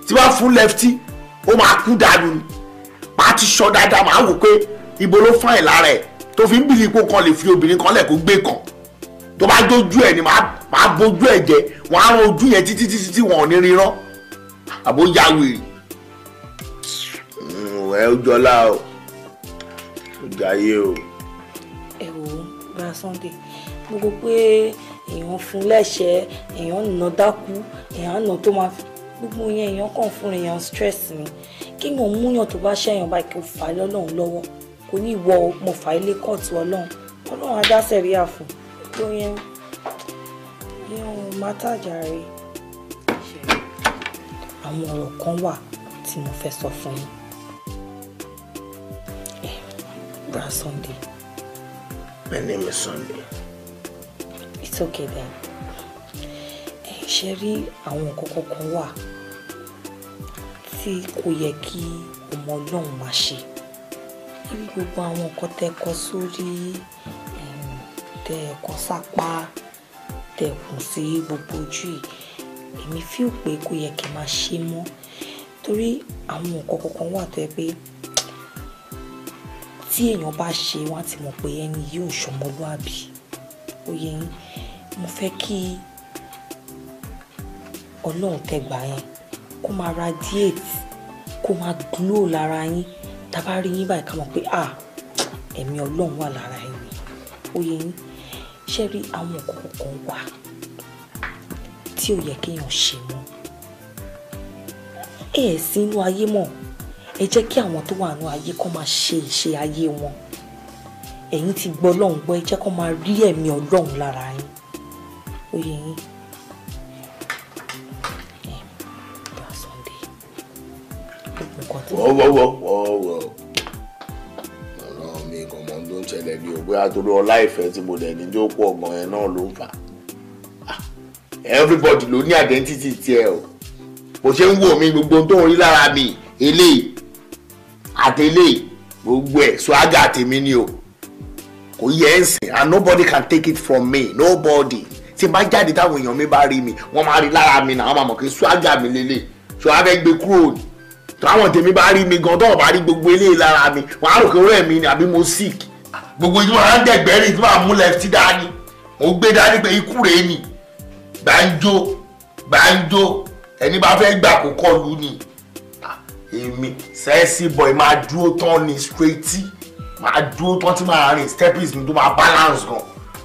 tí bá fún lefty o máa kú dànù ni máa ti sọ dáadáa máa wò pé ibo ló fún ẹ̀ lára ẹ̀ tó fi ń bìlì ipò kan lè fi obìnrin kan lẹ̀ kó gbé kan tó bá dójú ẹ̀ ni máa bójú ẹ̀ jẹ́ wọ́n á ran ojú yẹn títí títí tí wọ́n ò ní ríran àbó ya wèrè mm, ẹ ó jọlá o ó jayé o. ẹ wo bá a Sunday gbogbo pé èèyàn fún lẹ́sẹ̀ èèyàn nà dákú èèyàn nà tó máa gbogbo yẹn èèyàn kàn fún èèyàn stress ni kí èèyàn múyàn tó bá ṣẹ̀yàn báyìí kò fà á lọ́lọ́run lọ́wọ́ kò ní ìwọ mo fà á lé kóòtù ọlọ́run ọlọ́run adáṣẹ́ rí àfọ̀ gbogbo yẹn yẹn ò má tàjà rẹ̀ àwọn ọ̀rọ̀ kan wà tí mo fẹ́ sọ fún yín bra Sunday. My name is Sunday okay then ẹ ṣe rí àwọn nǹkan kọ̀ọ̀kan wà tí kò yẹ kí ọmọ ọlọ́run máa ṣe ibi gbogbo àwọn nǹkan tẹ kọ sórí tẹ kọ sápá tẹ kùn sí gbogbo ojú yìí èmi fíò pé kò yẹ kí n máa ṣe mọ́ torí àwọn nǹkan kọ̀ọ̀kan wà tó pé tí èèyàn bá ṣe wọn á ti mọ̀ pé ẹni yóò ṣọmọlúàbí ó yẹ yín mo fẹ́ kí ọlọ́run tẹgbà yẹn kó máa radiate kó máa glow lára yín tá a bá rí yín báyìí ká mọ̀ pé à ẹ̀mí ọlọ́run wà lára yín ó yẹ yín ṣé rí àwọn kọ̀ọ̀kan kan wà tí ò yẹ kéèyàn ṣe mọ́ ẹ ẹ̀ sí inú ayé mọ̀ ẹ jẹ́ kí àwọn tó wà nínú ayé kó máa ṣe ìṣe ayé wọn ẹ̀yin ti gbọ́ ọlọ́run gbọ́ ẹ jẹ́ kó máa rí ẹ̀mí ọlọ́run lára yín oyè yín ìyá Sunday nǹkan tí. wọ́wọ́wọ́wọ́ ọ̀nà mi kò mọ ohun tó ń ṣẹlẹ̀ ní òwe àtòrò ọlá ìfẹ́ tí mo dẹ̀ ní tó pọ̀ gan ẹ̀ náà ló ń fà ah, everybody ló ní identity tiẹ̀ o bó ṣe ń wò mí gbogbo ohun tó ń rí lára mi eléyìí àtẹlẹ́yìí gbogbo ẹ̀ swagger tèmi ni o kò yẹ ẹ́ sìn and nobody can take it from me nobody tí n bá jáde táwọn èèyàn mi bá rí mi wọ́n máa rí lára mi náà wọ́n máa mọ̀ pé ṣáájú àmì lélẹ̀ ṣọ abẹ́ gbé kúrò táwọn tèmi bá rí mi gan tọ́wọ́ bá rí gbogbo eléyìí lára mi wọ́n á rò pé ọ̀rẹ́ mi ni àbí mo sick gbogbo ìdí wọn á ń dẹ̀gbẹ́rì tí wọ́n á mú lẹ́fítì dání mo gbé dání pé ikú rèé ni gbàǹjo gbàǹjo ẹni bá fẹ́ gbà kó kọlu ni èmi sẹ́ẹ̀sì boy máa dúró tán ni straighty máa dúró tán tí máa rìn stepis mi tó máa balance gan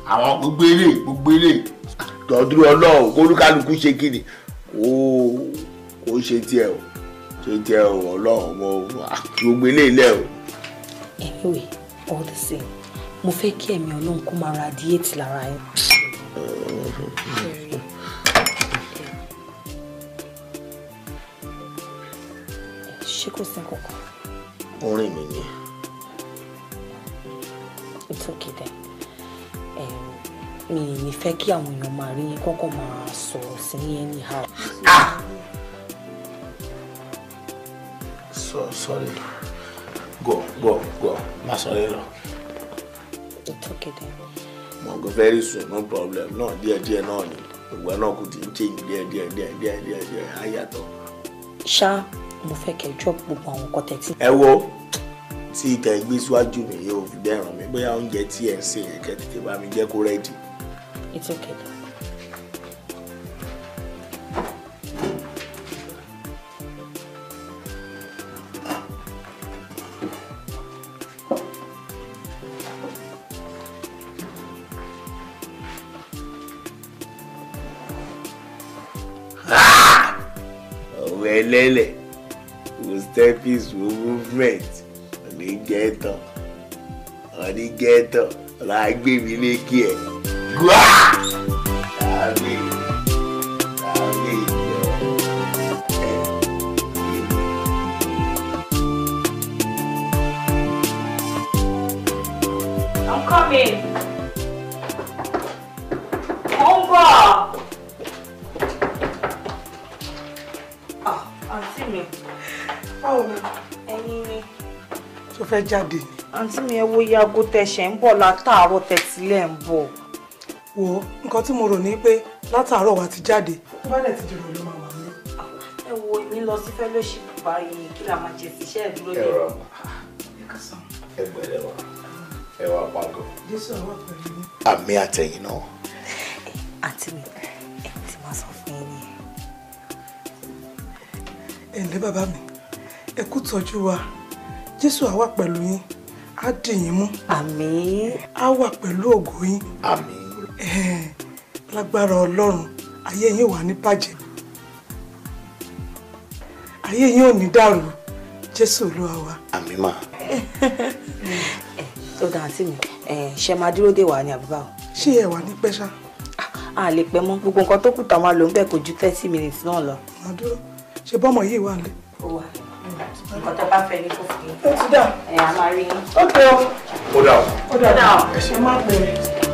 àwọn gbogbo eléyìí gbogbo eléyìí dọ̀dúró ọlọ́run kó ṣe kíni ó ó ṣe tiẹ̀ o ṣe tiẹ̀ o ọlọ́run mo gbogbo eléyìí o. anyway all the same mo fẹ́ kí ẹ̀mí ọlọ́run kó máa radiate lára yín. ṣé kò sí nǹkan orin mi ni. it's okay then. Um, mi ní fẹ́ kí àwọn èèyàn máa rí yín kọ́kọ́ máa sọ̀rọ̀ sí yín ní ha. Ah! sọ sọrí gọ gọ gọ má sọrí lọ. ètò kéde. mo go very soon no problem náà díẹ̀díẹ̀ náà ni ìgbà náà kò tí ń change díẹ̀díẹ̀ díẹ̀díẹ̀ díẹ̀díẹ̀ á yàtọ̀. ṣá mo fẹ́ kẹ́ jọ́ gbogbo àwọn nǹkan tẹ̀tí. ẹ wo tí ìtẹ̀ gbé síwájú mi yóò fi dẹ́ràn mi bóyá oúnjẹ tí ẹ̀ ń sè yẹn kẹ́ tètè bá mi jẹ́ kó rẹ́dì. It's okay though. Elele step his movement on the ghetto on the ghetto like baby lake here. I'm coming. Oh, auntie me. fẹ́ auntie me. mi ẹ wo iye aago tẹ̀sẹ̀ ń bọ̀ látàárọ̀ tẹ̀sílẹ̀ ń bọ̀ wo nǹkan tí mo rò ní pé látàárọ̀ wa ti jáde tó bá dẹ̀ ti dìrò ló máa wà ní. ẹ wo èmi lọ sí fellowship báyìí kí la máa jẹ síṣẹ́ ẹ̀ dúró dé. ẹ rọra ẹ gbẹ̀lẹ̀ wa ẹ wá pàgọ́. jésù àwọn pẹ̀lú mi. àmì àtẹ̀yìn náà. àǹtí mi ẹ ti máa sọ fún yín ni. ẹ ǹlẹ́ bàbá mi ẹ kú tọ́jú wa jésù àwa pẹ̀lú yín á dì yín mú. àmín. á wà pẹ̀lú ògo yín. àmín. Eh, lágbára ọlọ́run ayé yín wà ní bàjẹ́ ayé yín ò ní dàrú jésù olúwa wa. àmín mà. Eh, tó dáa sí mi eh, ṣe máa dúró dè wá ní àbúrò. ṣé ẹ wà ní pẹ́ṣá. Ah, a lè pẹ́ mọ́ gbogbo nǹkan tó kù tá a máa lò ń bẹ̀ kò ju thirty minutes náà lọ. màá dúró ṣe bọ́mọ yìí wà lé. nǹkan tó bá fẹ́ ní kò fún yín. ti dà. ẹ a máa rí yín. ó dà ó. dà ó. ó dà ó. ẹ má pẹ́.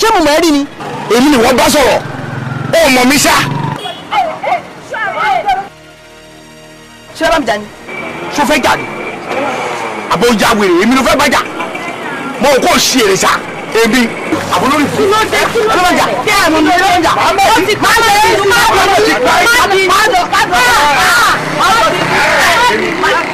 ṣé mo mọ̀ ẹ́ rí ni. èmi ni wọ́n bá sọ̀rọ̀ ó mọ̀ mí ṣá. ṣé ọlọ́mọ jà ni. ṣó fẹ́ jà ni àbò wèrè èmi ló fẹ́ bá jà mo kò ṣe èrè ṣá èmi àbò lórí fún mi. kí ló ń jà kí àmì mi ló ń jà. má lọ sí má lọ sí má lọ sí má lọ sí má lọ sí má lọ sí.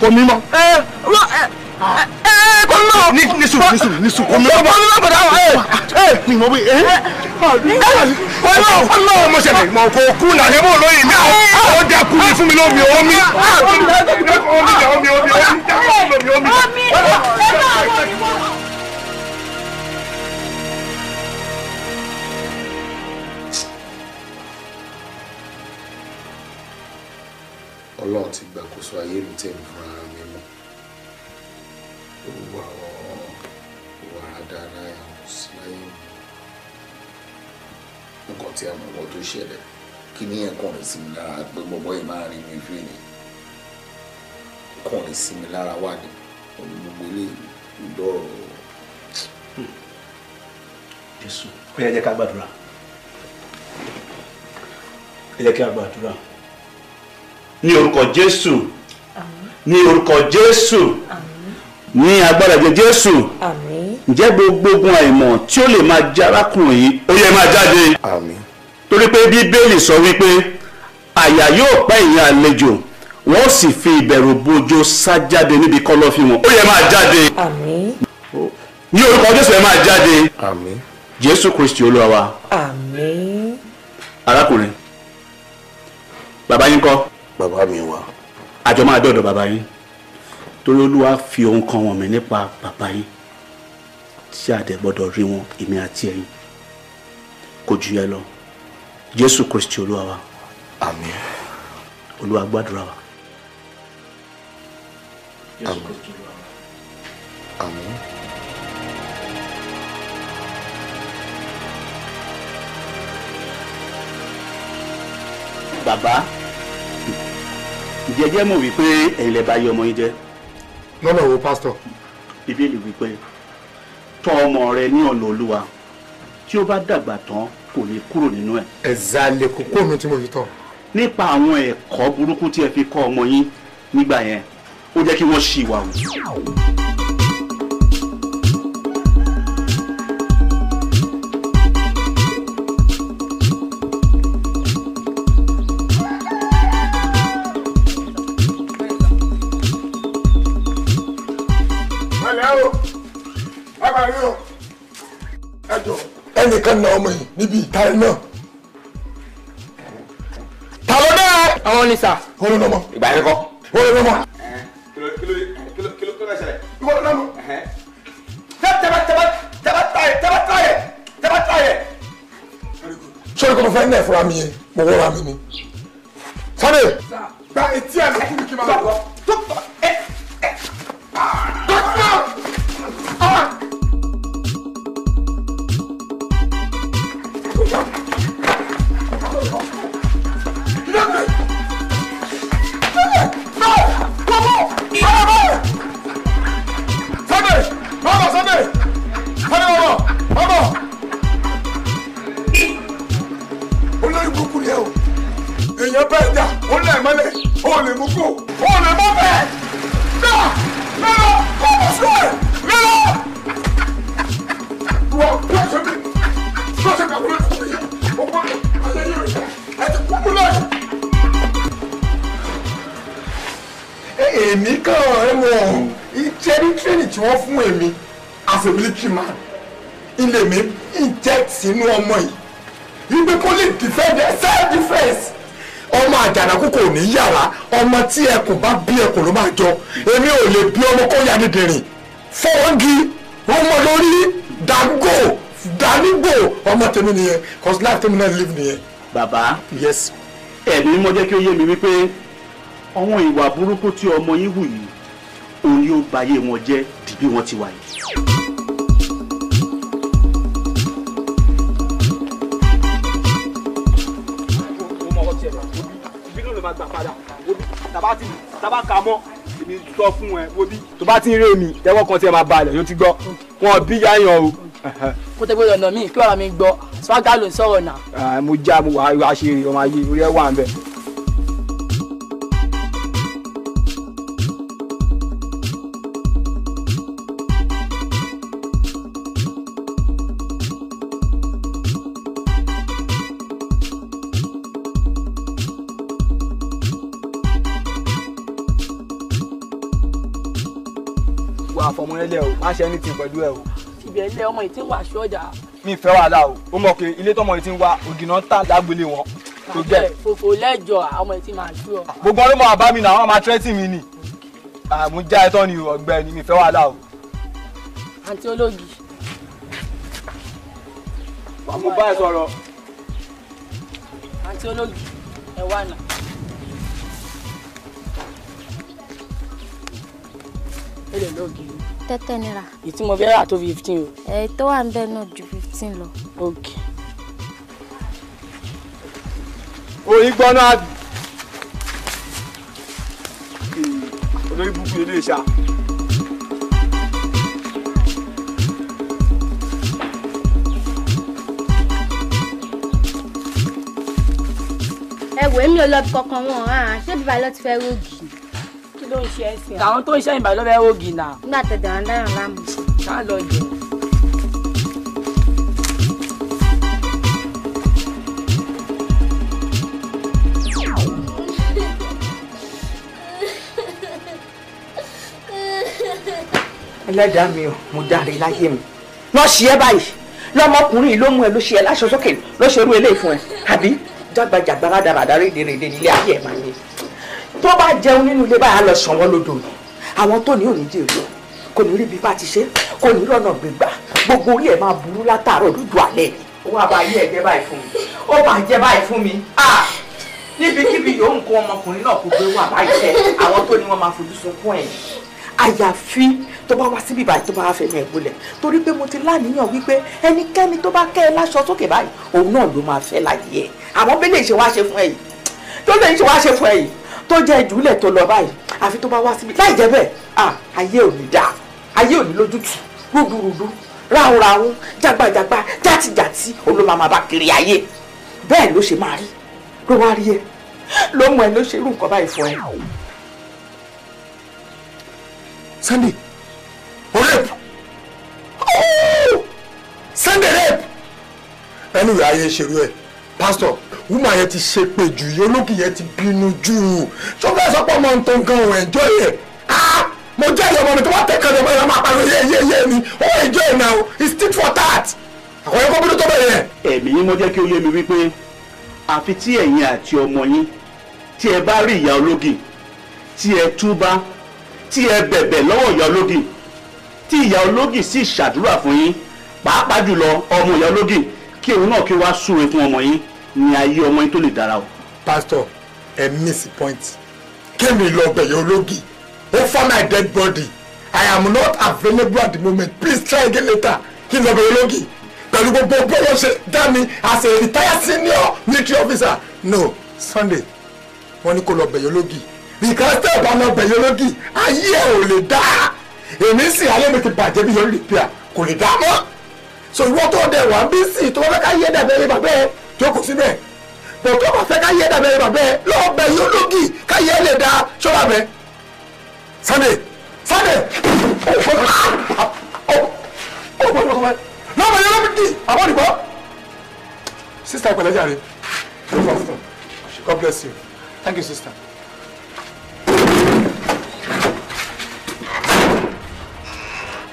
kò mímọ. ẹ ẹ ẹ kò mímọ. ní ní sùn ní sùn ní sùn kò mímọ. kò mímọ bàdà ẹ ẹ ní mọ bí ẹ ẹ kò mímọ kò mímọ. ọmọ sẹlẹ mọ kò kú nà ní mo lóye mi àwọn ọjà kú ni fún mi lómi omi. omi omi omi omi omi omi omi. ọlọ́run ti gbàkóso ayé mi tẹ̀mí gbogbo àwọn ìwà àdára sí láyé nǹkan tí a mọ̀ wọ́n tó ṣẹlẹ̀ kí ní ẹ̀kọ́ rẹ̀ sí mi lára pé gbogbo ẹ̀ máa rí mi rí ni ẹ̀kọ́ rẹ̀ sí mi lára wà ní gbogbo ilé ìdọ́rọ̀. Hmm. Jésù ó yẹ jẹ́ ká gbàdúrà ẹ jẹ́ kí ní agbára jẹ jésù ǹjẹ́ gbogbo ogun àìmọ̀ tí ó lè máa jẹ arákùnrin yìí ó yẹ máa jáde torí pé bíbélì sọ wípé àyà yóò pẹ́ ìyẹn àlejò wọ́n sì fi ìbẹ̀rù bojo sá jáde níbi kọ́lọ́fín wọn ó yẹ máa jáde ní orúkọ jésù ẹ máa jáde jésù kristi olúwa wa arákùnrin bàbá yín kọ́ àjọ máa dọ̀dọ̀ bàbá yín torí olúwa fi ohun kan wọ̀n mí nípa bàbá yín tí a dẹ̀ gbọ́dọ̀ rí wọn èmi àti ẹ̀yin kò jù yẹn lọ jésù kristi olúwa wa àmín olúwa gbàdúrà wa. àmín àmín. bàbá ǹjẹ́ jẹ́ mọ̀ wípé ẹ̀yin lè bà yé ọmọ yín jẹ́ lọ́nà wo pásítọ̀. bíbélì wípé tọ́ ọmọ rẹ ní ọ̀nà olúwa tí ó bá dàgbà tán kò lè kúrò nínú ẹ̀. ẹ̀zá lè kó kóònù tí mo fi tọ̀. nípa àwọn ẹ̀kọ́ burúkú tí ẹ fi kọ́ ọmọ yín nígbà yẹn ó jẹ́ kí wọ́n ṣì wà wù. ẹnìkan na ọmọ yìí níbi ìtayẹ náà ta ló dé. àwọn ni sà. wọ́n ló nà ọmọ. ìgbà yẹn kọ́. wọ́n ló nà ọmọ. kilo kilo kilo kilo kilo ṣẹlẹ̀. ìwọ ló nà ọmọ. tẹ́bà tẹ́bà tẹ́bà táyẹ̀ tẹ́bà táyẹ̀ tẹ́bà táyẹ̀. sọ́ni kò tó fẹ́ náà fúnra mi yẹn mo wọ́ra mi ni. sani. gba etí ẹ̀ lọ́kùnrin kí n máa lọ. tó tó ẹ ẹ. jẹ o èèyàn bẹ́ẹ̀ jà ó lẹ̀ mọ́lẹ̀ ó lè mú kó ó lè mọ́ bẹ́ẹ̀ náà lọ́lọ́ kó bọ̀ sílẹ̀ lọ́lọ́. wọ́n wọ́n ṣe mí wọ́n ṣe kàwé lọ́sọ̀rọ̀ yẹn ọgbọ́n ayé yóò yẹ ẹ kúkú náà. èmi kàn ẹ mọ̀ ìjẹ́rí tírẹ́nì tí wọ́n fún èmi as a military man ilé mi ń jẹ́ sínú ọmọ yìí ibi kó lè defend self defence ọmọ àjànàkú kò ní yàrá ọmọ tí ẹkùn bá bí ẹkùn ló máa jọ èmi ò lè bí ọmọ kó ya dìdìrìn fọwọ́ngi ọmọ lórí dàgò dànígbò ọmọ tèmi nìyẹn cause life tèmi náà live nìyẹn. bàbá yes ẹ̀mí mo jẹ́ kí ó yé mi wípé àwọn ìwà burúkú tí ọmọ yín hù yìí òun yóò gbayé wọn jẹ́ dìbí wọn ti wà yìí. ló máa gbà padà wóbi tàbá ti tàbá kà mọ́ èmi sọ fún ẹ wóbi. tó bá ti ń rè mí tẹ́wọ́ kan tí ẹ máa balẹ̀ yóò ti gbọ́ wọn bí yáyan o kó tẹ́ gbọ́dọ̀ nà mí kí wàá mi gbọ́ swaga ló ń sọ̀rọ̀ nà. Ah, mo já mo wà á ṣe ọmọ ayé orí ẹ wà ń bẹ̀. má ṣe anything pẹ̀lú ẹ o. ibẹ̀ lẹ ọmọ yìí ti ń wá aṣọ ọjà. mi fẹ́ wàhálà o ó mọ̀ pé ilé tọmọ yìí ti ń wá ògìnà tà lágbélé wọn tó jẹ́. fòfò lẹ́jọ àwọn yìí ti máa ṣú ọ. gbogbo ọdún mọ àbá mi náà wọn máa tẹ́tì mi nì àmújá ẹtọ́ ni ọ̀gbẹ́ni mi fẹ́ wàhálà o. àǹtí ológi. wọ́n mú báyìí sọ̀rọ̀. àǹtí ológi ẹ wà náà. ẹ lè lóògì o tẹ́tẹ́ Nira. ìtí mo fẹ́ rà tó fifteen o. ẹ tó wà ń bẹ náà ju fifteen lọ. ok. oyin gbọ́nà àbí olórí búkú ilé iṣá. ẹ wò é mi ò lọ bí kankan wọn ah, ṣé bíbá lọ ti fẹ́ rógì ló ń ṣe ẹsẹ̀. àwọn tó ń ṣe ìbàdàn bẹ́ẹ̀ ó gì náà. nígbà tó dàn án dáhùn láàmú. ká lọ jẹ. ẹlẹ́dàá mi ò mo dáre láyé mi lọ ṣe é báyìí lọmọkùnrin ló mú ẹ ló ṣe ẹ láṣọ sókè ló ṣerú eléyìí fún ẹ àbí jágbajàgbára dáradára èdè rèé nílé ayé ẹ máa ń yé tó bá jẹun nínú ilé báyà lọ sàn wọ́n lódò ni àwọn tó ní òní jẹ èrò kò ní rí bí bá ti ṣe kò ní rọ̀nà gbégbá gbogbo orí ẹ̀ máa burú látàárọ̀ dúdú alẹ́ ni. ó wá bá yé ẹ̀jẹ̀ báyìí fún mi ó bá jẹ́ báyìí fún mi níbikíbi yóò ń kó ọmọkùnrin náà kó gbé wà báyìí tẹ àwọn tó ní wọn máa fojú sunkún ẹ̀ àyàfi tó bá wá síbí báyìí tó bá wá fẹnu ẹ̀ gbolẹ̀ torí pé mo ti láníyàn wípé ẹnikẹ́ni tó bá kẹ́ ẹ láṣọ sókè báyìí òun náà ló máa fẹ́ láyé ẹ̀ àwọn bẹ́lẹ̀ ṣe wá ṣe fún ẹ yìí tó lè ṣe wá ṣe fún ẹ yìí tó jẹ́ ìjùlẹ̀ tó lọ báyìí àfi tó bá wá síbi láì jẹ́ bẹ́ẹ̀ ayé ò ní dáa ayé ò ní lójútù rúdurùdu ráhùnráhùn jágbàjágbà játijàti olóma máa bá kiri ayé bẹ́ẹ̀ ló ṣe máa rí ló wá rí ẹ ló mọ ẹ ló ṣe irú nǹkan báyìí fún ẹ. Sunday rape oh! Sandy rape ẹnu ìyá ayé ṣerú ẹ. Pastor, wúmà yẹn ti ṣe pé jù yìí olókì yẹn ti bínú jù ú tó bá sọ pé ọmọ ń tó nǹkan ò ẹ̀jọ́ yẹ ah, mo jẹ́ ìyá ọmọ mi tó bá tẹ̀kọ̀ ọmọ yẹn máa pariwo yé yé yé mi ó ẹ̀jọ́ yẹn náà it's tit for tat àwọn ẹ̀kọ́ bínú tó bẹ̀ yẹn. ẹ̀mí yín mo jẹ́ kí ó yé mi wípé àfi tí ẹ̀yin àti ọmọ yín tí ẹ bá rí ìyá ológì tí ẹ túbá tí ẹ bẹ̀bẹ̀ lọ́wọ́ ìyá ológì tí ìyá ológì sì ṣàdúrà fún yín pàápàá jùlọ ọmọ ìyá ológì kí èyí náà kí wá súre fún ọmọ yín ní ayé ọmọ yín tó lè dára o. pásítọ̀ ẹ miss point kémi lọ bẹ̀yẹ̀ ológi over my dead body i am not available at the moment please try again later kí n lọ bẹ̀yẹ̀ ológi pẹ̀lú gbogbo bọ́lọ̀ ṣe dá mi as a retired senior military officer no sunday wọ́n ní kó lọ bẹ̀yẹ̀ ológi because tẹ́ ẹ̀ bá lọ bẹ̀yẹ̀ ológi ayé ẹ̀ ò lè dá èmi sì alẹ́ mi ti bàjẹ́ bí yọrí rìpíà kò lè dá mọ́ so ìwọ tó dẹ̀ wá bí sì tó bá fẹ́ ká yé dàbẹ́ yẹn bàbẹ́ ẹ jókòó síbẹ̀ bọ̀ tó bá fẹ́ ká yé dàbẹ́ yẹn bàbẹ́ ẹ lọ́ọ́ bẹ yóò lógì ká yé lè da ṣọ́ra bẹ́ Sunday Sunday lọ́ọ̀bẹ yẹn lọ́ọ̀bẹ dì àbọ̀ nìbọ̀ sista ìpẹ̀lẹ́jà rẹ̀ God bless you thank you sister.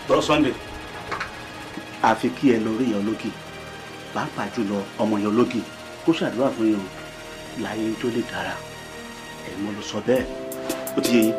Bro Sunday àfi kí ẹ lọ rí ìyá ológì pàápàá jùlọ ọmọ ìyá ológì kó ṣàdúrà fún yín láyé tó lè dára ẹ̀yin mo lọ sọ bẹ́ẹ̀ ó ti yé yín.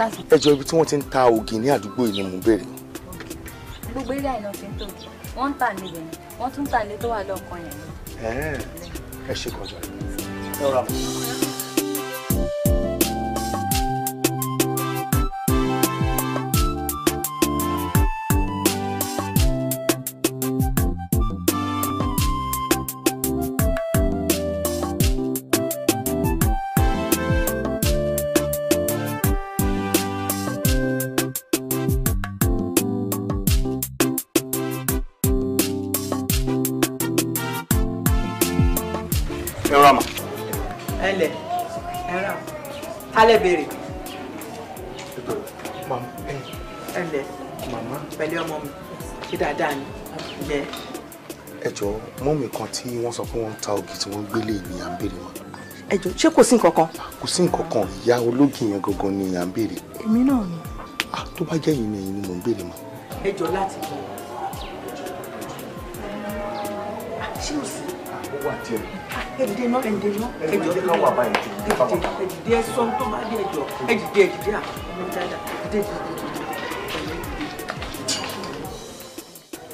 sásùn. ẹ jọ ibi tí wọ́n ti ń ta ògì ní àdúgbò yìí ni mò ń bèrè. gbogbo eré àìlọ́ fi ń tò wọ́n ń tà níbẹ̀ wọ́n tún tà lé tó wà lọ́ọ̀kan yẹn. ẹ ṣe kọjá ẹ rà mọ́. lẹ béèrè. ẹ ǹlẹ́ màmá pẹ̀lú ọmọ mi ṣé dáadáa ni ǹlẹ́. ẹ jọ̀ọ́ mọ́mì kan tí wọ́n sọ pé wọ́n ń ta ògì tí wọ́n gbélé ni à ń béèrè wọn. ẹ jọ̀ọ́ ṣé kò sí nǹkan kò sí nǹkan ìyá ológì yẹn gangan ni à ń béèrè. èmi náà ni. tó bá jẹ́ ìyìn ni mò ń béèrè mọ́. ẹ jọ̀ọ́ láti bọ̀ ṣé o sì wà tiẹ̀. ẹ̀dìdẹ̀ náà ẹ̀dìdẹ̀ náà ẹ̀jọ̀ ẹ̀dìdẹ̀ náà wà báyìí tó ní bá wà. ẹ̀dìdẹ̀ sọ tó bá dé ẹ̀jọ̀ ẹ̀dìdẹ̀ ẹ̀dìdẹ̀ àkọ́kọ́ dáadáa ẹ̀dìdẹ̀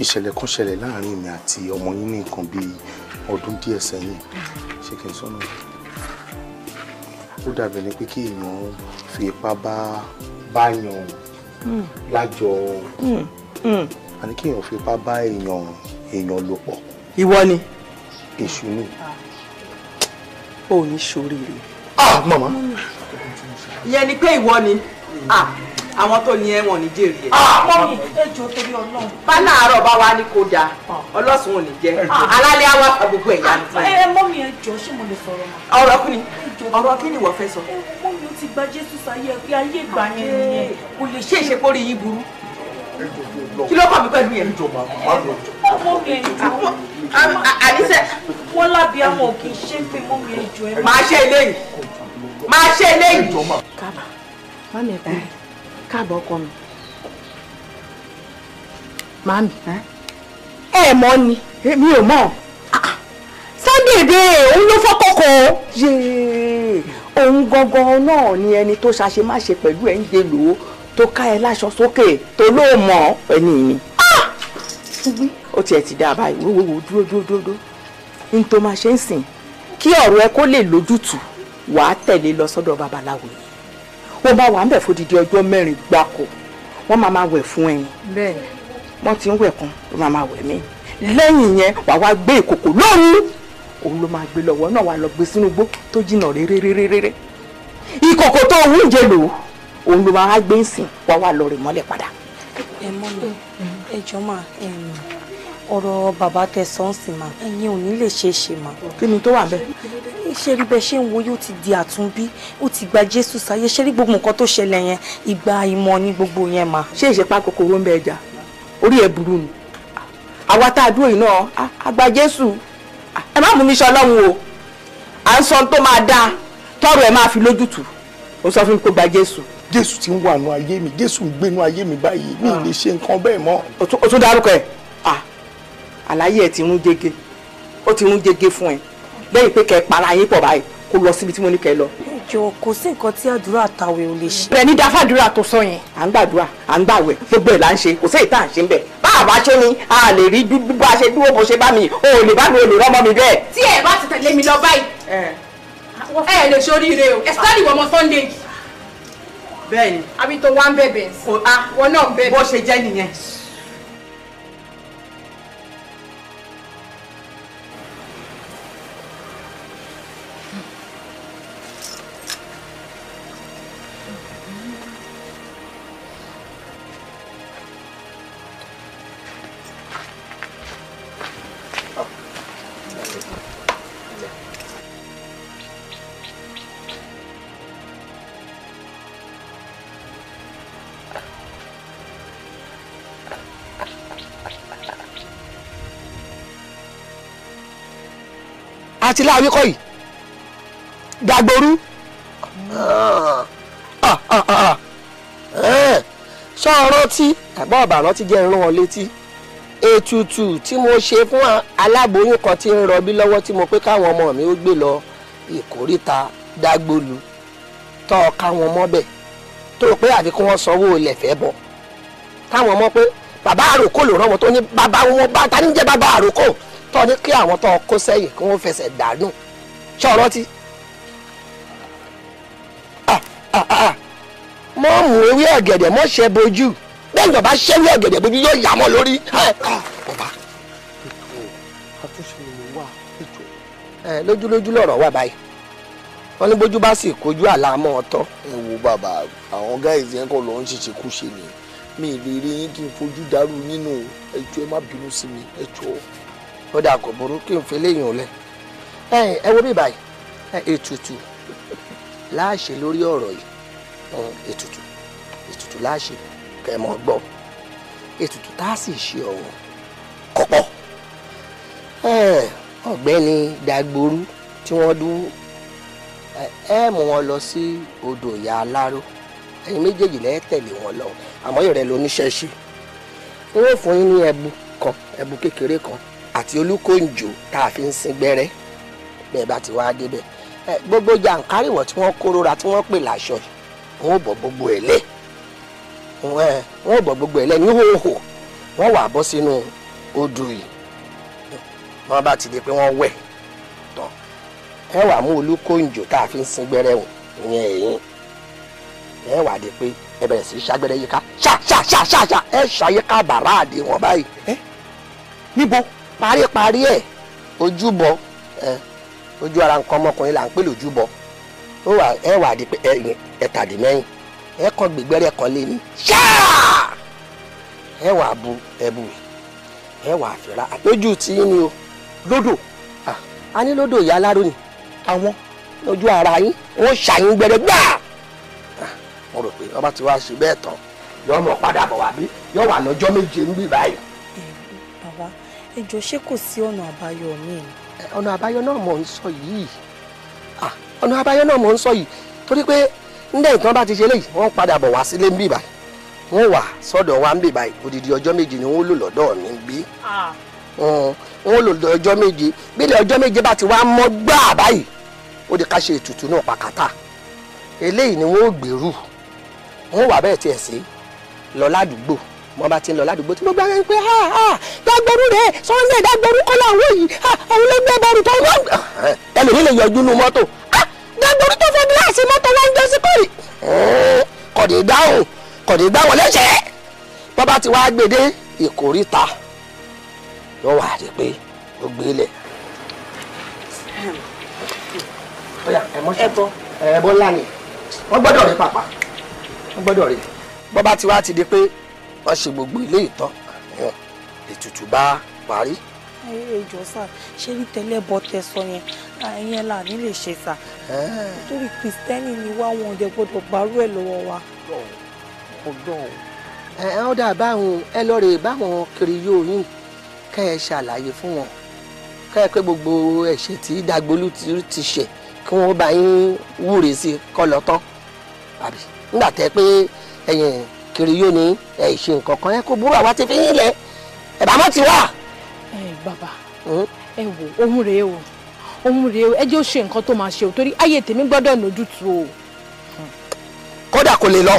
ìṣẹ̀lẹ̀ kan ṣẹlẹ̀ láàrin mi àti ọmọ yín ní nǹkan bíi ọdún díẹ̀ sẹ́yìn ṣé kí n sọ́nà ó dàbí ni pé kí èèyàn fi ipá bá báyàn lájọ àní kí èèyàn fi ipá bá èèyàn èèyàn lò pọ̀. ìwọ ni èṣù ni. Ah. o ní ṣoríire. ah mama. ìyẹn ni pé ìwọ ni ah, àwọn tó ní ẹ̀wọ̀n ní jèrè ẹ. Ah, mọ́mí ejò torí ọlọ́run. bá láàárọ̀ bá wa ní kó dáa ọlọ́sùn ò ní jẹ́ alálẹ́ àwa fa gbogbo ẹ̀yà ní fún ẹ. Eh, mọ́mí ẹjọ́ ṣé mo lè sọ̀rọ̀ mọ́. kí ni ọ̀rọ̀ kí ni ìwọ fẹ́ sọ. Eh, mọ́mí ó ti gba jésù sáyé ẹgbẹ́ ayé ìgbà yẹn nìyẹn kò lè ṣe ìṣekórè yín burú. kí ló kọ̀ mí pẹ̀lú yẹn. mọ́mí ẹjọ́ àníṣe wọ́n lábí àmọ́ kì í ṣe pé mọ́ mi ẹjọ́ ẹ. máa ṣe eléyìí máa ṣe eléyìí. káàbọ̀ mami ẹ̀ kúrò káàbọ̀ ọkọ mi mami ẹ mọ̀ ni mi ò mọ̀ ah, ah. Sunday de òun ló fọ́kọ́ kọ́ òun gangan náà ni ẹni tó ṣàṣemáṣe pẹ̀lú ẹ̀ ń de lò ó tó ká ẹ láṣọ sókè tó lóò mọ̀ ẹni mi kú wí ó tiẹ̀ ti dáa báyìí wò wò dúró dúró dúró ní tó máa ṣe ń sìn kí ọ̀rọ̀ ẹ kó lè lójútùú wàá tẹ̀lé lọ sọ́dọ̀ babaláwo yìí wọ́n bá wà ń bẹ̀ fódìdí ọjọ́ mẹ́rin gbáko wọ́n máa máa wẹ̀ fún ẹyin bẹ́ẹ̀ wọ́n ti ń wẹ̀ kan ló máa máa wẹ̀ mí lẹ́yìn yẹn wàá wá gbé ìkòkò lóru òun ló máa gbé lọ́wọ́ náà wàá lọ gbé sínú igbó tó jìnnà réréréréré ẹ jọ mà ọ̀rọ̀ bàbá tẹ sọ́ọ̀sì mà ẹ̀yin ò ní lè ṣe é ṣe mà. kí ni tó wà bẹ́ẹ̀. ṣé rí bẹ́ẹ̀ ṣé ń wo yóò ti di àtúnbí ó ti gba jésù sáyé ṣé rí gbogbo nǹkan tó ṣẹlẹ̀ yẹn ìgbà ìmọ̀ ni gbogbo yẹn mà. ṣé ìṣèpá kòkòrò ń bẹ ẹja orí ẹ burú ni àwa tá a dúró yìí náà a gba jésù ẹ má mú mi ṣe ọlọ́run o à ń sọ tó máa dáa tọrọ ẹ máa fi lójútùú jésù ti ń wà nù ayé mi jésù ń gbénu ayé mi báyìí mi lè ṣe nǹkan bẹ́ẹ̀ mọ́. o tún dárúkọ ẹ àlàyé ẹ ti rún jege ó ti rún jege fún ẹ lẹ́yìn pé kẹ́ ẹ para yín pọ̀ báyìí kó lọ síbi tí mo ní kẹ́ ẹ lọ. ìjọ kò sí nǹkan tí àdúrà tàwé ò lè ṣe. bẹ́ẹ̀ ni dáfàdúrà tó sọ yẹn. à ń gbàdúrà à ń gbàwẹ̀ gbogbo ẹ̀ là ń ṣe kò sí ìta à ń ṣe ń bẹ̀. bá a bá ṣe ni a lè rí bá a ṣe dúró bó ṣe bá mi o ò lè bá mi o lè rọ́mọ mi bẹ́ẹ̀. tí ẹ bá ti tẹ̀lé mi lọ báyìí ẹ lè ṣoríire o ẹ sáré ìwọ̀n ọmọ bẹ́ẹ̀ ni. àbí tó wá ń bẹ̀bẹ̀ sí. Ah, wọn náà bẹ̀bẹ̀. bó ṣe jẹ́ nìyẹn. láti láàwí kọ́ yìí dàgbòrú sọ ah, ah, ah, eh, rántí àbọ̀ ọ̀bà rántí jẹ́ irun wọn létí ètùtù tí mo ṣe fún aláboyún kan tí ń rọbí lọ́wọ́ tí mo pé káwọn ọmọ mi ó gbé lọ ìkórìta dágbólu tọ́ ọ káwọn mọ́bẹ̀ tó pé àfi kí wọ́n sanwó ilẹ̀ fẹ́ bọ̀ táwọn ọmọ pé bàbá àròkò ló rán wọn tó ní bàbá wọn bá ta ní jẹ́ bàbá àròkò tó ní kí àwọn tó kó sẹ́yìn kí wọ́n fẹsẹ̀ dànù ṣé ọ̀rọ̀ ti. mọ mú ewé ọ̀gẹ̀dẹ̀ mọ ṣe bojú bẹ́ẹ̀ ni ọba ṣe ewé ọ̀gẹ̀dẹ̀ bojú yóò yà mọ́ lórí. ọba àtúnṣe ló wà ètò. lójúlójú lọ̀rọ̀ wà báyìí wọ́n ní bójú bá sì kojú àlámọ́ ọ̀tọ̀. ẹ wo bàbá àwọn gáàsì yẹn kọ́ ló ń ṣiṣẹ́ kú ṣe ni mi ì lè rí yín kí n fojú dàrú nínú ẹjọ́ ẹ má bínú sí mi ẹjọ́ ó dà kò burú kí n fi léyìn òlẹ̀ ẹ wo bí báyìí ètùtù láàṣẹ lórí ọ̀rọ̀ yìí ètùtù ètùtù láàṣẹ kẹmọ gbọ́ ètùtù tá a sì ṣe ọ̀hún kọ̀pọ̀ ọ̀gbẹ́ni dagboru tí wọ́n dún ẹ mú wọn lọ sí odò ìyá aláró ẹ̀yin méjèèjì lẹ́ẹ̀ tẹ̀lé wọn lọ àmọ́ ìrẹ̀ lóníṣẹ́ ṣe wọ́n fún yín ní ẹbu kan ẹbu kékeré kan àti olúkòǹjò tá a fi ń sin gbẹ́rẹ́ bẹ́ẹ̀ bá ti wá débẹ̀ gbogbo jàǹkárìwọ̀ tí wọ́n kórora tí wọ́n pè láṣọ yìí wọ́n ò bọ̀ gbogbo ẹ̀ lẹ̀ wọ́n ò bọ̀ gbogbo ẹ̀ lẹ̀ ní hòhò wọ́n wà bọ́ sínú odò yìí wọ́n bá ti di pé wọ́n wẹ̀ tán ẹ wà mú olúkòǹjò tá a fi ń sin gbẹ́rẹ́ wọn ìyẹn ẹ̀yìn ẹ wà di pé ẹ bẹ̀rẹ̀ sí ṣàgbẹ́rẹ́ yíká ṣàṣàṣàṣà ẹ ṣàyíká bàrá àdìwọ̀n báyìí. níbo paríparí ẹ̀ ojúbọ ẹ ojú ara nǹkan ọmọkùnrin là ń pè lójúbọ ó wà ẹ wà di pé ẹtàdínmẹ́yìn ẹ kàn gbẹgbẹrẹ kan lé ní bu ebuwe, ẹ wà fìrà lójú tí ni o lódò a ní lódò ìyá aláró àwọn lójú ara yín wọn ṣàyín gbẹrẹ gbáà mo rò pé ọba yọọ padà bọ̀ wá bí ẹ jọ̀ọ́ ṣé kò sí ọ̀nà àbáyọ mi. ọ̀nà àbáyọ náà mò ń sọ yìí ọ̀nà àbáyọ náà mò ń sọ yìí torí pé nílẹ̀ ìtàn bá ti ṣe léyìí wọ́n padà bọ̀ wá sílé ń bì báyìí wọ́n wà sọ́dọ̀ wa ń bì báyìí odidi ọjọ́ méje ni wọ́n lò lọ́dọ̀ mi ń bí wọ́n lò lọ́dọ̀ ọjọ́ méje bílẹ̀ ọjọ́ méje bá ti wá mọ́ gbáà báyìí ó di ká ṣe ètùtù náà pàkátà eléyìí ni wọ́n gbèrú wọ́n wà bẹ́ẹ̀ tiẹ̀ sí lọ mo bá ti ń lọ ládùúgbò tí mo gbà rẹ pé dágbọ́rú rẹ Sunday dágbọ́rú kọ́ làwọn yìí àwọn ló gbé bọ́ọ̀rù tó wọ́n. ẹlòmíì lè yọjú nu mọ́tò dágbọ́rú tó fọ́ gíláàsì mọ́tò wọn ń gbé sí kọ́rì. kọ̀dé dáhùn kọ̀dé dáhùn lẹ́sẹ̀ bọ́ bá ti wá gbèdé ìkórìta yóò wà rí pé ó gbé lẹ̀. ẹbọ ẹbọ ńlá ni wọ́n gbọ́dọ̀ rí pàpà wọ́n gbọ́dọ̀ rí bọ́ ti wá ti di pé wọ́n ṣe gbogbo ilé ìtàn àwọn ètùtù bá parí. ẹ jọ sá ṣé ní tẹ́lẹ̀ bọ́ tẹ sọ yẹn ìyẹn là ní lè ṣe sá nítorí kristẹni ni wá wọn jẹ gbọ́dọ̀ gbárù ẹ lọ́wọ́ wa. ẹ ọ́ dà báwọn ẹ lọ rè báwọn kiri yóò yín kẹ́ ẹ ṣàlàyé fún wọn kẹ́ ẹ pé gbogbo ẹ̀ṣẹ̀ tí Dagbolú ti ṣẹ̀ kí wọ́n bá yín wúre sí kọ́ àbí nígbà tẹ́ pé ẹ̀yìn kiri yóò ní ẹ ṣe nǹkan kan ẹ kó burú àwa ti fi yín lẹ ẹ bá má ti wà. ẹ bàbá hmm? ẹ wò ohun rèé o ohun rèé o ẹ jẹ́ ó ṣe nǹkan tó máa ṣe o torí ayé tèmi gbọ́dọ̀ nójútu o. kódà kò lè lọ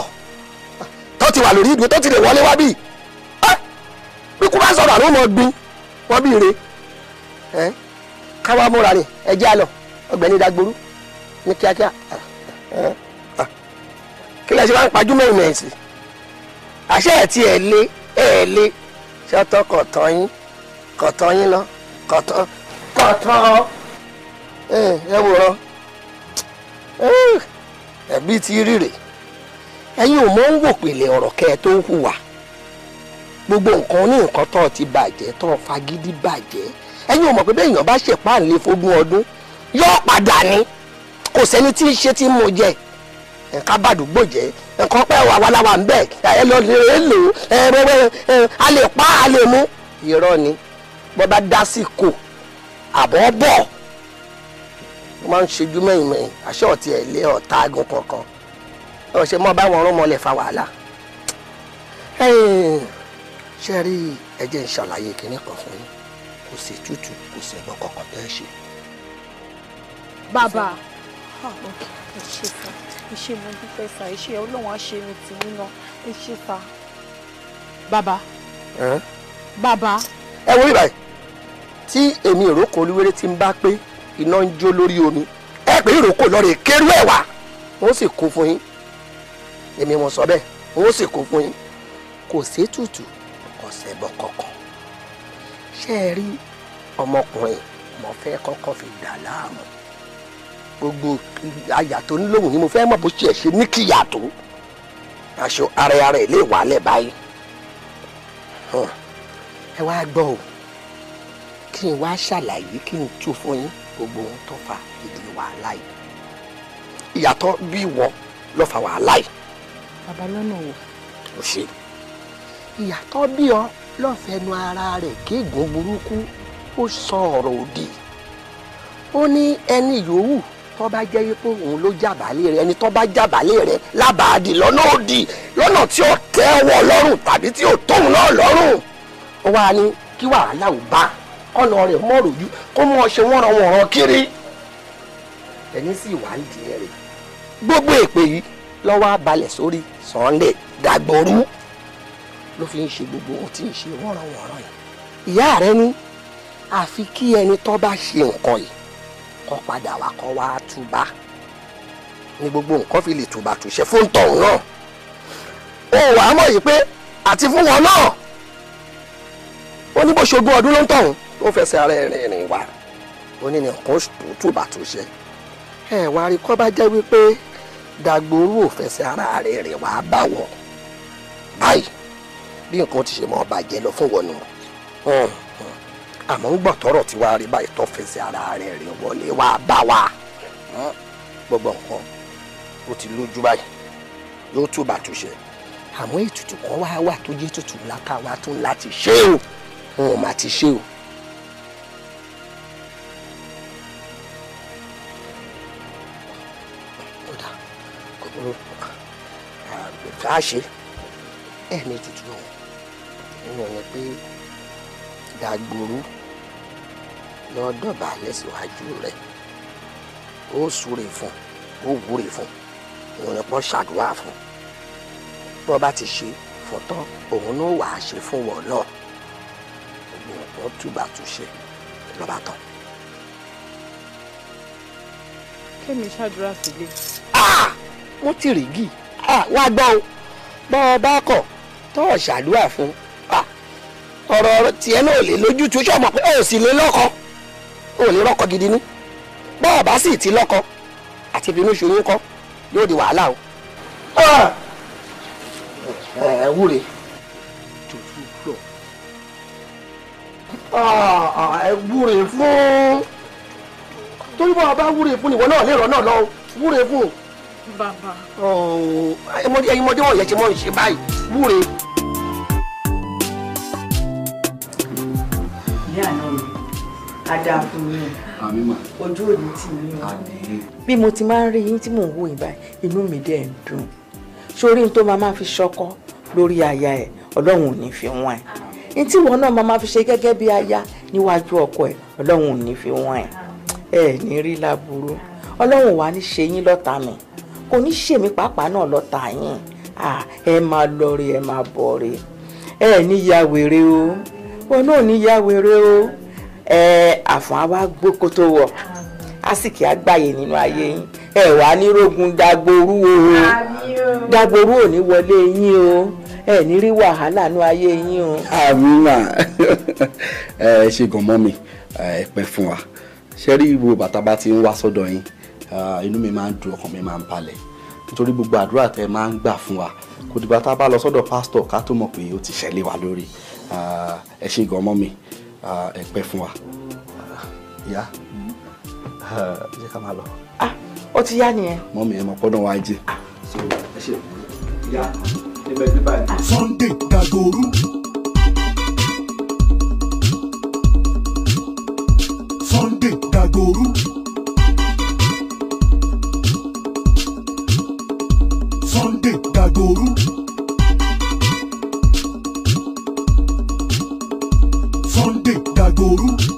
tó ti wà lórí ìgbín tó ti lè wọlé wá bíi bí kú bá sọ̀rọ̀ àrùn mọ̀ gbin wọ́n bí ire káwá múra rè ẹ jẹ́ àlọ́ ọgbẹ́ni dagboru ní kíákíá kí lè ṣe bá ń pajú mẹ́rin mẹ́rin sí àṣẹ ẹ̀tí ẹ̀ lé ẹ̀ lé ṣọ́tọ́ kọ̀tọ́ yín kọ̀tọ́ yín lọ kọ̀tọ́ kọ̀tọ́ ẹ wòran ẹ̀bí ti rírè ẹ̀yin ò mọ̀ ń wò pèlè ọ̀rọ̀ kẹ́ ẹ tó ń hùwà gbogbo nǹkan ní nǹkan tó ti bàjẹ́ tó fagídí bàjẹ́ ẹ̀yin ò mọ̀ pé bẹ́ẹ̀ èèyàn bá ṣèpáàlè fógún ọdún yóò padà ní kò sẹ́ni tí ń ṣe tí ń mú jẹ́ ẹ̀ nǹkan bàdúgbò jẹ́ nǹkan pẹ́ wà wà láwà ẹ lọ rèé lò ẹ rẹ́rẹ́ a lè pa a lè mú. irọ́ ni bó bá dá sí kò àbọ̀ bọ̀ wọ́n máa ń ṣojú mẹ́yìn mẹ́yìn àṣẹ ọ̀tí ẹ̀ lé ọ̀tá agun kankan ẹ ṣe mọ́ báwọn ọ̀rọ̀ mọ́lẹ̀ fa wàhálà. ṣe rí ẹ jẹ́ ṣàlàyé kinní kan fún yín kò sí tútù kò sí ẹ̀gbọ́n kankan tẹ́ ẹ ṣe. bàbá ọ̀ ah, ẹ ṣe fún iṣẹ́ mo dúpẹ́ sà iṣẹ́ ọlọ́run àṣẹrin tì mí náà ẹ ṣe sà. bàbá. bàbá. ẹ wo ibà tí èmi ìrókò olúwerè ti ń bá pé iná ń jó lórí omi ẹ pé ìrókò lọ́rẹ̀ kérú ẹ̀ wá wọ́n sì kó fún yín èmi wọn sọ bẹ́ẹ̀ wọ́n sì kó fún yín kò sétùtù ọ̀sẹ̀ bọ̀ kankan ṣé ẹ rí ọmọkùnrin mo fẹ́ kọ́kọ́ fi dà láàmú gbogbo àyà tó ń lóhùn ni mo fẹ́ mọ̀ bó ṣe ṣe ní kíyà tó aṣọ ara ara ẹ̀ lè wà lẹ̀ báyìí ẹ wá gbọ́ o kí n wá ṣàlàyé kí n tú fún yín gbogbo ohun tó fa ìdí wàhálà yìí ìyàtọ̀ bí wọ ló fa wàhálà yìí. bàbá lọ́nà o ṣe. ìyàtọ̀ bí ọ lọ́fẹ̀ẹ́nu ara rẹ̀ kéègùn burúkú ó sọ ọ̀rọ̀ òdì ó ní ẹni yòówù tó bá jẹ́ pé òun ló jàbálẹ̀ rẹ ẹni tó bá jàbálẹ̀ rẹ lábàádì lọ́nà òdì lọ́nà tí ó tẹ́ ọwọ́ lọ́rùn tàbí tí ó tóun náà lọ́rùn. ó wá ní kí wàhálà ò bá kọ́nà rẹ̀ mọ́rò yú kó mọ́ ṣe wọ́n ran wọ̀n ran kiri. ẹni sì wà ń di ẹrẹ gbogbo èpè yìí lọ́wọ́ abalẹ̀ sórí Sunday Dagboru ló fi ń ṣe gbogbo ohun tí ń ṣe wọ́n ran wọ̀n ran yìí. ìyá rẹ ní àfi kí ẹni tó bá ṣe nǹkan yìí kọ́ padà wá kọ́ wá túbá ní gbogbo nǹkan fi lè tùbà tùṣẹ́ fún tọ̀hún náà ó wà á mọ̀ yìí pé àti fún wọn náà ó ní bó ṣe ogún ọdún ló ń tọ̀hún ló fẹsẹ̀ ara ẹ̀ rìn rìn wá ó ní nǹkan tùbà tùṣẹ́ ẹ wá rí kọ́ bá jẹ́ wípé Dagboru ò fẹsẹ̀ ara rẹ̀ rìn wá báwọ̀ báyìí bí nǹkan ti ṣe mọ́ bàjẹ́ lọ fún wọn nù àmọ́ ń gbọ́ tọrọ tí wàá rí báyìí tó fẹsẹ̀ ara rẹ̀ rìn wọlé wá bá wa gbogbo nǹkan ó ti lójú báyìí yóò tún bàtúnṣe àmọ́ ètùtù kan wá wà tó jẹ́ tutù lápá wa tún láti ṣe o wọn ò má ti ṣe o. kódà kò burú àgbẹ̀ká ṣe ẹ̀ẹ̀mejì pé dàgbòrú lọ́ọ́ dọ̀bálẹ̀ síwájú rẹ̀ ó súre fún ó wúre fún òun ni pọ́n ṣàdúrà fún bó bá ti ṣe fún tán òun ló wàá ṣe fún wọn náà gbogbo nǹkan túbà túnṣe lọ́ba tán. kémi ṣàdúrà sílé. wọ́n ti rí gì wá gbọ́ o bọ́ ọ bá kọ̀ tọ́ ọ ṣàdúrà fún ọ̀rọ̀ tiẹ̀ náà lè lójútùú ṣọ́ọ̀mọ̀ pé ó sì lè lọ́kọ̀ọ́ ò ní rọ́kọ gidi ní bọ́ọ̀ bá sì ti lọ́kọ àti ìbínú ṣoyún kọ́ yóò di wàhálà o. ẹ wúre jòjú lọ ah, ẹ wúre fún torí bọ́ọ̀ bá wúre fún ìwọ náà lérò náà lọ wúre fún o. bàbá. Oh, ẹyin mọdé wọ̀nyẹn ti mọ̀ ṣe báyìí wúre. ìyá àná mi adáàfin yìí ojú òní tì mí o bí mo ti máa ń rí yín tí mò ń wò yín inú mi dẹ̀ ń dùn sórí n tó máa máa fi ṣọkọ lórí aya ẹ ọlọ́run ò ní fi wọ́n ẹ n tí wọn náà máa máa fi ṣe gẹ́gẹ́ bí aya níwájú ọkọ ẹ ọlọ́run ò ní fi wọ́n ẹ ẹ ní rí láburú ọlọ́run wà ní ṣe yín lọ́ta mi kò ní ṣèmí pàápàá náà lọ́ta yín ẹ máa lọ rí ẹ máa bọ̀ rí ẹ ní ya wèrè o wọn náà ní ya wèrè o àfọ̀n á wá gbó tó wọ̀ àsìkí àgbáyé nínú ayé yín ẹ wàá nírógun dagboru o dagboru ò ní wọlé yín o ẹ ní rí wàhálà nínú ayé yín o. àmì náà ẹ ṣe gan mọ́ mi ẹ pẹ́ fún wa ṣe rí ìwo bàtà bá ti ń wá sọ́dọ̀ yín inú mi máa ń dùn ọkàn mi máa ń balẹ̀ nítorí gbogbo àdúrà tẹ máa ń gbà fún wa kò dìgbà tá a bá lọ sọ́dọ̀ pásítọ̀ ká tó mọ̀ pé ó ti ṣẹlẹ̀ wa lórí ẹ ṣe gan mọ́ mi ẹ̀pẹ́ fún wa ìyá jẹ́ ká máa lọ. Ah, ó ti yá nìyẹn. mọ́mí ẹ̀ mọ̀ pọ́dọ̀ wá jẹ́. Sunday Dagboru. Sunday Dagboru. Sunday Dagboru. Dagboru.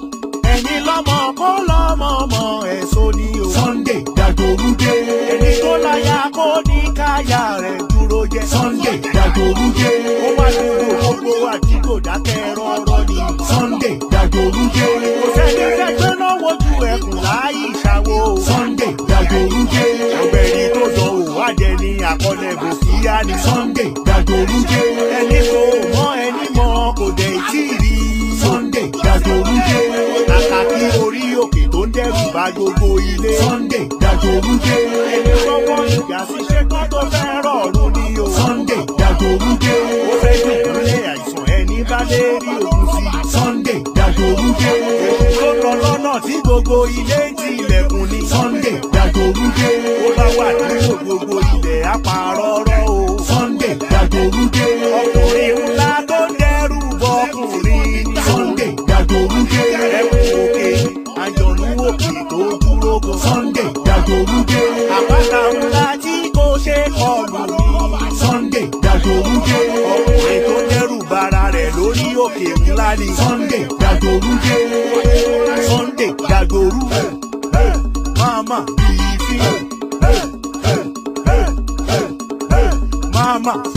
ẹni lọ́mọ kó lọ́mọ mọ èso ni o. Sunday Dagboru dé. ẹni tó láyà kó ní káyà rẹ̀ dúró jẹ. Sunday Dagboru dé. ó wá dúró gbogbo àdìgbò dákẹ́ rọ́rọ́ ni. Sunday Dagboru dé. kò sẹ́ni sẹ́gbẹ́ náà wojú ẹkùn láàyè ìṣàwó. Sunday Dagboru dé. ọ̀gbẹ́ni tó sọ òwádẹ ní àkọlẹ̀ bòkíyá ni. Sunday Dagboru dé. ẹni tó gbogbo ilé Sunday Dàjòrú dé. sọ́wọ́ ìyá ṣiṣẹ́ kan tó fẹ́ rọ̀ọ̀rùn ni o. Sunday Dàjòrú dé. ó fẹ́ dùnkúnlẹ̀ àìsàn ẹni bá lè rí òkú sí. Sunday Dàjòrú dé. ó lọ lọ́nà tí gbogbo ilé ti ilẹ̀kùn ni. Sunday Dàjòrú dé. ó bá wà nínú gbogbo ilẹ̀ àpárọ̀rọ̀ o. Sunday Dàjòrú dé. ọkọ Sunday Dagboru dé. àpáta ńlá tí kò ṣe kọlù mí. Sunday Dagboru dé. ọkùnrin tó dẹ́rù bara rẹ̀ lórí òkè ńlá ni. Sunday Dagboru dé. Sunday Dagboru. mama bìí fi. mama.